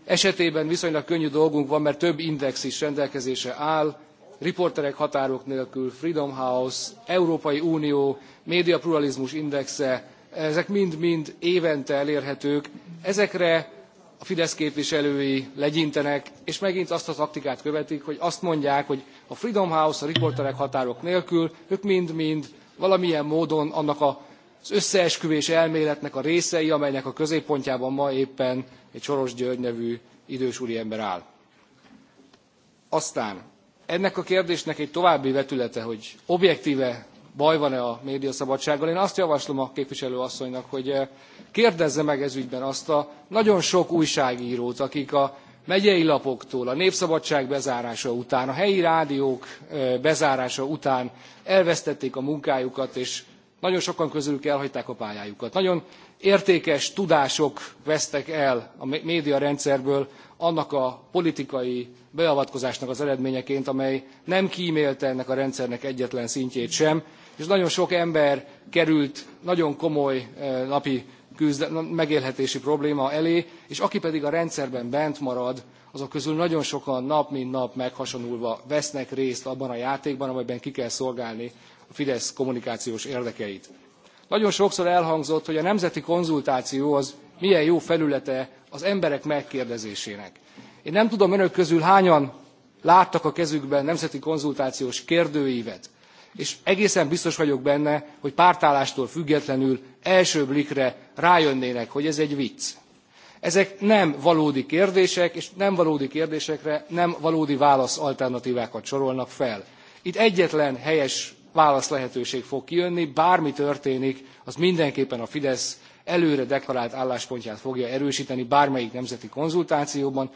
esetében viszonylag könnyű dolgunk van, mert több index is rendelkezésre áll, riporterek határok nélkül, Freedom House, Európai Unió, média pluralizmus indexe, ezek mind-mind évente elérhetők. Ezekre a Fidesz képviselői legyintenek, és megint azt a taktikát követik, hogy azt mondják, hogy a Freedom House, a riporterek határok nélkül, ők mind-mind valamilyen módon annak az összeesküvés elméletnek a részei, amelynek a középpontjában ma éppen egy Soros György nevű idős úriember áll. Aztán ennek a kérdésnek egy további vetülete, hogy objektíve baj van-e a médiaszabadsággal. Én azt javaslom a képviselő asszonynak, hogy eh, kérdezze meg ez ügyben azt a nagyon sok újságírót, akik a megyei lapoktól, a népszabadság bezárása után, a helyi rádiók eh, bezárása után elvesztették a munkájukat, és nagyon sokan közülük elhagyták a pályájukat. Nagyon értékes tudások vesztek el a médiarendszerből annak a politikai beavatkozásnak az eredményeként, amely nem kímélte ennek a rendszernek egyetlen szintjét sem, és nagyon sok ember került nagyon komoly eh, napi megélhetési probléma elé, és aki pedig a rendszerben bent marad, azok közül nagyon sokan nap mint nap meghasonulva vesznek részt abban a játékban, amelyben ki kell szolgálni a Fidesz kommunikációs érdekeit. Nagyon sokszor elhangzott, hogy a nemzeti konzultáció az milyen jó felülete az emberek megkérdezésének. Én nem tudom önök közül hányan láttak a kezükben nemzeti konzultációs kérdőívet és egészen biztos vagyok benne, hogy pártállástól függetlenül első blikre rájönnének, hogy ez egy vicc. Ezek nem valódi kérdések, és nem valódi kérdésekre nem valódi válasz alternatívákat sorolnak fel. Itt egyetlen helyes válasz lehetőség fog kijönni, bármi történik, az mindenképpen a Fidesz előre deklarált álláspontját fogja erősíteni bármelyik nemzeti konzultációban,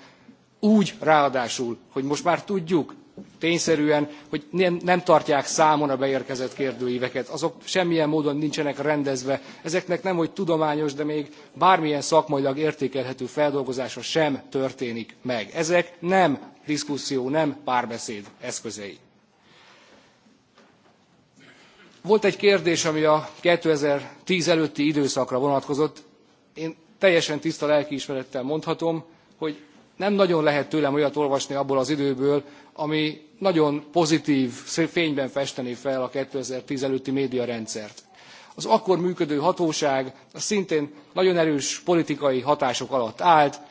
úgy ráadásul, hogy most már tudjuk, tényszerűen, hogy nem, nem tartják számon a beérkezett kérdőíveket. Azok semmilyen módon nincsenek rendezve. Ezeknek nem hogy tudományos, de még bármilyen szakmailag értékelhető feldolgozása sem történik meg. Ezek nem diszkuszió, nem párbeszéd eszközei. Volt egy kérdés, ami a 2010 előtti időszakra vonatkozott. Én teljesen tiszta lelkiismerettel mondhatom, hogy nem nagyon lehet tőlem olyat olvasni abból az időből, ami nagyon pozitív fényben festené fel a 2010 előtti médiarendszert. Az akkor működő hatóság szintén nagyon erős politikai hatások alatt állt,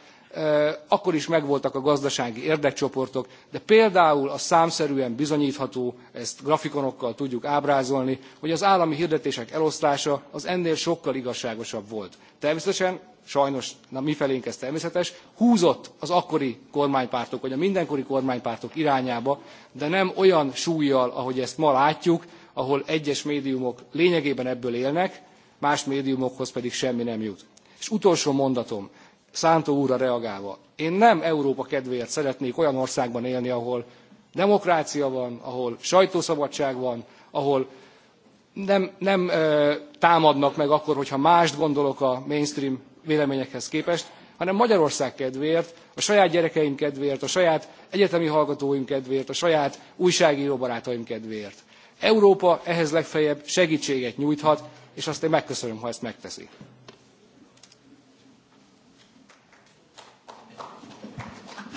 akkor is megvoltak a gazdasági érdekcsoportok, de például a számszerűen bizonyítható, ezt grafikonokkal tudjuk ábrázolni, hogy az állami hirdetések elosztása az ennél sokkal igazságosabb volt. Természetesen sajnos na, mifelénk ez természetes, húzott az akkori kormánypártok, vagy a mindenkori kormánypártok irányába, de nem olyan súlyjal, ahogy ezt ma látjuk, ahol egyes médiumok lényegében ebből élnek, más médiumokhoz pedig semmi nem jut. És utolsó mondatom, Szántó úrra reagálva, én nem Európa kedvéért szeretnék olyan országban élni, ahol demokrácia van, ahol sajtószabadság van, ahol nem, nem ö, támadnak meg akkor, hogyha mást gondolok a mainstream véleményekhez képest, hanem Magyarország kedvéért, a saját gyerekeim kedvéért, a saját egyetemi hallgatóim kedvéért, a saját újságró barátaim kedvéért. Európa ehhez legfeljebb segítséget nyújthat, és azt én megköszönöm, ha ezt megteszi.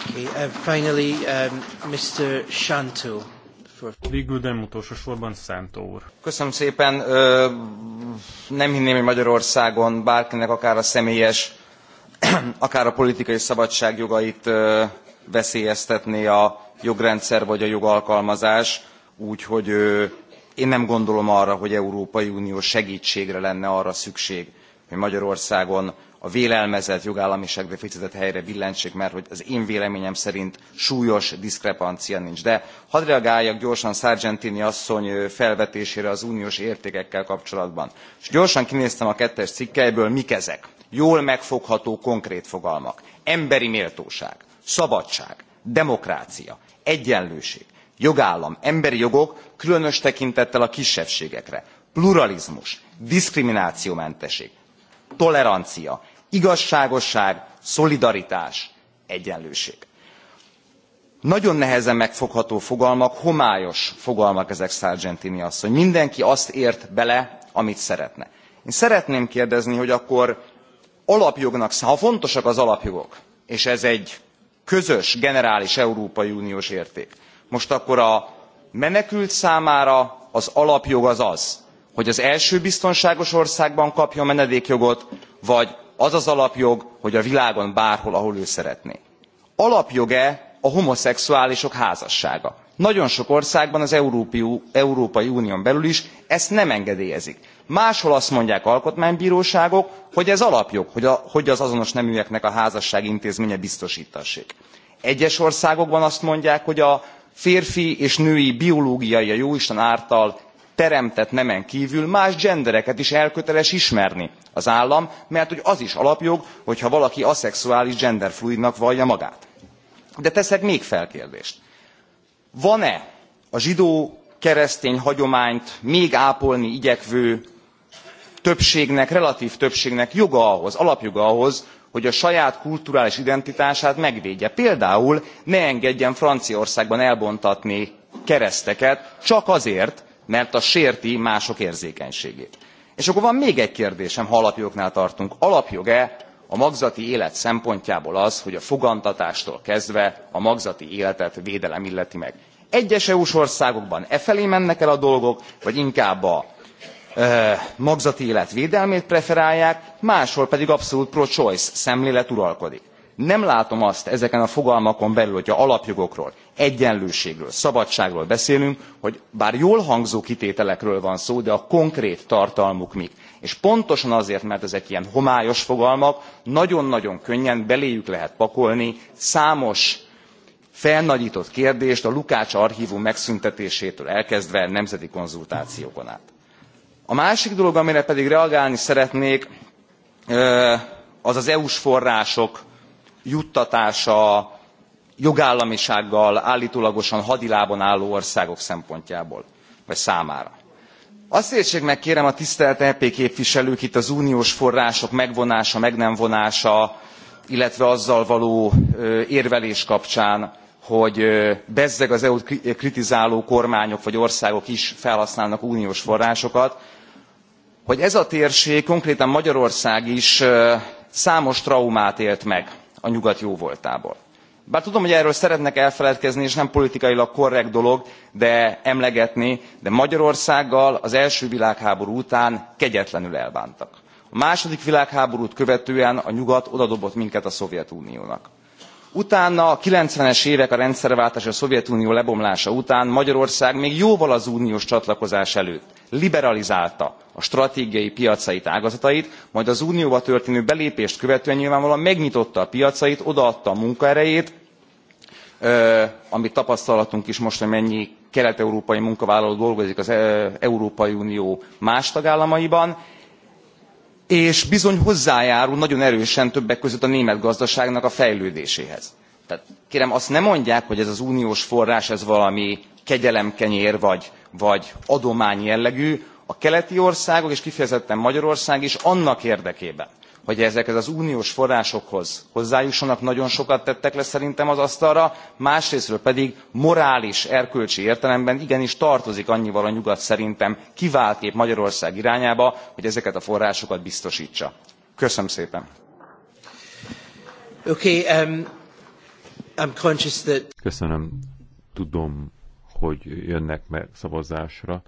Okay, uh, finally, um, Mr. Shanto. Végül nem utolsó sorban úr. Köszönöm szépen. Ö, nem hinném, hogy Magyarországon bárkinek akár a személyes, [clears throat] akár a politikai szabadság jogait ö, veszélyeztetné a jogrendszer vagy a jogalkalmazás, úgyhogy én nem gondolom arra, hogy Európai Unió segítségre lenne arra szükség, hogy Magyarországon a vélelmezett jogállamiság deficitet helyre billentsék mert hogy az én véleményem szerint súlyos diszkrepancia nincs. de hadd reagáljak gyorsan sargentini asszony felvetésére az uniós értékekkel kapcsolatban. és gyorsan kinéztem a kettes cikkelyből mik ezek jól megfogható konkrét fogalmak emberi méltóság szabadság demokrácia egyenlőség jogállam emberi jogok különös tekintettel a kisebbségekre pluralizmus diszkriminációmentesség tolerancia igazságosság szolidaritás egyenlőség. nagyon nehezen megfogható fogalmak homályos fogalmak ezek sargentini asszony mindenki azt ért bele amit szeretne. én szeretném kérdezni hogy akkor alapjognak ha fontosak az alapjogok és ez egy közös generális európai uniós érték most akkor a menekült számára az alapjog az az hogy az első biztonságos országban kapja menedékjogot vagy az az alapjog hogy a világon bárhol ahol ő szeretné. alapjog e a homoszexuálisok házassága? nagyon sok országban az európai, unión belül is ezt nem engedélyezik. máshol azt mondják alkotmánybróságok hogy ez alapjog hogy, a, hogy az azonos neműeknek a házasság intézménye biztostassék. egyes országokban azt mondják hogy a férfi és női biológiai a jóisten által teremtett nemen kvül más gendereket is elköteles ismerni az állam mert hogy az is alapjog hogyha valaki aszexuális genderfluidnak vallja magát. de teszek még felkérdést van e a zsidó keresztény hagyományt még ápolni igyekvő többségnek relatv többségnek joga ahhoz alapjoga ahhoz hogy a saját kulturális identitását megvédje például ne engedjen franciaországban elbontatni kereszteket csak azért mert az sérti mások érzékenységét. és akkor van még egy kérdésem ha alapjogoknál tartunk alapjog e a magzati élet szempontjából az hogy a fogantatástól kezdve a magzati életet védelem illeti meg? egyes eu s országokban e felé mennek el a dolgok vagy inkább a magzati élet védelmét preferálják máshol pedig abszolút pro choice szemlélet uralkodik nem látom azt ezeken a fogalmakon belül, hogyha alapjogokról, egyenlőségről, szabadságról beszélünk, hogy bár jól hangzó kitételekről van szó, de a konkrét tartalmuk mik. És pontosan azért, mert ezek ilyen homályos fogalmak, nagyon-nagyon könnyen beléjük lehet pakolni számos felnagyított kérdést a Lukács archvum megszüntetésétől elkezdve nemzeti konzultációkon át. A másik dolog, amire pedig reagálni szeretnék, az az EU-s források juttatása jogállamisággal álltólagosan hadilábon álló országok szempontjából vagy számára. Azt értsék meg kérem a tisztelt EP képviselők itt az uniós források megvonása, meg nem vonása, illetve azzal való érvelés kapcsán, hogy bezzeg az EU-t kritizáló kormányok vagy országok is felhasználnak uniós forrásokat, hogy ez a térség, konkrétan Magyarország is számos traumát élt meg a nyugat jóvoltából. Bár tudom, hogy erről szeretnek elfeledkezni, és nem politikailag korrekt dolog, de emlegetni, de Magyarországgal az első világháború után kegyetlenül elbántak. A második világháborút követően a nyugat odadobott minket a Szovjetuniónak utána a ninety es évek a rendszerváltás a szovjetunió lebomlása után magyarország még jóval az uniós csatlakozás előtt liberalizálta a stratégiai piacait ágazatait majd az unióba történő belépést követően nyilvánvalóan megnyitotta a piacait odaadta a munkaerejét amit tapasztalhatunk is most hogy mennyi kelet európai munkavállaló dolgozik az európai unió más tagállamaiban és bizony hozzájárul nagyon erősen többek között a német gazdaságnak a fejlődéséhez. tehát kérem azt ne mondják hogy ez az uniós forrás ez valami kegyelemkenyér vagy, vagy adomány jellegű a keleti országok és kifejezetten magyarország is annak érdekében hogy ezekhez az uniós forrásokhoz hozzájussanak nagyon sokat tettek le szerintem az asztalra másrészről pedig morális erkölcsi értelemben igenis tartozik annyival a nyugat szerintem kiváltképp kép magyarország irányába hogy ezeket a forrásokat biztostsa. köszönöm szépen! Um, köszönöm. Tudom, hogy jönnek meg szavazásra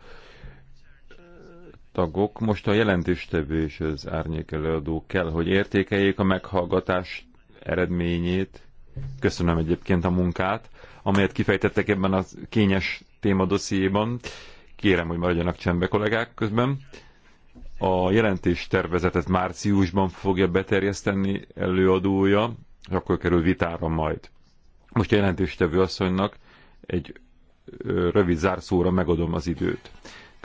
tagok, most a jelentéstevő és az előadó kell, hogy értékeljék a meghallgatás eredményét. Köszönöm egyébként a munkát, amelyet kifejtettek ebben a kényes témadossziéban. Kérem, hogy maradjanak csendbe kollégák közben. A jelentés tervezetet márciusban fogja beterjeszteni előadója, akkor kerül vitára majd. Most a jelentéstevő asszonynak egy rövid zárszóra megadom az időt.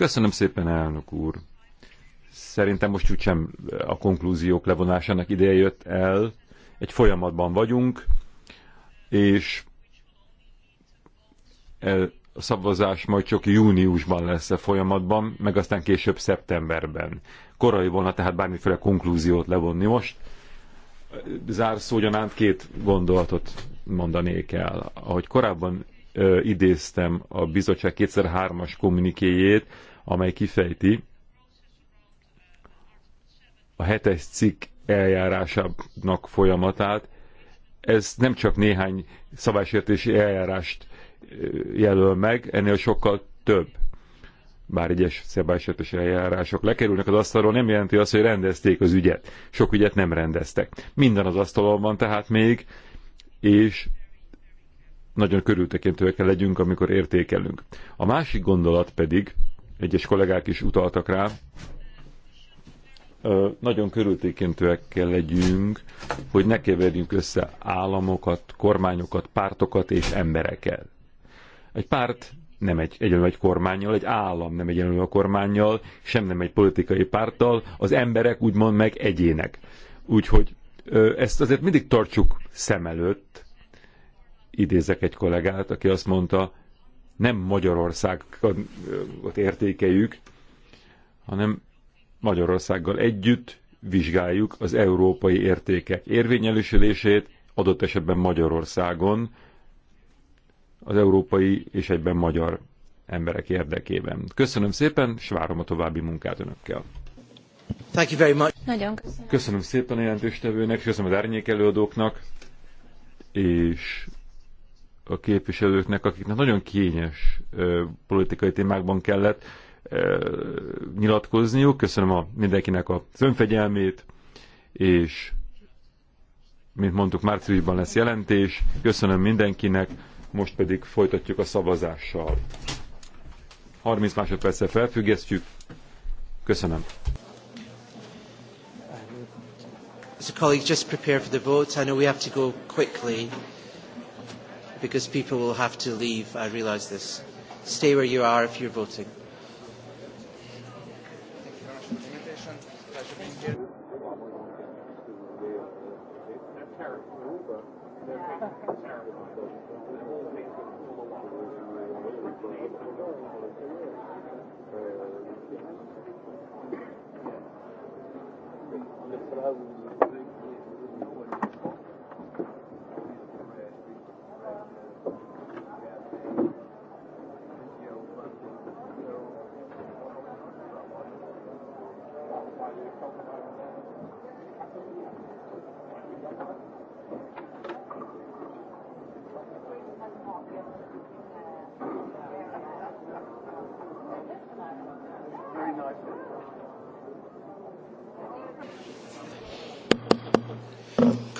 Köszönöm szépen, elnök úr. Szerintem most úgysem a konklúziók levonásának ideje jött el. Egy folyamatban vagyunk, és el, a szavazás majd csak júniusban lesz a folyamatban, meg aztán később szeptemberben. Korai volna tehát bármiféle konklúziót levonni most. ugyanánt két gondolatot mondanék el. Ahogy korábban ö, idéztem a bizottság 2003-as kommunikéjét, amely kifejti a hetes cikk eljárásának folyamatát. Ez nem csak néhány szabásértési eljárást jelöl meg, ennél sokkal több. Bár egyes szabálysértési eljárások lekerülnek az asztalról, nem jelenti azt, hogy rendezték az ügyet. Sok ügyet nem rendeztek. Minden az asztalon van tehát még, és nagyon körültekintőek kell legyünk, amikor értékelünk. A másik gondolat pedig, egyes kollégák is utaltak rá. Nagyon körültékintőek kell legyünk, hogy ne keverjünk össze államokat, kormányokat, pártokat és embereket. Egy párt nem egy egyenlő egy kormányjal, egy állam nem egyenlő a kormányjal, sem nem egy politikai párttal, az emberek úgymond meg egyének. Úgyhogy ezt azért mindig tartsuk szem előtt. Idézek egy kollégát, aki azt mondta, nem Magyarországot értékeljük, hanem Magyarországgal együtt vizsgáljuk az európai értékek érvényelősülését, adott esetben Magyarországon, az európai és egyben magyar emberek érdekében. Köszönöm szépen, és várom a további munkát önökkel. Thank you very much. Nagyon köszönöm. Köszönöm szépen a jelentéstevőnek, és köszönöm az árnyék előadóknak, és a képviselőknek, akiknek nagyon kényes politikai témákban kellett nyilatkozniuk. Köszönöm a, mindenkinek a önfegyelmét, és mint mondtuk, márciusban lesz jelentés. Köszönöm mindenkinek, most pedig folytatjuk a szavazással. 30 másodperccel felfüggesztjük. Köszönöm. So colleagues, just prepare for the vote. I know we have to go quickly because people will have to leave. I realise this. Stay where you are if you're voting.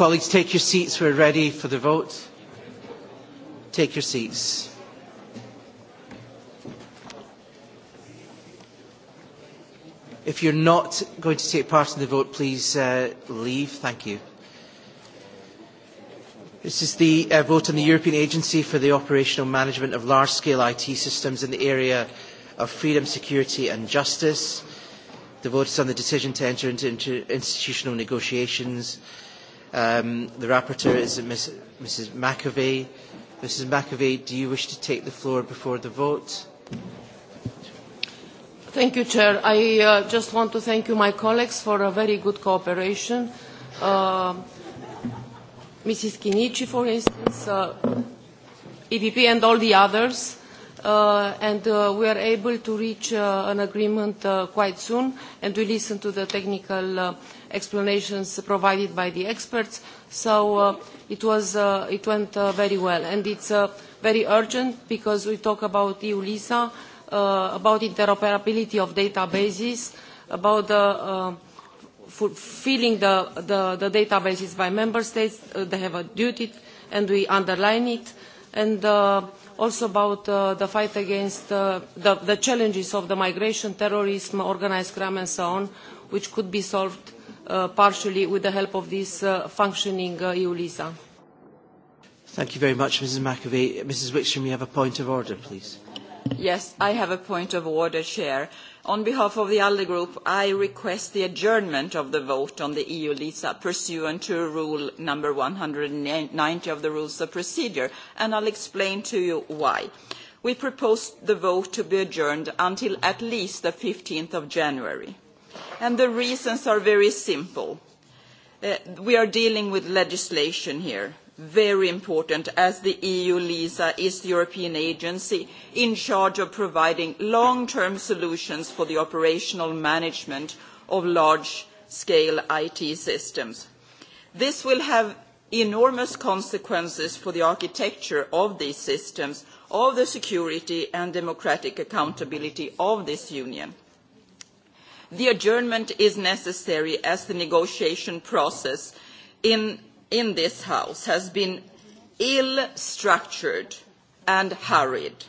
Colleagues, take your seats. We're ready for the vote. Take your seats. If you're not going to take part in the vote, please uh, leave. Thank you. This is the uh, vote on the European Agency for the Operational Management of Large-Scale IT Systems in the area of freedom, security and justice. The vote is on the decision to enter into inter institutional negotiations Um, the rapporteur is Ms, Mrs. McAvey. Mrs. McAvey, do you wish to take the floor before the vote? Thank you, Chair. I uh, just want to thank you, my colleagues, for a very good cooperation. Uh, Mrs. Kinichi, for instance, uh, EPP and all the others uh, and uh, we are able to reach uh, an agreement uh, quite soon and we listen to the technical uh, explanations provided by the experts so uh, it was uh, it went uh, very well and it's uh, very urgent because we talk about EU LISA uh, about interoperability of databases about the uh, fulfilling the, the, the databases by member states uh, they have a duty and we underline it and uh, also about uh, the fight against uh, the, the, challenges of the migration, terrorism, organised crime and so on, which could be solved uh, partially with the help of this uh, functioning uh, EU LISA. Thank you very much, Mrs McAvey. Mrs Wickstrom, you have a point of order, please. Yes, I have a point of order, Chair. Uh, on behalf of the alde group i request the adjournment of the vote on the eu lisa pursuant to rule number one hundred and ninety of the rules of procedure and i'll explain to you why. we propose the vote to be adjourned until at least fifteen january and the reasons are very simple. Uh, we are dealing with legislation here very important as the EU LISA is the European agency in charge of providing long-term solutions for the operational management of large-scale IT systems. This will have enormous consequences for the architecture of these systems, of the security and democratic accountability of this union. The adjournment is necessary as the negotiation process in in this House has been ill-structured and hurried.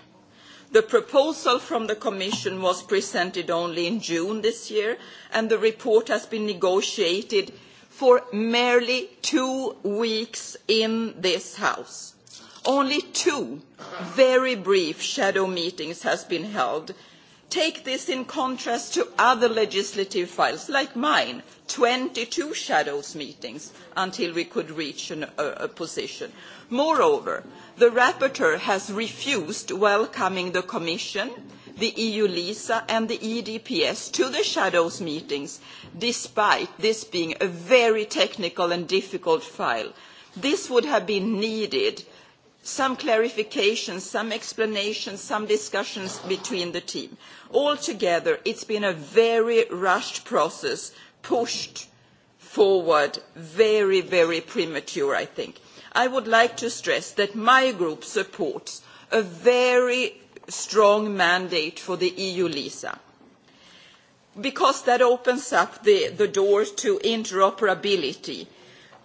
The proposal from the Commission was presented only in June this year, and the report has been negotiated for merely two weeks in this House. Only two very brief shadow meetings has been held take this in contrast to other legislative files like mine twenty two shadows meetings until we could reach an, a, a position. moreover the rapporteur has refused welcoming the commission the eu lisa and the edps to the shadows meetings despite this being a very technical and difficult file. this would have been needed some clarification some explanation some discussions between the team altogether it has been a very rushed process pushed forward very very premature i think. i would like to stress that my group supports a very strong mandate for the eu lisa because that opens up the, the door to interoperability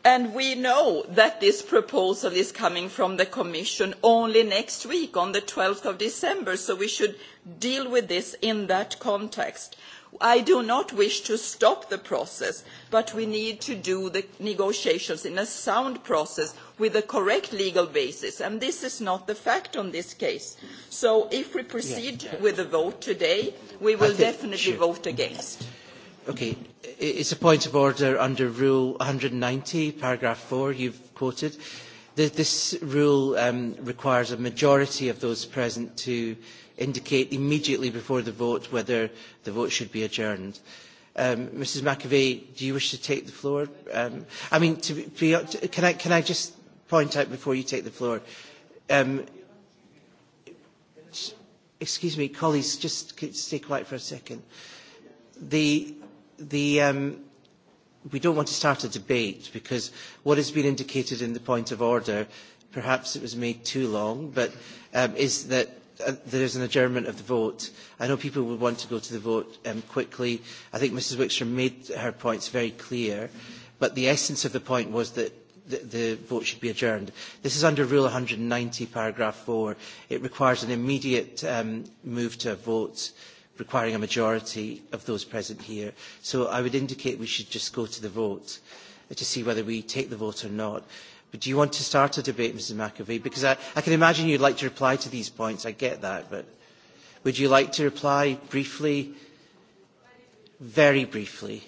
and we know that this proposal is coming from the commission only next week on twelve december so we should deal with this in that context. i do not wish to stop the process but we need to do the negotiations in a sound process with the correct legal basis and this is not the fact on this case. so if we proceed with the vote today we will definitely vote against. it it's a point of order under Rule 190, paragraph 4, you've quoted. This rule um, requires a majority of those present to indicate immediately before the vote whether the vote should be adjourned. Um, Mrs McAvey, do you wish to take the floor? Um, I mean, to be, can, I, can I just point out before you take the floor? Um, excuse me, colleagues, just stay quiet for a second. The, the, um, we don't want to start a debate because what has been indicated in the point of order, perhaps it was made too long, but um, is that uh, there is an adjournment of the vote. I know people would want to go to the vote um, quickly. I think Mrs Wickstrom made her points very clear, but the essence of the point was that the, vote should be adjourned. This is under Rule 190, paragraph 4. It requires an immediate um, move to a vote requiring a majority of those present here. So I would indicate we should just go to the vote uh, to see whether we take the vote or not. But do you want to start a debate, Mrs McAvey? Because I, I can imagine you'd like to reply to these points. I get that. But would you like to reply briefly? Very briefly.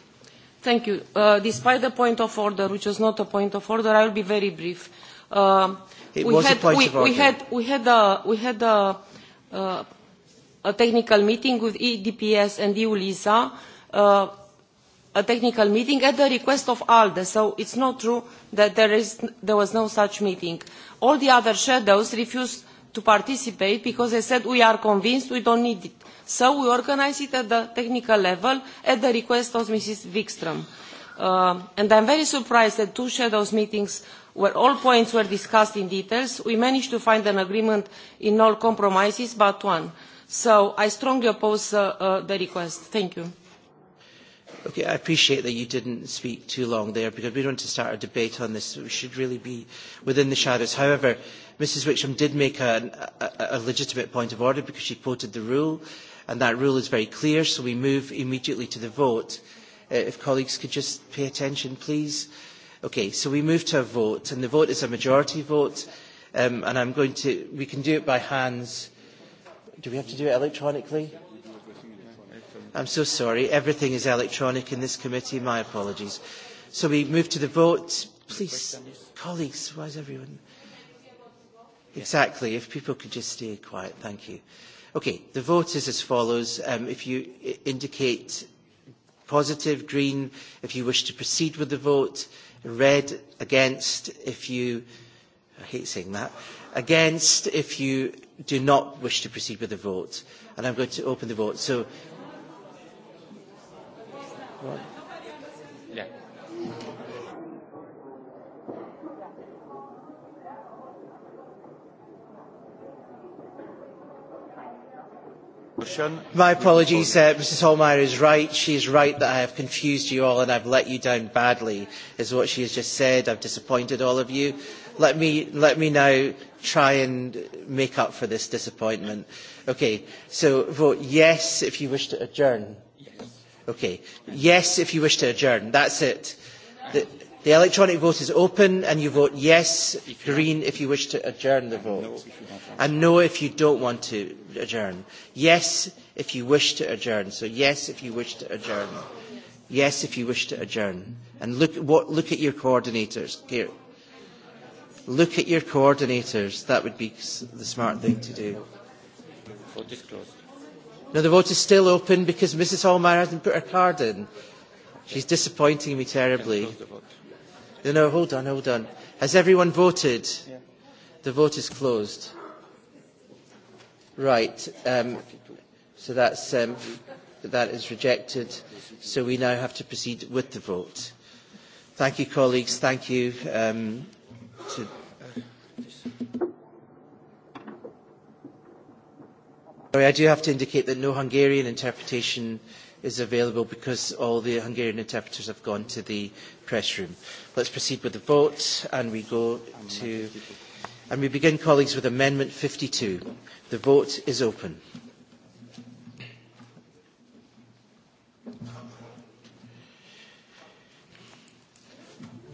Thank you. Uh, despite the point of order, which was not a point of order, I will be very brief. Uh, it we was had, a point we, of order. We had, we had a, we had a uh, a technical meeting with EDPS and EULISA, uh, a technical meeting at the request of ALDE, so it's not true that there, is, there was no such meeting. All the other shadows refused to participate because they said we are convinced we don't need it. So we organized it at the technical level at the request of Mrs. Wikström. Uh, and I'm very surprised that two shadows meetings where all points were discussed in details, we managed to find an agreement in all compromises but one. Uh, So I strongly oppose uh, uh, the request. Thank you. Okay, I appreciate that you didn't speak too long there because we don't want to start a debate on this. We should really be within the shadows. However, Mrs Wicksham did make a, a, a legitimate point of order because she quoted the rule and that rule is very clear so we move immediately to the vote. Uh, if colleagues could just pay attention please. Okay, so we move to a vote and the vote is a majority vote um, and I'm going to, we can do it by hands Do we have to do it electronically? I'm so sorry. Everything is electronic in this committee. My apologies. So we move to the vote. Please, colleagues, why is everyone... Exactly. If people could just stay quiet. Thank you. Okay. The vote is as follows. Um, if you indicate positive, green, if you wish to proceed with the vote, red, against, if you... I hate saying that. Against, if you do not wish to proceed with the vote. And I'm going to open the vote. So, what? My apologies, uh, Mrs Holmeyer is right. She is right that I have confused you all and I've let you down badly, is what she has just said. I've disappointed all of you. Let me, let me now try and make up for this disappointment. Okay, so vote yes if you wish to adjourn. Yes. Okay, yes if you wish to adjourn. That's it. The, the electronic vote is open and you vote yes, green if you wish to adjourn the vote. and no if you don't want to adjourn. Yes if you wish to adjourn. So yes if you wish to adjourn. Yes if you wish to adjourn. And look, what, look at your coordinators. Here. Look at your coordinators. That would be the smart thing to do. Vote is closed. the vote is still open because Mrs Hallmeyer hasn't put her card in. She's disappointing me terribly. No, no, hold on, hold on. Has everyone voted? Yeah. The vote is closed. Right. Um, so that's, um, that is rejected. So we now have to proceed with the vote. Thank you, colleagues. Thank you um, to Sorry, I do have to indicate that no Hungarian interpretation is available because all the Hungarian interpreters have gone to the press room. Let's proceed with the vote and we go to... And we begin, colleagues, with Amendment 52. The vote is open.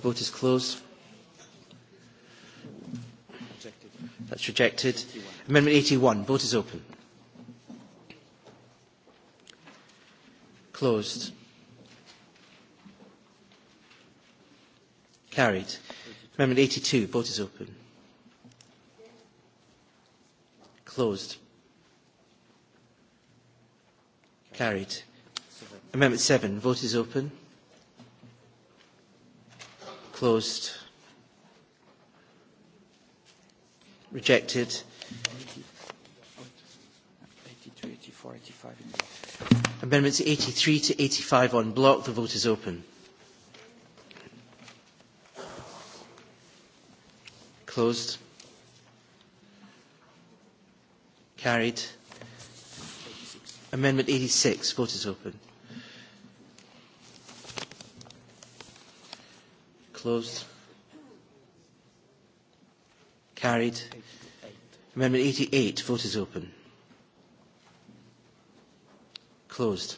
Vote is closed. That's rejected. Amendment 81. Vote is open. Closed. Carried. Amendment 82. Vote is open. Closed. Carried. Amendment 7. Vote is open. Closed. Rejected. Amendments 83 to 85 on block. The vote is open. Closed. Carried. Amendment 86. Vote is open. Closed. Carried. Amendment 88. Vote is open. Closed.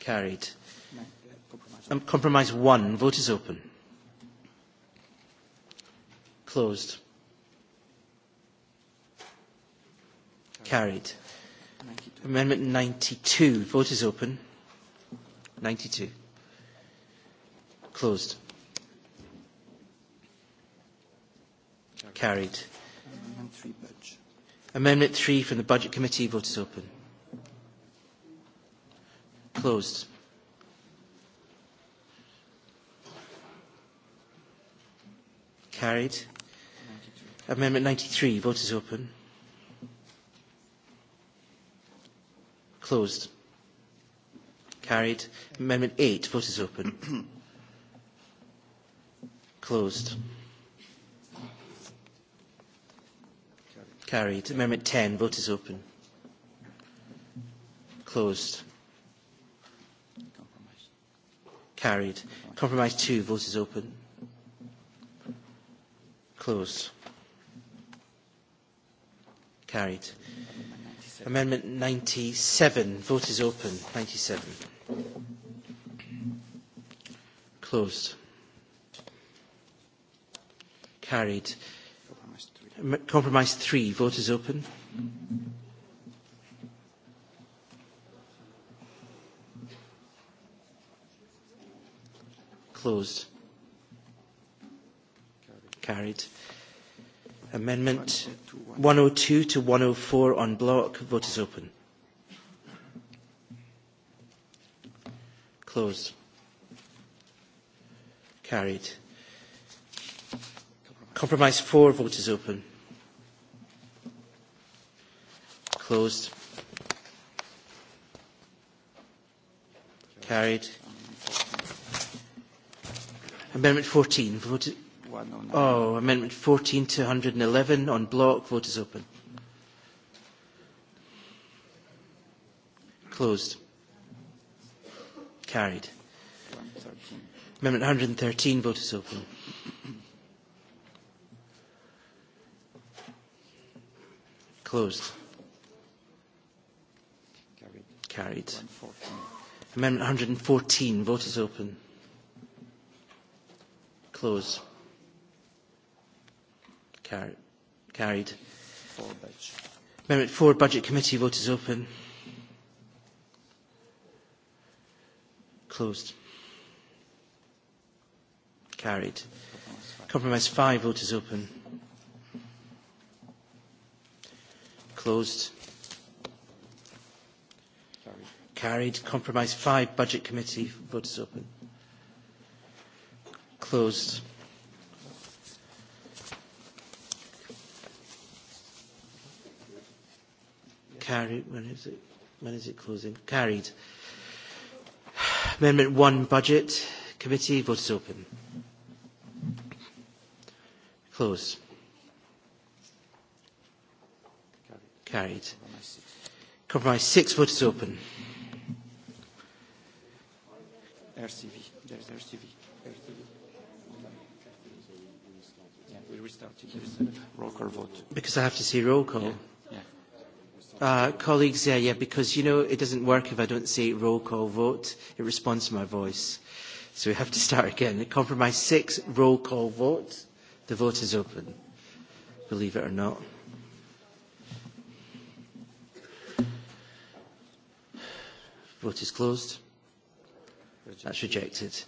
Carried. Um, compromise 1. Vote is open. Closed. Carried. Amendment 92. Vote is open. 92. Closed. carried. Amendment three, budget. Amendment 3 from the Budget Committee. Vote is open. Closed. Carried. 93. Amendment 93. Vote is open. Closed. Carried. Amendment 8. Vote is open. [clears throat] Closed. Mm-hmm. Carried. Amendment 10. Vote is open. Closed. Compromise. Carried. Compromise 2. Vote is open. Closed. Carried. Amendment 97. Vote is open. 97. Closed. Carried. Compromise 3. Vote is open. Closed. Carried. Amendment 102 to 104 on block. Vote is open. Closed. Carried. Compromise 4, vote is open. Closed. Carried. Amendment 14, vote Oh, Amendment 14 to 111 on block, vote is open. Closed. Carried. Amendment 113, vote is open. Closed. Carried. Carried. Amendment 114. Vote is open. Close. Carried. Four budget. Amendment 4, Budget Committee. Vote is open. Closed. Carried. Compromise 5. Vote is open. Closed. Carried. Compromise 5. Budget Committee. Vote is open. Closed. Carried. When is it? When is it closing? Carried. Amendment 1. Budget Committee. Vote is open. Closed. Carried. Compromise six Vote is open. RCV. There's RCV. RCV. Yeah, we restarted. Roll call vote. Because I have to say roll call. Yeah. Uh, colleagues, yeah, yeah, because you know it doesn't work if I don't say roll call vote. It responds to my voice. So we have to start again. Compromise six, roll call vote. The vote is open, believe it or not. Vote is closed. That's rejected.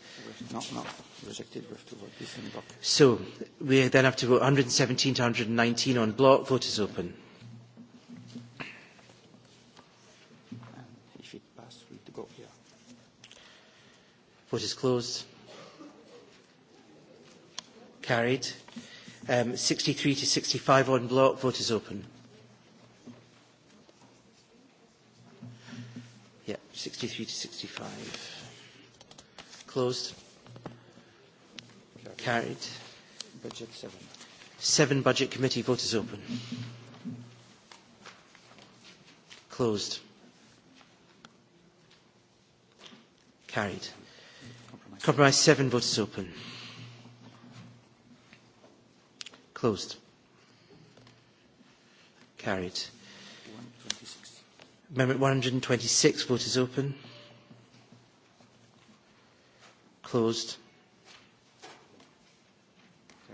Not, not rejected. We have to vote this in block. So we then have to vote 117 to 119 on block. Vote is open. And if it passes, we have to go here. Vote is closed. Carried. Um, 63 to 65 on block. Vote is open. 63 to 65. Closed. Carried. Budget 7. 7 Budget Committee. Vote is open. Closed. Carried. Compromise, Compromise 7. Vote is open. Closed. Carried. Amendment 126, vote is open. Closed.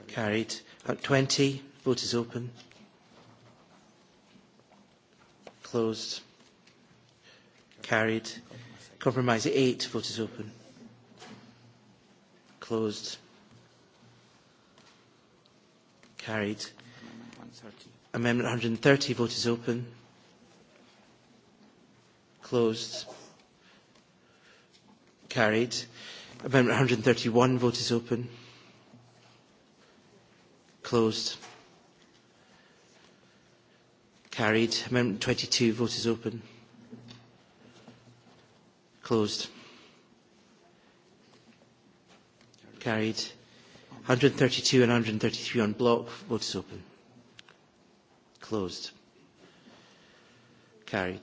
Carried. At 20, vote is open. Closed. Carried. Compromise 8, vote is open. Closed. Carried. Amendment 130, vote is open. Closed. Carried. Amendment 131. Vote is open. Closed. Carried. Amendment 22. Vote is open. Closed. Carried. 132 and 133 on block. Vote is open. Closed. Carried.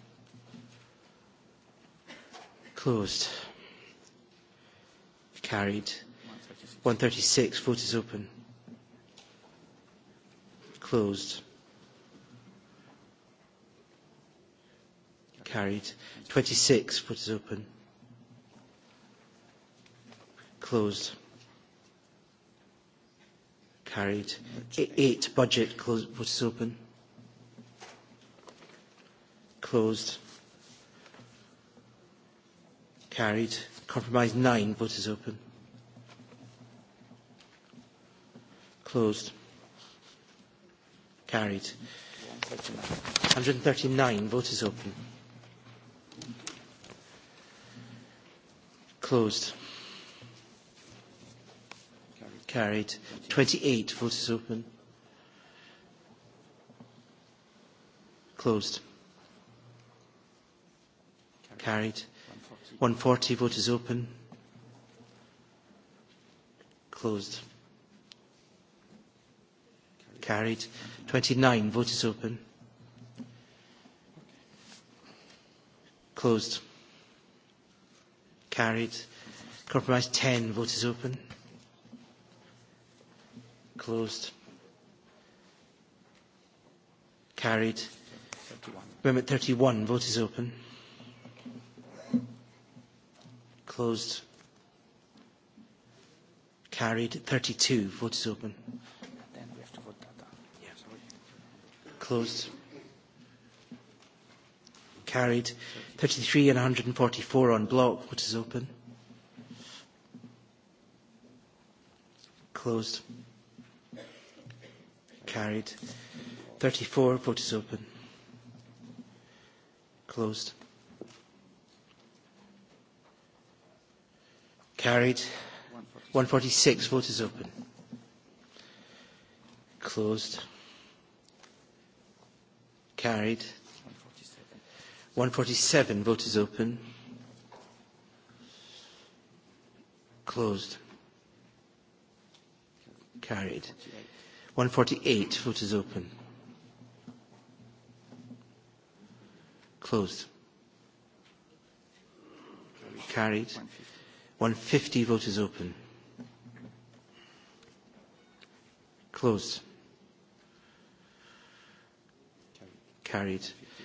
Closed. Carried. 136. Vote is open. Closed. Carried. 26. Vote is open. Closed. Carried. Eight, eight budget. closed. vote is open. Closed. Carried. Compromise 9. Vote is open. Closed. Carried. 139. Vote is open. Closed. Carried. 28. Vote is open. Closed. Carried. 140, vote is open. Closed. Carried. 29, vote is open. Closed. Carried. Compromise 10, vote is open. Closed. Carried. 31. Amendment 31, vote is open. Closed. Carried. 32. Vote is open. Then we have to vote that down. Yeah. Sorry. Closed. Carried. 33 and 144 on block. Vote is open. Closed. Carried. 34. Vote is open. Closed Carried. 146. Vote is open. Closed. Carried. 147. Vote is open. Closed. Carried. 148. Vote is open. Closed. Carried. 150 vote is open. Closed. Carried.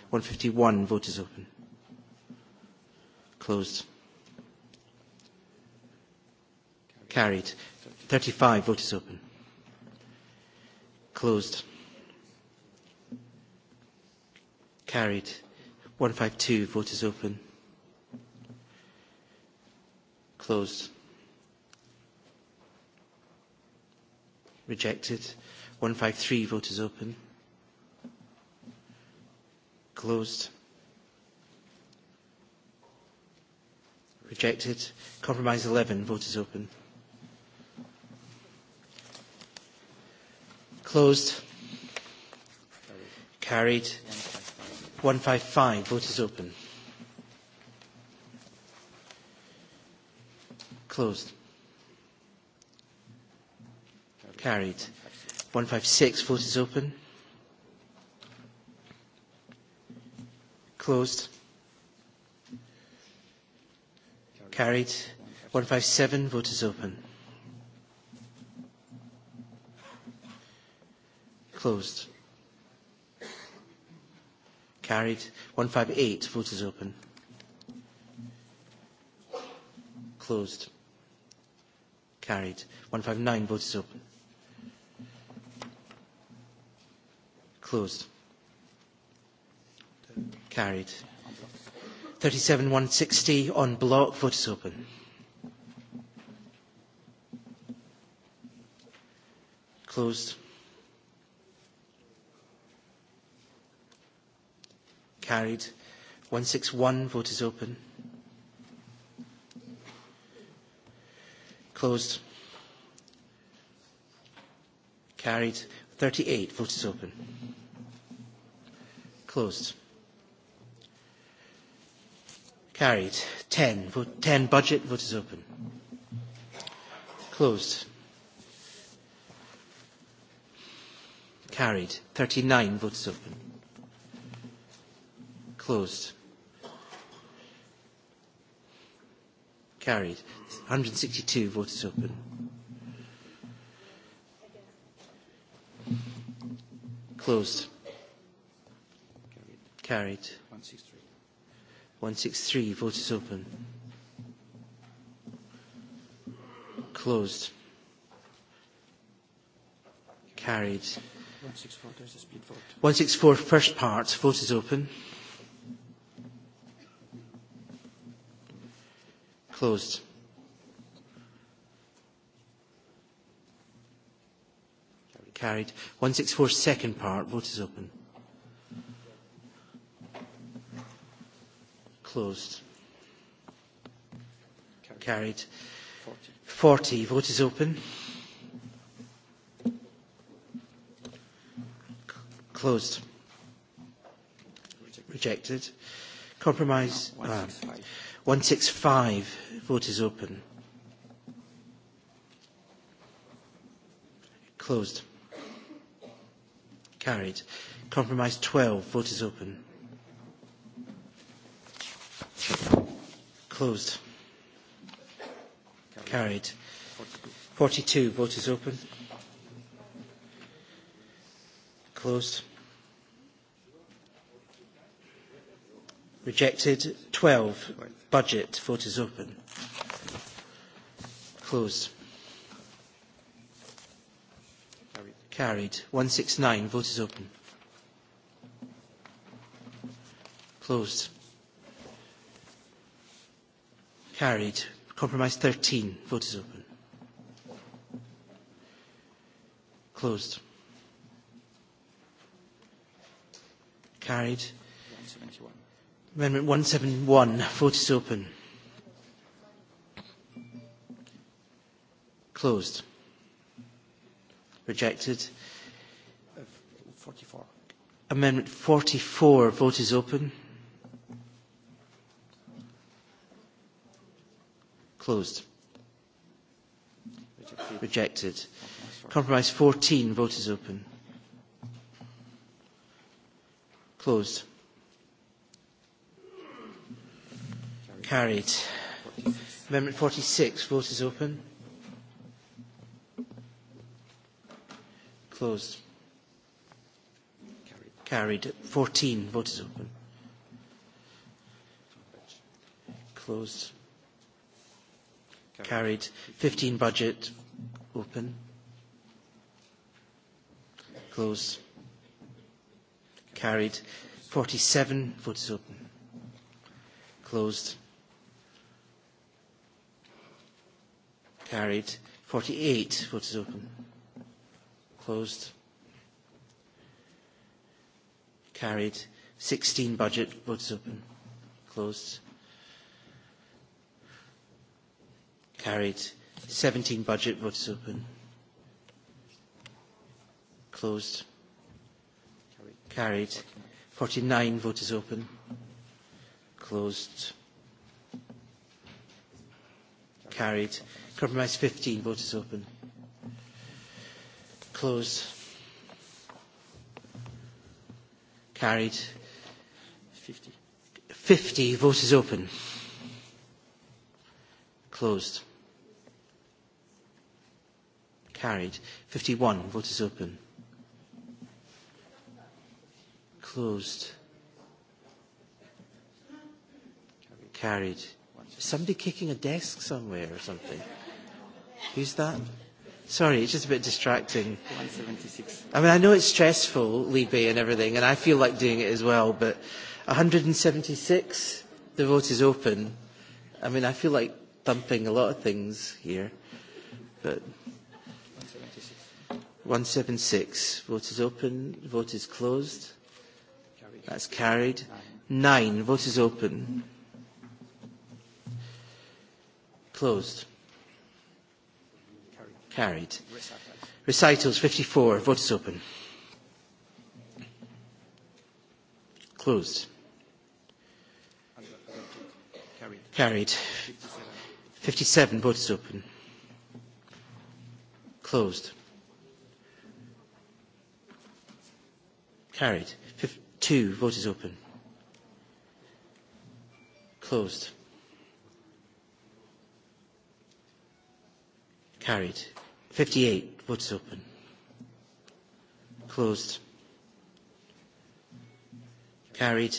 151 vote is open. Closed. Carried. 35 vote is open. Closed. Carried. 152 vote is open. Closed. Rejected. 153 vote is open. Closed. Rejected. Compromise 11. Vote is open. Closed. Carried. 155. Vote is open. Closed. Carried. 156. Vote is open. Closed. Carried. 157. Vote is open. Closed. Carried. 158. Vote is open. Closed. Carried. 159. Vote is open. Closed. Carried. 37. 160 on block. Vote is open. Closed. Carried. 161. Vote is open. Closed. Carried. 38. Vote is open. Closed. Carried. 10. Vote, 10. Budget. Vote is open. Closed. Carried. 39. Vote is open. Closed. Carried. 162, vote is open. Closed. Carried. 163. 163, vote is open. Closed. Carried. 164, there's a split vote. 164, first part, vote is open. Closed. Carried. 164, second part. Vote is open. Closed. Carried. 40. Vote is open. Closed. Rejected. Compromise. No, 165. Uh, 165. Vote is open. Closed. Carried. Compromise 12. Vote is open. Closed. Carried. 42. Vote is open. Closed. Rejected. 12. Budget. Vote is open. Closed. Carried. 169. Vote is open. Closed. Carried. Compromise 13. Vote is open. Closed. Carried. 171. Amendment 171. Vote is open. Closed. Rejected. 44. Amendment 44. Vote is open. Closed. Rejected. Rejected. Compromise 14. Vote is open. Closed. Carried. Amendment 46. Vote is open. Closed. Carried. 14. Vote is open. Closed. Carried. 15 budget. Open. Closed. Carried. 47. Vote is open. Closed. Carried. 48. Vote is open. Closed. Carried. 16 budget. Votes open. Closed. Carried. 17 budget. Votes open. Closed. Carried. 49. votes open. Closed. Carried. Compromise 15. votes open. Closed. Carried. 50. 50. Vote is open. Closed. Carried. 51. Vote is open. Closed. Carried. somebody kicking a desk somewhere or something? Who's that? Sorry, it's just a bit distracting. 176. I mean, I know it's stressful, Libby and everything, and I feel like doing it as well, but 176, the vote is open. I mean, I feel like thumping a lot of things here, but 176, vote is open, vote is closed. That's carried. Nine, vote is open. Closed. Carried. Recitals 54. Vote is open. Closed. Carried. 57. Vote is open. Closed. Carried. 52. Vote is open. Closed. Carried. 58. Votes open. Closed. Carried.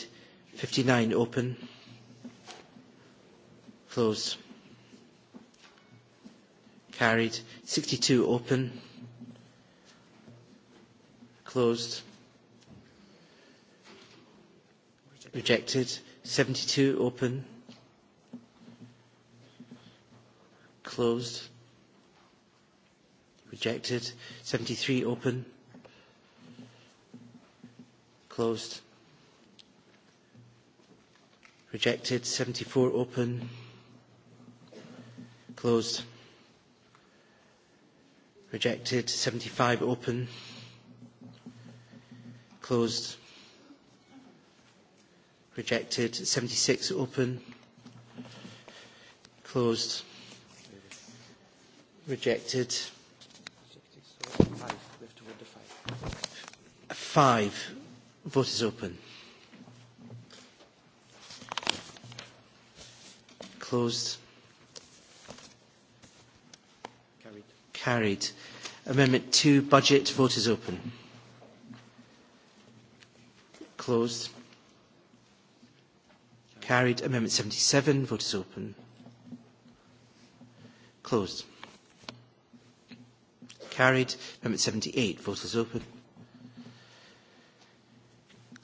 59. Open. Closed. Carried. 62. Open. Closed. Rejected. 72. Open. Closed Rejected. 73 open. Closed. Rejected. 74 open. Closed. Rejected. 75 open. Closed. Rejected. 76 open. Closed. Rejected. five. Vote is open. Closed. Carried. Carried. Amendment 2, budget. Vote is open. Closed. Carried. Amendment 77. Vote is open. Closed. Carried. Amendment 78. Vote is open.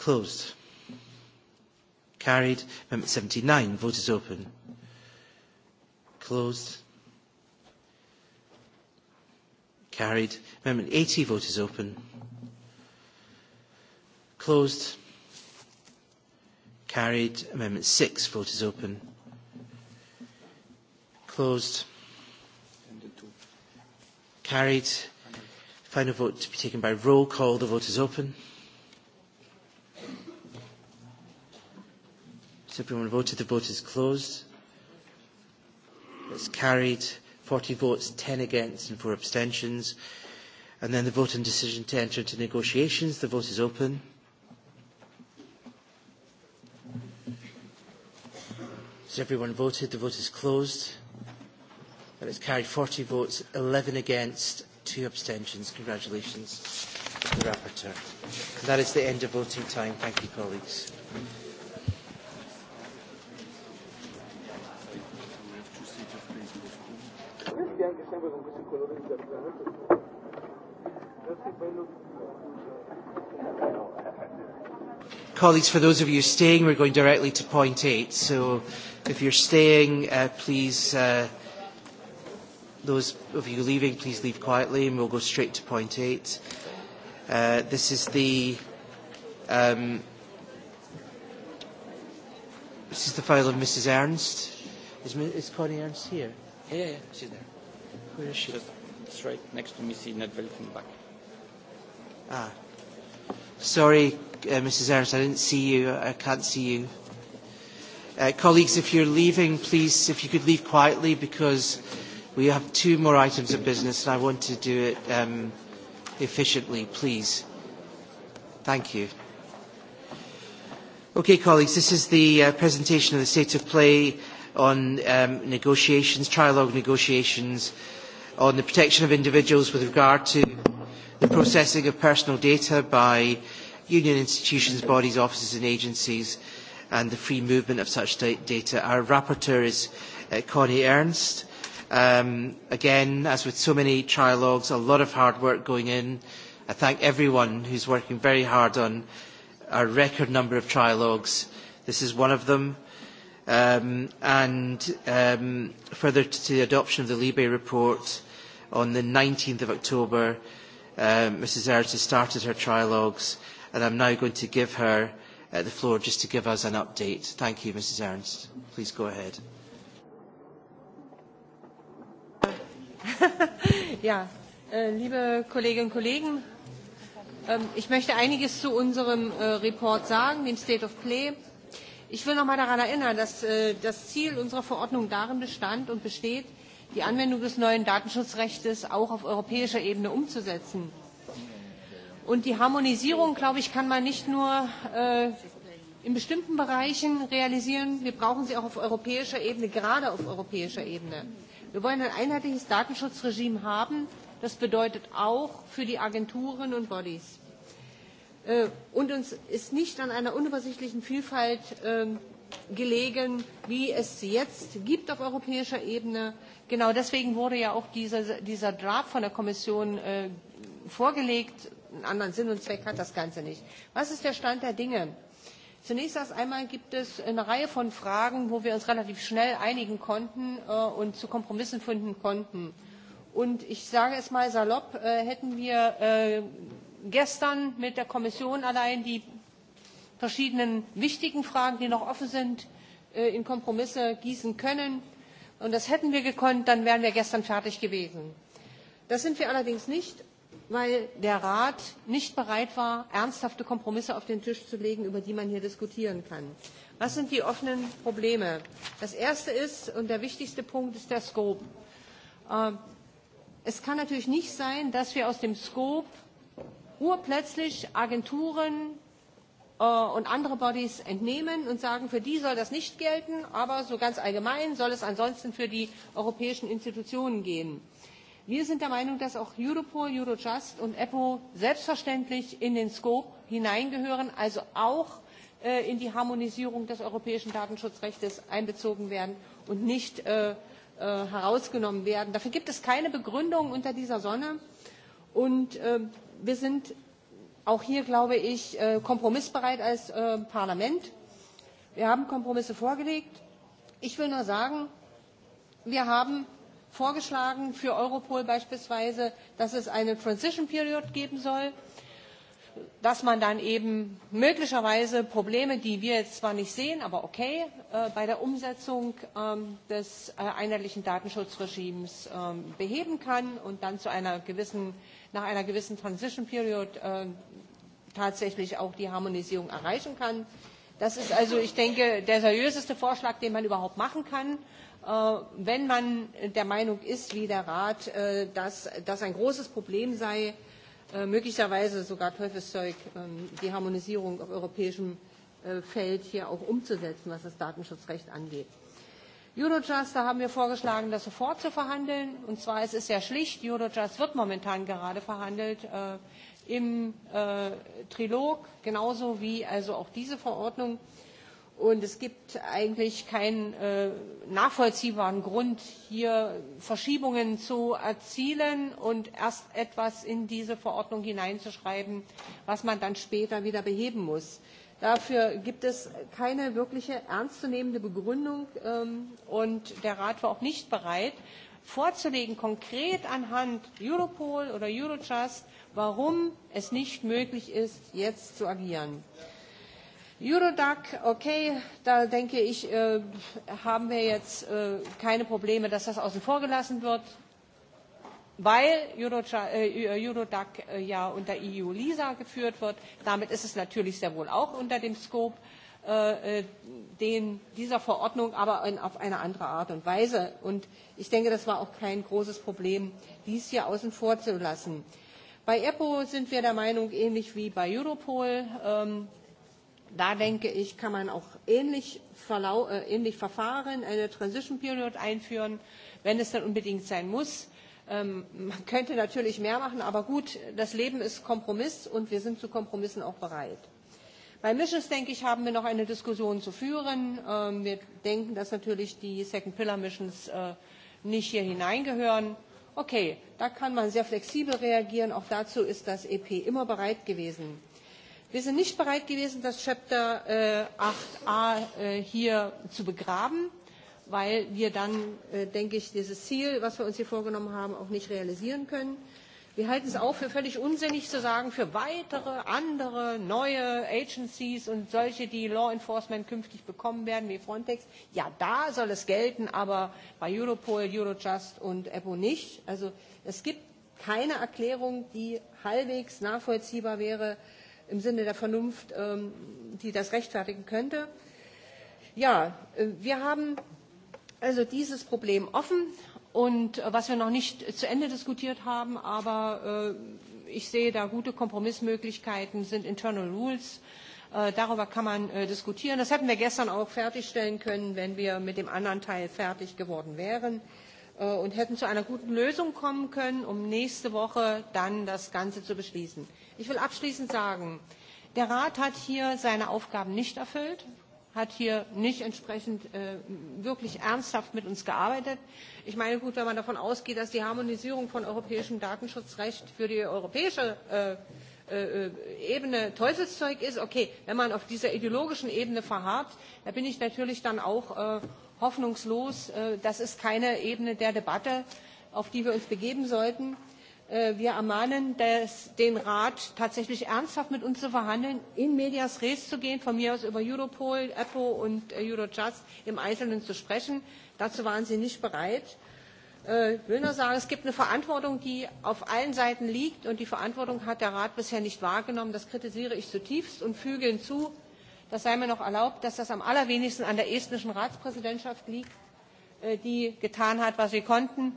Closed. Carried. Amendment 79. Vote is open. Closed. Carried. Amendment 80. Vote is open. Closed. Carried. Amendment 6. Vote is open. Closed. Carried. Final vote to be taken by roll call. The vote is open. Has everyone voted? The vote is closed. It's carried. 40 votes, 10 against and 4 abstentions. And then the vote and decision to enter into negotiations. The vote is open. Has everyone voted? The vote is closed. And it's carried 40 votes, 11 against, 2 abstentions. Congratulations to the rapporteur. And that is the end of voting time. Thank you, colleagues. colleagues, for those of you staying, we're going directly to point eight. So if you're staying, uh, please, uh, those of you leaving, please leave quietly and we'll go straight to point eight. Uh, this is the um, this is the file of Mrs. Ernst. Is, is Connie Ernst here? Yeah, yeah, yeah, she's there. Where is she? Just, it's right next to Missy Nedveld from back. Ah, sorry, Uh, Mrs. Ernst. I didn't see you. I can't see you. Uh, colleagues, if you're leaving, please, if you could leave quietly, because we have two more items of business, and I want to do it um, efficiently, please. Thank you. Okay, colleagues, this is the uh, presentation of the state of play on um, negotiations, trilogue negotiations on the protection of individuals with regard to the processing of personal data by union institutions, bodies, offices and agencies and the free movement of such data. Our rapporteur is uh, Connie Ernst. Um, again, as with so many trilogues, a lot of hard work going in. I thank everyone who's working very hard on a record number of trilogues. This is one of them. Um, and um, further to the adoption of the Libe report on the 19th of October, um, uh, Mrs. Ernst has started her trilogues and I'm now going to give her uh, the floor just to give us an update. Thank you, Mrs Ernst. Please go ahead. [laughs] ja, äh, liebe Kolleginnen und Kollegen, ähm, ich möchte einiges zu unserem äh, Report sagen, dem State of Play. Ich will noch einmal daran erinnern, dass äh, das Ziel unserer Verordnung darin bestand und besteht, die Anwendung des neuen Datenschutzrechts auch auf europäischer Ebene umzusetzen. Und die Harmonisierung, glaube ich, kann man nicht nur äh, in bestimmten Bereichen realisieren. Wir brauchen sie auch auf europäischer Ebene, gerade auf europäischer Ebene. Wir wollen ein einheitliches Datenschutzregime haben. Das bedeutet auch für die Agenturen und Bodies. Äh, und uns ist nicht an einer unübersichtlichen Vielfalt äh, gelegen, wie es sie jetzt gibt auf europäischer Ebene. Genau deswegen wurde ja auch dieser, dieser Draft von der Kommission äh, vorgelegt, einen anderen Sinn und Zweck hat das Ganze nicht. Was ist der Stand der Dinge? Zunächst erst einmal gibt es eine Reihe von Fragen, wo wir uns relativ schnell einigen konnten äh, und zu Kompromissen finden konnten. Und ich sage es mal salopp, äh, hätten wir äh, gestern mit der Kommission allein die verschiedenen wichtigen Fragen, die noch offen sind, in Kompromisse gießen können. Und das hätten wir gekonnt, dann wären wir gestern fertig gewesen. Das sind wir allerdings nicht weil der Rat nicht bereit war, ernsthafte Kompromisse auf den Tisch zu legen, über die man hier diskutieren kann. Was sind die offenen Probleme? Das erste ist, und der wichtigste Punkt ist der Scope. Ähm, es kann natürlich nicht sein, dass wir aus dem Scope urplötzlich Agenturen äh, und andere Bodies entnehmen und sagen, für die soll das nicht gelten, aber so ganz allgemein soll es ansonsten für die europäischen Institutionen gehen wir sind der meinung dass auch europol eurojust und eppo selbstverständlich in den scope hineingehören also auch äh, in die harmonisierung des europäischen datenschutzrechts einbezogen werden und nicht äh, äh, herausgenommen werden. dafür gibt es keine begründung unter dieser sonne und ähm, wir sind auch hier glaube ich äh, kompromissbereit als äh, parlament. wir haben kompromisse vorgelegt. ich will nur sagen wir haben vorgeschlagen für Europol beispielsweise, dass es eine Transition Period geben soll, dass man dann eben möglicherweise Probleme, die wir jetzt zwar nicht sehen, aber okay, äh, bei der Umsetzung ähm, des äh, einheitlichen Datenschutzregimes ähm, beheben kann und dann zu einer gewissen, nach einer gewissen Transition Period äh, tatsächlich auch die Harmonisierung erreichen kann. Das ist also, ich denke, der seriöseste Vorschlag, den man überhaupt machen kann. Äh, wenn man der Meinung ist, wie der Rat, äh, dass das ein großes Problem sei, äh, möglicherweise sogar Teufelszeug, ähm, die Harmonisierung auf europäischem Feld hier auch umzusetzen, was das Datenschutzrecht angeht. Eurojust, da haben wir vorgeschlagen, das sofort zu verhandeln. Und zwar, es ist ja schlicht, Eurojust wird momentan gerade verhandelt äh, im äh, Trilog, genauso wie also auch diese Verordnung. Äh, Und es gibt eigentlich keinen äh, nachvollziehbaren Grund, hier Verschiebungen zu erzielen und erst etwas in diese Verordnung hineinzuschreiben, was man dann später wieder beheben muss. Dafür gibt es keine wirkliche ernstzunehmende Begründung ähm, und der Rat war auch nicht bereit, vorzulegen, konkret anhand Europol oder Eurojust, warum es nicht möglich ist, jetzt zu agieren. Ja Eurodac, okay, da denke ich, äh, haben wir jetzt äh, keine Probleme, dass das außen vor gelassen wird, weil äh, Eurodac, äh, Euro äh, ja unter EU-LISA geführt wird. Damit ist es natürlich sehr wohl auch unter dem Scope äh, äh, den, dieser Verordnung, aber in, auf eine andere Art und Weise. Und ich denke, das war auch kein großes Problem, dies hier außen vor zu lassen. Bei EPO sind wir der Meinung, ähnlich wie bei Europol, ähm, da denke ich, kann man auch ähnlich, verlau äh, ähnlich verfahren, äh, eine Transition Period einführen, wenn es dann unbedingt sein muss. Ähm, man könnte natürlich mehr machen, aber gut, das Leben ist Kompromiss und wir sind zu Kompromissen auch bereit. Bei Missions, denke ich, haben wir noch eine Diskussion zu führen. Ähm, wir denken, dass natürlich die Second Pillar Missions äh, nicht hier hineingehören. Okay, da kann man sehr flexibel reagieren. Auch dazu ist das EP immer bereit gewesen. Wir sind nicht bereit gewesen, das Chapter äh, 8a äh, hier zu begraben, weil wir dann, äh, denke ich, dieses Ziel, was wir uns hier vorgenommen haben, auch nicht realisieren können. Wir halten es auch für völlig unsinnig zu sagen, für weitere, andere, neue Agencies und solche, die Law Enforcement künftig bekommen werden, wie Frontex, ja, da soll es gelten, aber bei Europol, Eurojust und EPO nicht. Also es gibt keine Erklärung, die halbwegs nachvollziehbar wäre, im Sinne der Vernunft, ähm, die das rechtfertigen könnte. Ja, äh, wir haben also dieses Problem offen und äh, was wir noch nicht zu Ende diskutiert haben, aber äh, ich sehe da gute Kompromissmöglichkeiten sind Internal Rules. Darüber kann man diskutieren. Das hätten wir gestern auch fertigstellen können, wenn wir mit dem anderen Teil fertig geworden wären und hätten zu einer guten Lösung kommen können, um nächste Woche dann das Ganze zu beschließen. Ich will abschließend sagen, der Rat hat hier seine Aufgaben nicht erfüllt hat hier nicht entsprechend äh, wirklich ernsthaft mit uns gearbeitet. Ich meine, gut, wenn man davon ausgeht, dass die Harmonisierung von europäischem Datenschutzrecht für die europäische äh, äh, äh Ebene Teufelszeug ist, okay, wenn man auf dieser ideologischen Ebene verharrt, da bin ich natürlich dann auch äh, hoffnungslos. Äh, das ist keine Ebene der Debatte, auf die wir uns begeben sollten Äh, wir ermahnen des, den Rat, tatsächlich ernsthaft mit uns zu verhandeln, in medias res zu gehen, von mir aus über Europol, eppo und äh, Eurojust im Einzelnen zu sprechen. Dazu waren sie nicht bereit. Ich äh, will nur sagen, es gibt eine Verantwortung, die auf allen Seiten liegt und die Verantwortung hat der Rat bisher nicht wahrgenommen. Das kritisiere ich zutiefst und füge hinzu, das sei mir noch erlaubt, dass das am allerwenigsten an der estnischen Ratspräsidentschaft liegt, die getan hat, was sie konnte.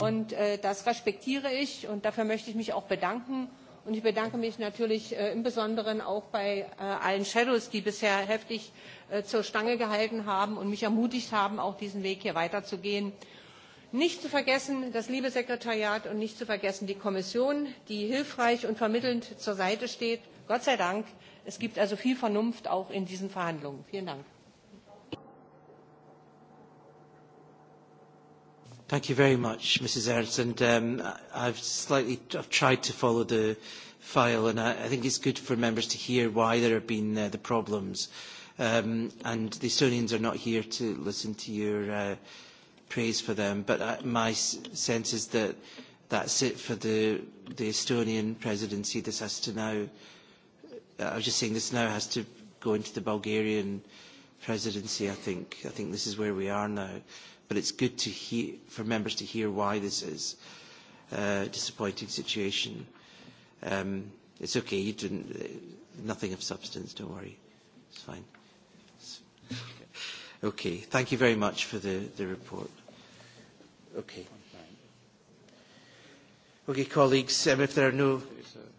Und äh, das respektiere ich und dafür möchte ich mich auch bedanken. Und ich bedanke mich natürlich äh, im Besonderen auch bei äh, allen Shadows, die bisher heftig äh, zur Stange gehalten haben und mich ermutigt haben, auch diesen Weg hier weiterzugehen. Nicht zu vergessen das liebe Sekretariat und nicht zu vergessen die Kommission, die hilfreich und vermittelnd zur Seite steht. Gott sei Dank. Es gibt also viel Vernunft auch in diesen Verhandlungen. Vielen Dank. Thank you very much, Mrs. Ernst. And um, I've slightly I've tried to follow the file, and I, I think it's good for members to hear why there have been uh, the problems. Um, and the Estonians are not here to listen to your uh, praise for them, but uh, my s sense is that that's it for the, the Estonian presidency. This has to now, uh, I was just saying this now has to go into the Bulgarian presidency, I think. I think this is where we are now but it's good to hear, for members to hear why this is a disappointing situation. Um, it's okay, you didn't, uh, nothing of substance, don't worry. It's fine. Okay, thank you very much for the, the report. Okay. Okay, colleagues, um, if there are no...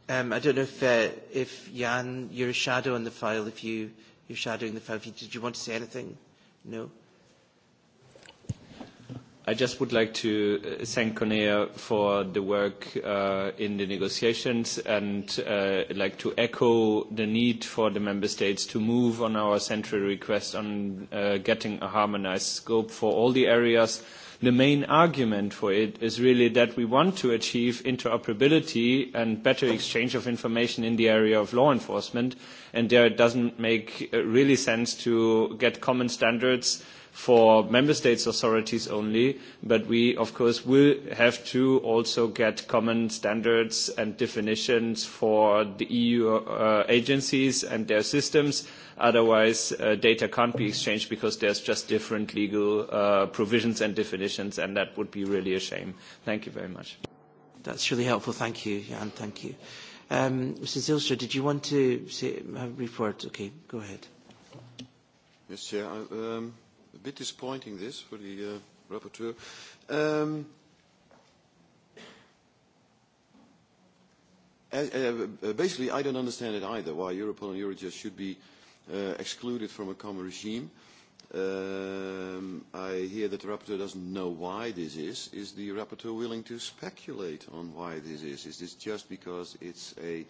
Um, I don't know if, uh, if Jan, you're a shadow on the file, if you, you're shadowing the file. If you, did you want to say anything? No? I just would like to uh, thank Cornea for the work uh, in the negotiations and uh, like to echo the need for the member states to move on our central request on uh, getting a harmonized scope for all the areas. The main argument for it is really that we want to achieve interoperability and better exchange of information in the area of law enforcement, and there it doesn't make uh, really sense to get common standards for member states authorities only, but we of course will have to also get common standards and definitions for the EU uh, agencies and their systems. Otherwise, uh, data can't be exchanged because there's just different legal uh, provisions and definitions, and that would be really a shame. Thank you very much. That's really helpful. Thank you, Jan. Thank you. Um, Mrs. Zilstra, did you want to say, have uh, a brief word? Okay, go ahead. Yes, Chair. Um, bit disappointing, this, for the uh, rapporteur. Um, uh, basically, I don't understand it either, why Europol and Eurojust should be uh, excluded from a common regime. Um, I hear that the rapporteur doesn't know why this is. Is the rapporteur willing to speculate on why this is? Is this just because it's a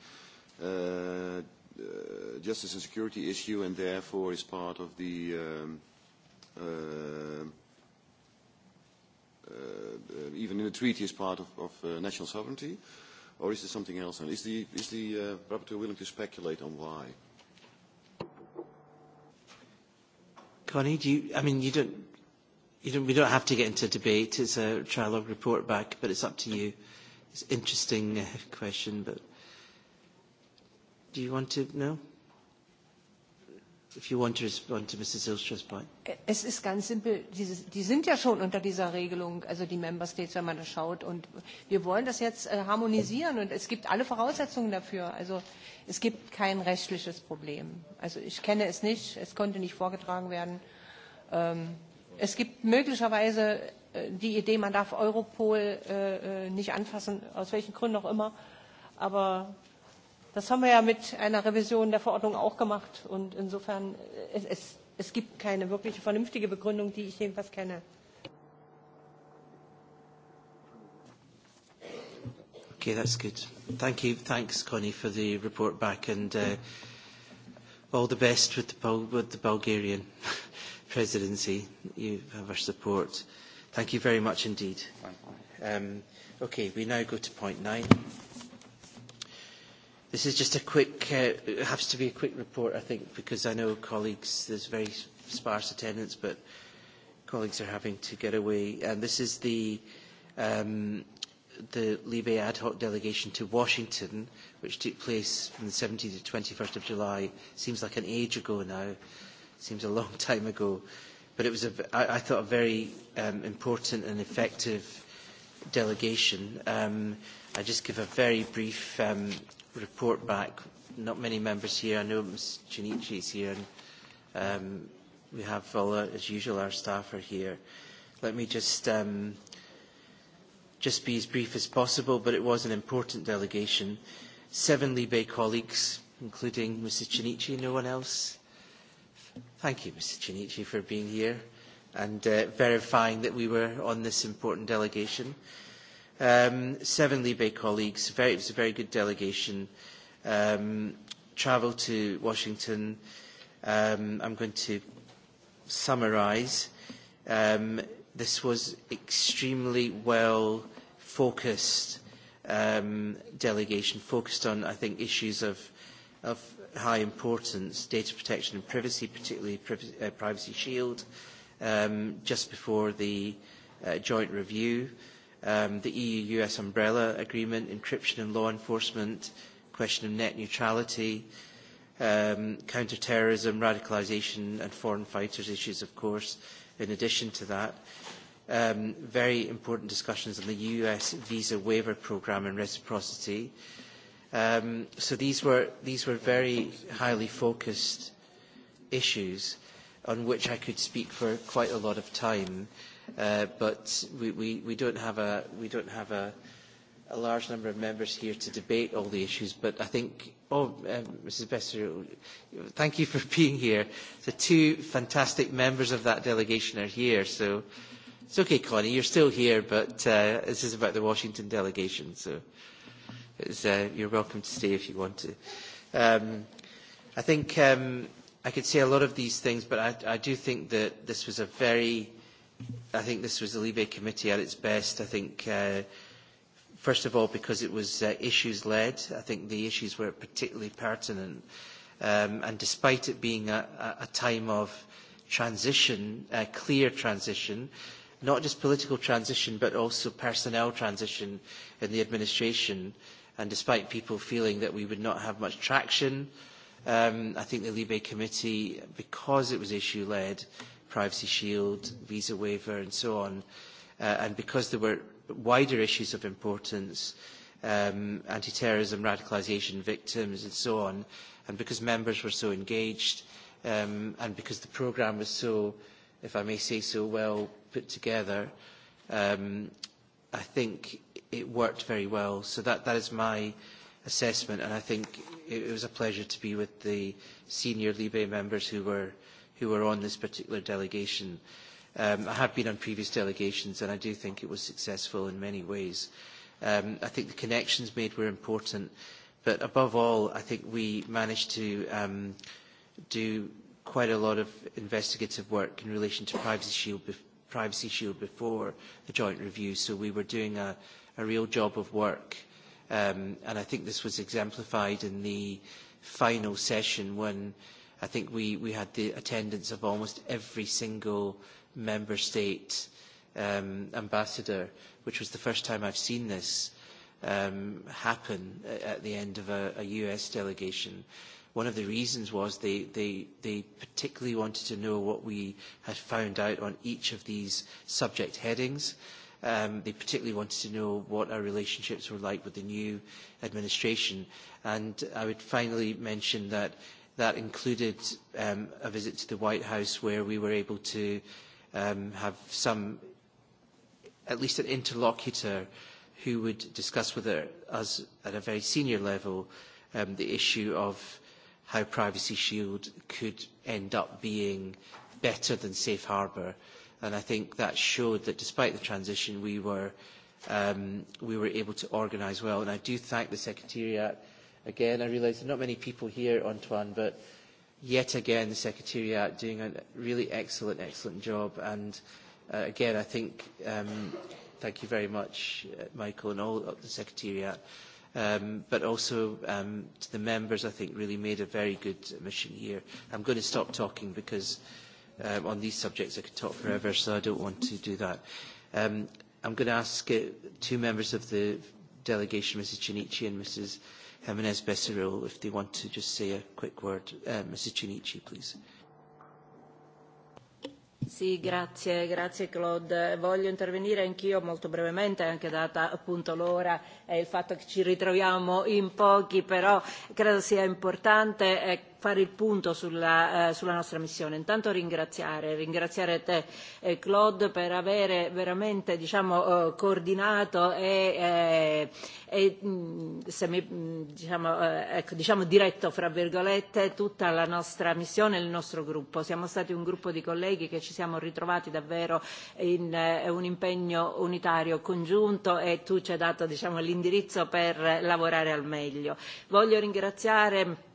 uh, uh, justice and security issue and therefore is part of the um, Uh, uh, even in the treaty as part of, of uh, national sovereignty? Or is there something else? And is the, is the rapporteur willing to speculate on why? Connie, do you, I mean, you don't, you don't, we don't have to get into debate. It's a trilogue report back, but it's up to you. It's an interesting uh, question, but do you want to know? If you want to respond to Mrs. Ilstra's point. Es ist ganz simpel. Die sind ja schon unter dieser Regelung, also die Member States, wenn man das schaut. Und wir wollen das jetzt äh, harmonisieren und es gibt alle Voraussetzungen dafür. Also es gibt kein rechtliches Problem. Also ich kenne es nicht. Es konnte nicht vorgetragen werden. Ähm, es gibt möglicherweise äh, die Idee, man darf Europol äh, nicht anfassen, aus welchen Gründen auch immer. Aber Das haben wir ja mit einer Revision der Verordnung auch gemacht. Und insofern, äh, es, es, es gibt keine wirklich vernünftige Begründung, die ich jedenfalls kenne. Okay, that's good. Thank you. Thanks, Connie, for the report back and uh, all the best with the, with the Bulgarian [laughs] presidency. You have our support. Thank you very much indeed. Um, okay, we now go to point nine. This is just a quick, uh, it has to be a quick report, I think, because I know colleagues, there's very sparse attendance, but colleagues are having to get away. And this is the, um, the Libe ad hoc delegation to Washington, which took place from the 17th to 21st of July. Seems like an age ago now. Seems a long [laughs] time ago. But it was, a, I, I thought, a very um, important and effective delegation. Um, I just give a very brief um, report back. Not many members here. I know Ms. Janici is here. And, um, we have all, our, uh, as usual, our staff are here. Let me just um, just be as brief as possible, but it was an important delegation. Seven Libe colleagues, including Mrs. Chinichi, no one else. Thank you, Mr. Chinichi, for being here and uh, verifying that we were on this important delegation. Um, seven Libe colleagues, very, it was a very good delegation, um, travel to Washington. Um, I'm going to summarise. Um, this was extremely well focused um, delegation, focused on, I think, issues of, of high importance, data protection and privacy, particularly privacy, uh, shield, um, just before the uh, joint review um, the EU-US umbrella agreement, encryption in law enforcement, question of net neutrality, um, counter-terrorism, radicalisation and foreign fighters issues, of course, in addition to that. Um, very important discussions on the US visa waiver programme and reciprocity. Um, so these were, these were very highly focused issues on which I could speak for quite a lot of time. Uh, but we, we, we don't have, a, we don't have a, a large number of members here to debate all the issues. But I think, oh, um, Mrs. Besser, thank you for [laughs] being here. The two fantastic members of that delegation are here. So it's okay, Connie, you're still here, but uh, this is about the Washington delegation. So it's, uh, you're welcome to stay if you want to. Um, I think um, I could say a lot of these things, but I, I do think that this was a very I think this was the Libe Committee at its best. I think, uh, first of all, because it was uh, issues-led, I think the issues were particularly pertinent. Um, and despite it being a, a time of transition, a clear transition, not just political transition, but also personnel transition in the administration, and despite people feeling that we would not have much traction, um, I think the Libe Committee, because it was issue-led, Privacy Shield, visa waiver and so on. Uh, and because there were wider issues of importance, um, anti-terrorism, radicalization victims and so on, and because members were so engaged um, and because the programme was so, if I may say so, well put together, um, I think it worked very well. So that, that is my assessment, and I think it, it was a pleasure to be with the senior Libe members who were who were on this particular delegation. Um, I have been on previous delegations and I do think it was successful in many ways. Um, I think the connections made were important, but above all, I think we managed to um, do quite a lot of investigative work in relation to Privacy Shield, be Privacy Shield before the joint review, so we were doing a, a real job of work. Um, and I think this was exemplified in the final session when I think we, we had the attendance of almost every single member state um, ambassador, which was the first time I've seen this um, happen at, the end of a, a US delegation. One of the reasons was they, they, they particularly wanted to know what we had found out on each of these subject headings. Um, they particularly wanted to know what our relationships were like with the new administration. And I would finally mention that That included um, a visit to the White House where we were able to um, have some, at least an interlocutor who would discuss with us at a very senior level um, the issue of how Privacy Shield could end up being better than Safe Harbor. And I think that showed that despite the transition, we were, um, we were able to organize well. And I do thank the Secretariat again. I realise there are not many people here, Antoine, but yet again the Secretariat doing a really excellent, excellent job. And uh, again, I think um, thank you very much, uh, Michael, and all of the Secretariat. Um, but also um, to the members, I think, really made a very good mission here. I'm going to stop talking because um, on these subjects I could talk forever, so I don't want to do that. Um, I'm going to ask uh, two members of the delegation, Mrs. Chinichi and Mrs. Jimenez Becerril if they want to just say a quick word. Uh, Mrs. Chinichi, please. Sì, grazie, grazie Claude. Voglio intervenire anch'io molto brevemente, anche data appunto l'ora e il fatto che ci ritroviamo in pochi, però credo sia importante. Ecco fare il punto sulla, eh, sulla nostra missione. Intanto ringraziare, ringraziare te e Claude per aver veramente diciamo, eh, coordinato e, eh, e se mi, diciamo, eh, ecco, diciamo diretto fra virgolette tutta la nostra missione e il nostro gruppo. Siamo stati un gruppo di colleghi che ci siamo ritrovati davvero in eh, un impegno unitario congiunto e tu ci hai dato diciamo, l'indirizzo per lavorare al meglio. Voglio ringraziare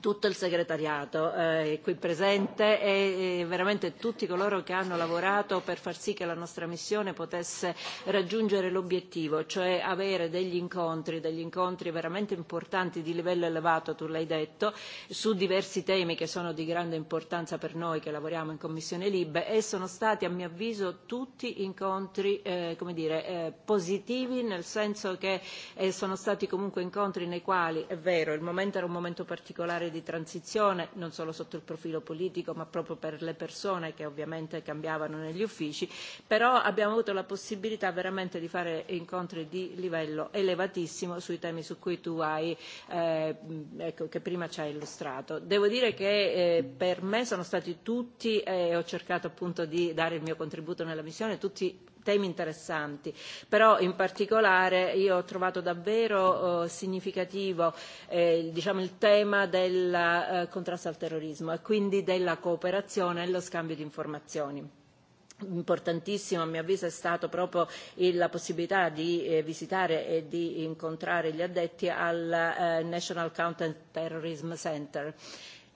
tutto il segretariato eh, qui presente e, e veramente tutti coloro che hanno lavorato per far sì che la nostra missione potesse raggiungere l'obiettivo, cioè avere degli incontri, degli incontri veramente importanti di livello elevato, tu l'hai detto, su diversi temi che sono di grande importanza per noi che lavoriamo in Commissione Libe e sono stati a mio avviso tutti incontri eh, come dire, eh, positivi nel senso che eh, sono stati comunque incontri nei quali, è vero, il momento era un momento particolare, particolare di transizione, non solo sotto il profilo politico ma proprio per le persone che ovviamente cambiavano negli uffici, però abbiamo avuto la possibilità veramente di fare incontri di livello elevatissimo sui temi su cui tu hai, eh, ecco, che prima ci hai illustrato. Devo dire che eh, per me sono stati tutti, eh, e eh, ho cercato appunto di dare il mio contributo nella missione, tutti temi interessanti, però in particolare io ho trovato davvero eh, significativo eh, diciamo, il tema del eh, contrasto al terrorismo e quindi della cooperazione e lo scambio di informazioni importantissimo a mio avviso è stato proprio la possibilità di eh, visitare e di incontrare gli addetti al eh, National Counter Terrorism Center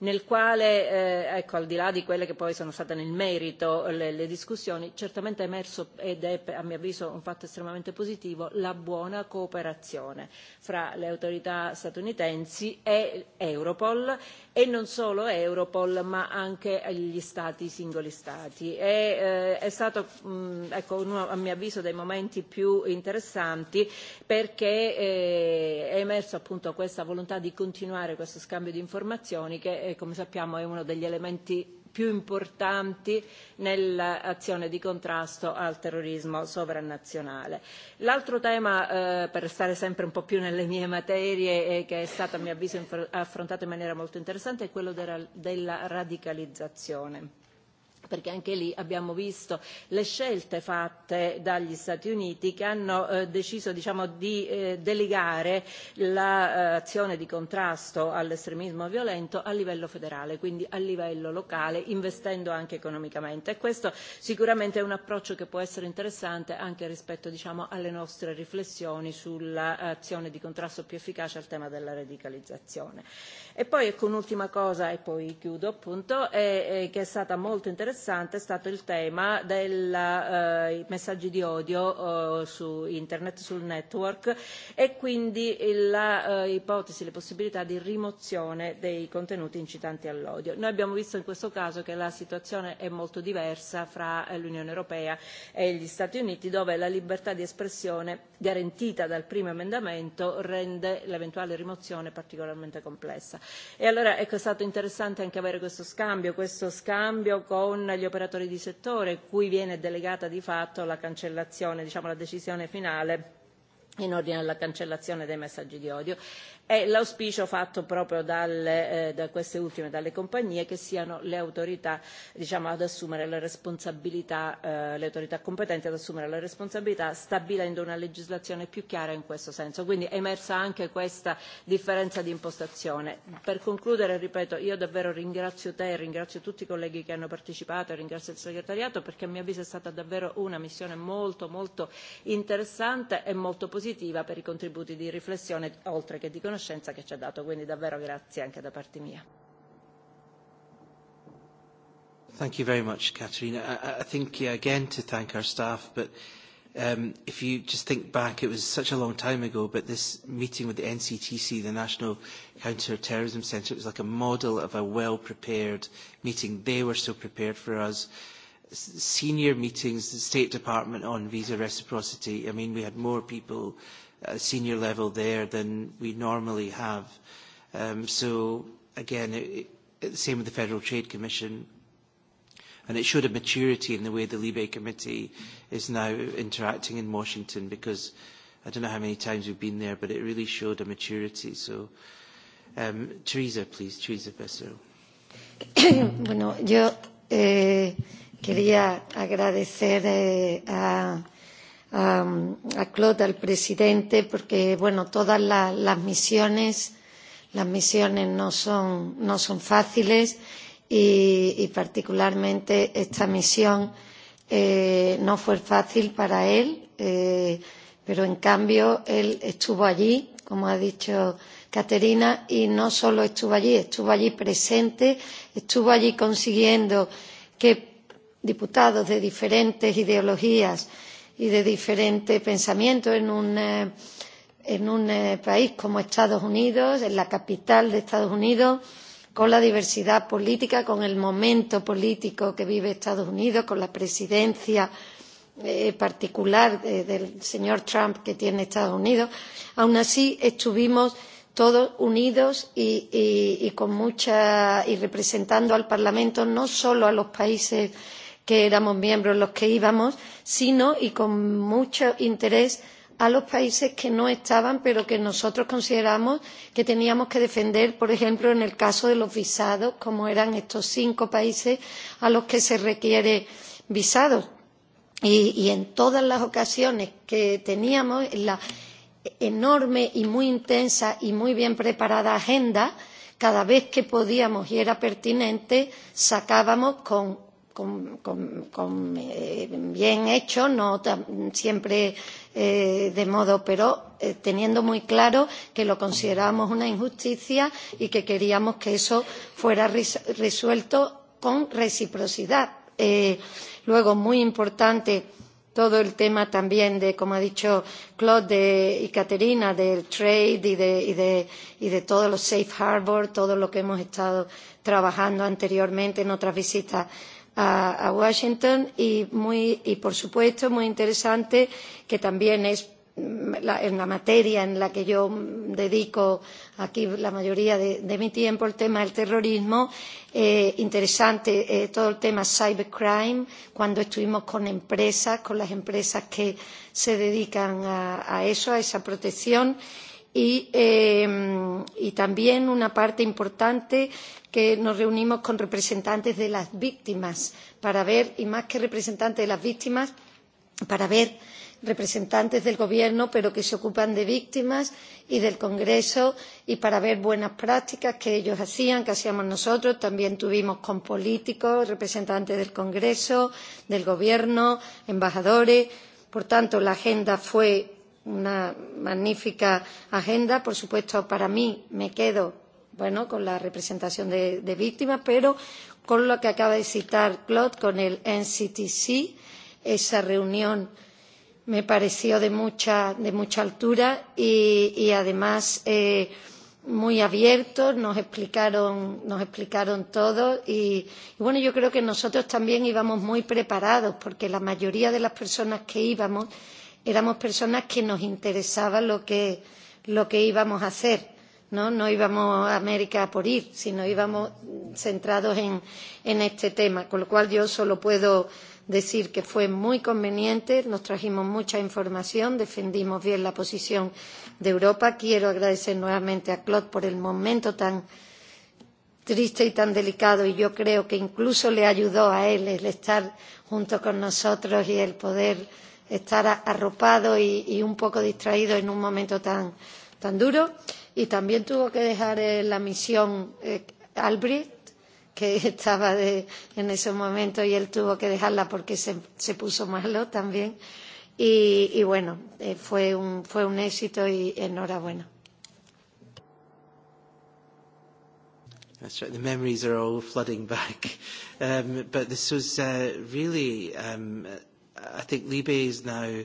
nel quale eh, al di là di quelle che poi sono state nel merito le, discussioni certamente è emerso ed è a mio avviso un fatto estremamente positivo la buona cooperazione fra le autorità statunitensi e Europol e non solo Europol ma anche gli stati singoli stati e, eh, è stato ecco uno a mio avviso dei momenti più interessanti perché eh, è emerso appunto questa volontà di continuare questo scambio di informazioni che come sappiamo è uno degli elementi più importanti nell'azione di contrasto al terrorismo sovranazionale. L'altro tema, eh, per restare sempre un po' più nelle mie materie e che è stato a mio avviso affrontato in maniera molto interessante, è quello della, della radicalizzazione perché anche lì abbiamo visto le scelte fatte dagli Stati Uniti che hanno eh, deciso diciamo, di eh, delegare l'azione eh, di contrasto all'estremismo violento a livello federale, quindi a livello locale, investendo anche economicamente. E questo sicuramente è un approccio che può essere interessante anche rispetto diciamo, alle nostre riflessioni sull'azione di contrasto più efficace al tema della radicalizzazione. E poi ecco un'ultima cosa e poi chiudo appunto, è, è che è stata molto interessante, è stato il tema dei eh, messaggi di odio eh, su internet, sul network e quindi l'ipotesi, eh, le possibilità di rimozione dei contenuti incitanti all'odio. Noi abbiamo visto in questo caso che la situazione è molto diversa fra eh, l'Unione Europea e gli Stati Uniti dove la libertà di espressione garantita dal primo emendamento rende l'eventuale rimozione particolarmente complessa. E allora ecco, è stato interessante anche avere questo scambio, questo scambio con gli operatori di settore, cui viene delegata di fatto la cancellazione, diciamo la decisione finale in ordine alla cancellazione dei messaggi di odio e l'auspicio fatto proprio eh, da queste ultime, dalle compagnie, che siano le autorità diciamo, ad assumere le responsabilità, eh, le autorità competenti ad assumere le responsabilità, stabilendo una legislazione più chiara in questo senso. Quindi è emersa anche questa differenza di impostazione. Per concludere, ripeto, io davvero ringrazio te, e ringrazio tutti i colleghi che hanno partecipato, e ringrazio il segretariato perché a mio avviso è stata davvero una missione molto molto interessante e molto positiva per i contributi di riflessione oltre che di conoscenza che conoscenza che ci ha dato, quindi davvero grazie anche da parte mia. Thank you very much, Caterina. I, I think, yeah, again, to thank our staff, but um, if you just think back, it was such a long time ago, but this meeting with the NCTC, the National Counterterrorism Centre, it was like a model of a well-prepared meeting. They were so prepared for us. S- Senior meetings, the State Department on visa reciprocity, I mean, we had more people senior level there than we normally have. Um, so again, it, it, same with the Federal Trade Commission. And it showed a maturity in the way the Libe Committee is now interacting in Washington because I don't know how many times we've been there, but it really showed a maturity. So, um, Teresa, please, Teresa Bessel. [coughs] bueno, yo eh, quería agradecer eh, a a, Claude, al presidente, porque bueno, todas la, las misiones, las misiones no son, no son fáciles y, y particularmente esta misión eh, no fue fácil para él, eh, pero en cambio él estuvo allí, como ha dicho Caterina, y no solo estuvo allí, estuvo allí presente, estuvo allí consiguiendo que diputados de diferentes ideologías y de diferente pensamiento en un, eh, eh, país como los Estados Unidos, en la capital de los Estados Unidos, con la diversidad política, con el momento político que vive los Estados Unidos, con la presidencia eh, particular del señor Trump que tiene los Estados Unidos. aun así, estuvimos todos unidos y, representando al Parlamento no solo a los países de que éramos miembros los que íbamos sino y con mucho interés a los países que no estaban pero que nosotros considerábamos que teníamos que defender por ejemplo en el caso de los visados como eran estos cinco países a los que se requiere visado. y en todas las ocasiones que teníamos en la enorme y muy intensa y muy bien preparada agenda cada vez que podíamos y era pertinente sacábamos con con, con, con, eh, bien hecho, no tan, siempre eh, de modo, pero eh, teniendo muy claro que lo considerábamos una injusticia y que queríamos que eso fuera resuelto con reciprocidad. Eh, luego, muy importante, todo el tema también de, como ha dicho Claude de, y Caterina, del trade y de, y, de, y de todos los safe harbor, todo lo que hemos estado trabajando anteriormente en otras visitas a, a Washington y, muy, y, por supuesto, muy interesante, que también es mm, la, en la materia en la que yo dedico aquí la mayoría de, de mi tiempo, el tema del terrorismo. Eh, interesante eh, todo el tema cybercrime, cuando estuvimos con empresas, con las empresas que se dedican a, a eso, a esa protección. Eh, Y, también una parte importante que nos reunimos con representantes de las víctimas y más que representantes de las víctimas para ver representantes del gobierno pero que se ocupan de víctimas y del congreso y para ver buenas prácticas que ellos hacían que hacíamos nosotros también tuvimos con políticos representantes del congreso del gobierno embajadores por tanto la agenda fue una magnífica agenda. Por supuesto, para mí me quedo bueno, con la representación de, de víctimas, pero con lo que acaba de citar Claude, con el NCTC, esa reunión me pareció de mucha, de mucha altura y, y además eh, muy abiertos, nos explicaron, nos explicaron todo y, y bueno, yo creo que nosotros también íbamos muy preparados porque la mayoría de las personas que íbamos éramos personas que nos interesaba lo que, lo que íbamos a hacer. ¿no? no íbamos a América por ir, sino íbamos centrados en, en este tema. Con lo cual yo solo puedo decir que fue muy conveniente, nos trajimos mucha información, defendimos bien la posición de Europa. Quiero agradecer nuevamente a Claude por el momento tan triste y tan delicado y yo creo que incluso le ayudó a él el estar junto con nosotros y el poder estar arropado y, y un poco distraído en un momento tan, tan duro. Y también tuvo que dejar eh, la misión eh, Albrecht, que [laughs] estaba de, en ese momento y él tuvo que dejarla porque se, se puso malo también. Y, y bueno, eh, fue, un, fue un éxito y enhorabuena. That's right. The memories are all flooding back. [laughs] Um, but this was uh, really um, I think Libe is now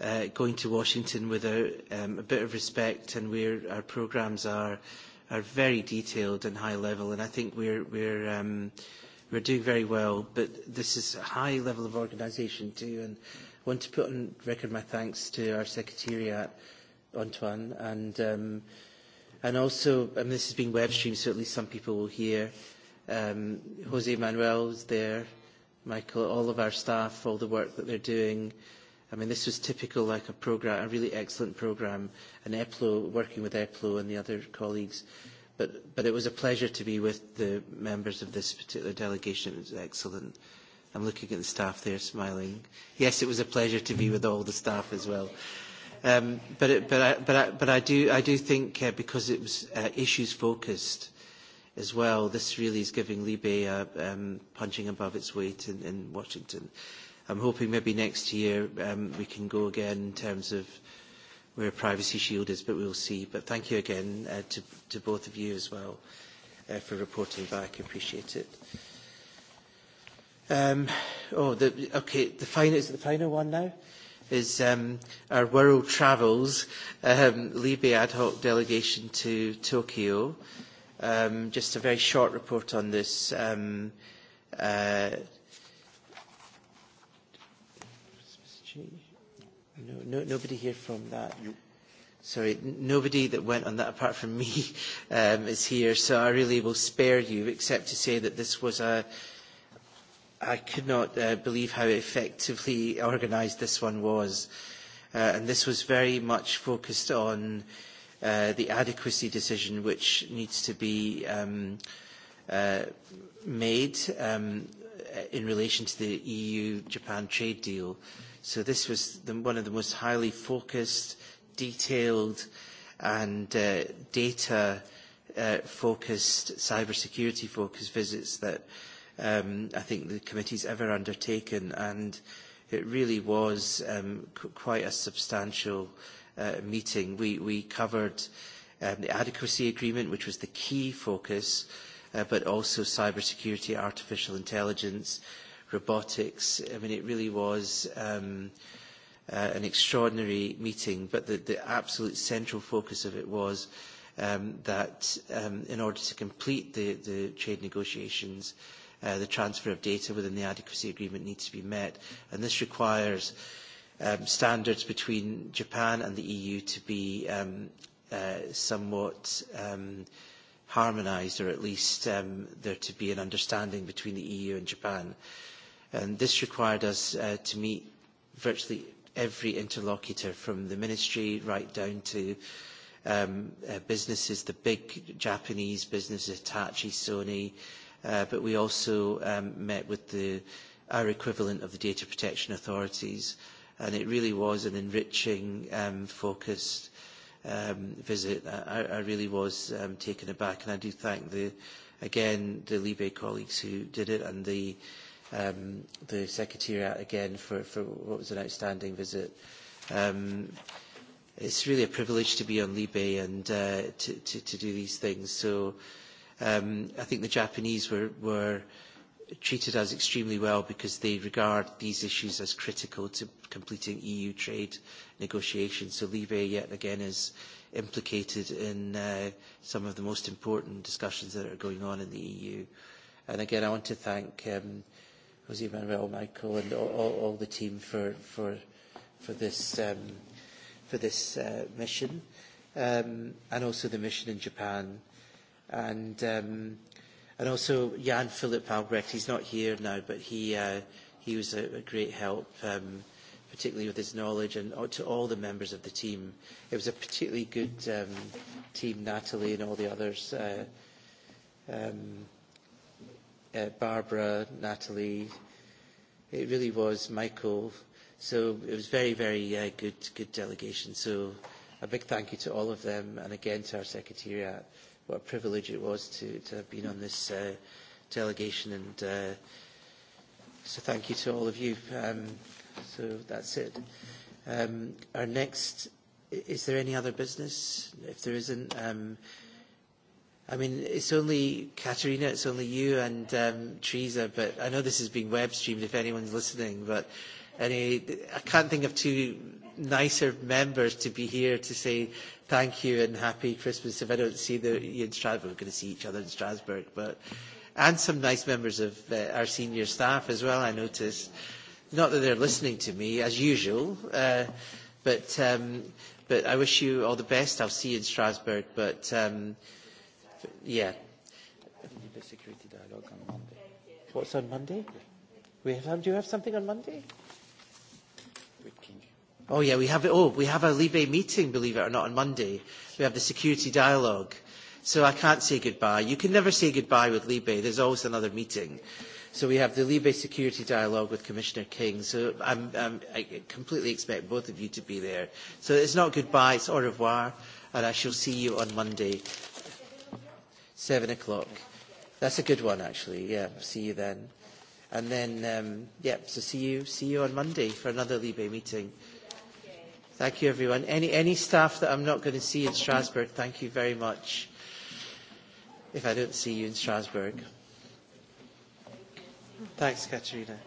uh, going to Washington with a, um, a bit of respect and where our programmes are are very detailed and high level and I think we're, we're, um, we're doing very well but this is a high level of organisation too and I want to put on record my thanks to our secretariat Antoine and um, and also and this is being web streamed so at least some people will hear um, Jose Manuel is there Michael, all of our staff, all the work that they're doing. I mean, this was typical like a program, a really excellent program, and EPLO, working with EPLO and the other colleagues. But, but it was a pleasure to be with the members of this particular delegation. It was excellent. I'm looking at the staff there smiling. Yes, it was a pleasure to be with all the staff as well. Um, but, it, but, I, but, I, but I, do, I do think uh, because it was uh, issues focused, as well. This really is giving Libe a, um, punching above its weight in, in Washington. I'm hoping maybe next year um, we can go again in terms of where Privacy Shield is, but we'll see. But thank you again uh, to, to both of you as well uh, for reporting back. I appreciate it. Um, oh, the, okay, the final, is it the final one now? Is um, our world travels, um, Libe ad hoc delegation to Tokyo. Um, just a very short report on this. Um, uh, no, no, nobody here from that. You. Sorry, nobody that went on that apart from [laughs] me um, is here, so I really will spare you, except to say that this was a. I could not uh, believe how effectively organised this one was, uh, and this was very much focused on uh, Uh, the adequacy decision which needs to be um, uh, made um, in relation to the EU-Japan trade deal. So this was the, one of the most highly focused, detailed and uh, data uh, focused, cybersecurity focused visits that um, I think the committee's ever undertaken and it really was um, quite a substantial Uh, meeting, we, we covered um, the adequacy agreement, which was the key focus, uh, but also cybersecurity, artificial intelligence, robotics. I mean, it really was um, uh, an extraordinary meeting, but the, the absolute central focus of it was um, that um, in order to complete the, the trade negotiations, uh, the transfer of data within the adequacy agreement needs to be met. And this requires uh, um, standards between Japan and the EU to be um, uh, somewhat um, harmonised, or at least um, there to be an understanding between the EU and Japan. And this required us uh, to meet virtually every interlocutor from the ministry right down to um, uh, businesses, the big Japanese businesses, Hitachi, Sony, uh, but we also um, met with the, our equivalent of the data protection authorities. Uh, and it really was an enriching, um, focused um, visit. I, I really was um, taken aback, and I do thank the, again, the Libe colleagues who did it, and the um, the Secretariat again for, for what was an outstanding visit. Um, it's really a privilege to be on Libe and uh, to, to, to do these things. So um, I think the Japanese were, were treated us extremely well because they regard these issues as critical to completing EU trade negotiations. So Libe, yet again, is implicated in uh, some of the most important discussions that are going on in the EU. And again, I want to thank um, Jose Manuel, Michael, and all, all, all the team for, for, for this, um, for this uh, mission, um, and also the mission in Japan. And... Um, And also Jan Philip Albrecht, he's not here now, but he, uh, he was a, a great help, um, particularly with his knowledge and to all the members of the team. It was a particularly good um, team, Natalie and all the others. Uh, um, uh, Barbara, Natalie, it really was Michael. So it was very, very uh, good, good delegation. So a big thank you to all of them and again to our secretariat what a privilege it was to, to have been on this uh, delegation. And uh, so thank you to all of you. Um, so that's it. Um, our next, is there any other business? If there isn't, um, I mean, it's only Katerina, it's only you and um, Teresa, but I know this is being web streamed if anyone's listening, but any, I can't think of two nicer members to be here to say thank you and happy Christmas. If I don't see the, you in Strasbourg, we're going to see each other in Strasbourg, but and some nice members of uh, our senior staff as well. I notice. not that they're listening to me as usual, uh, but um, but I wish you all the best. I'll see you in Strasbourg, but, um, but yeah. The security dialogue on Monday. What's on Monday? We have, do you have something on Monday? Oh yeah, we have it. Oh, we have our Libe meeting, believe it or not, on Monday. We have the security dialogue. So I can't say goodbye. You can never say goodbye with Libe. There's always another meeting. So we have the Libe security dialogue with Commissioner King. So I'm, I'm, I completely expect both of you to be there. So it's not goodbye, it's au revoir, and I shall see you on Monday, seven o'clock. That's a good one, actually. Yeah, see you then. And then, um, yeah, so see you, see you on Monday for another Libe meeting. Thank you, everyone. Any, any staff that I'm not going to see in Strasbourg, thank you very much if I don't see you in Strasbourg. Thanks, Katerina.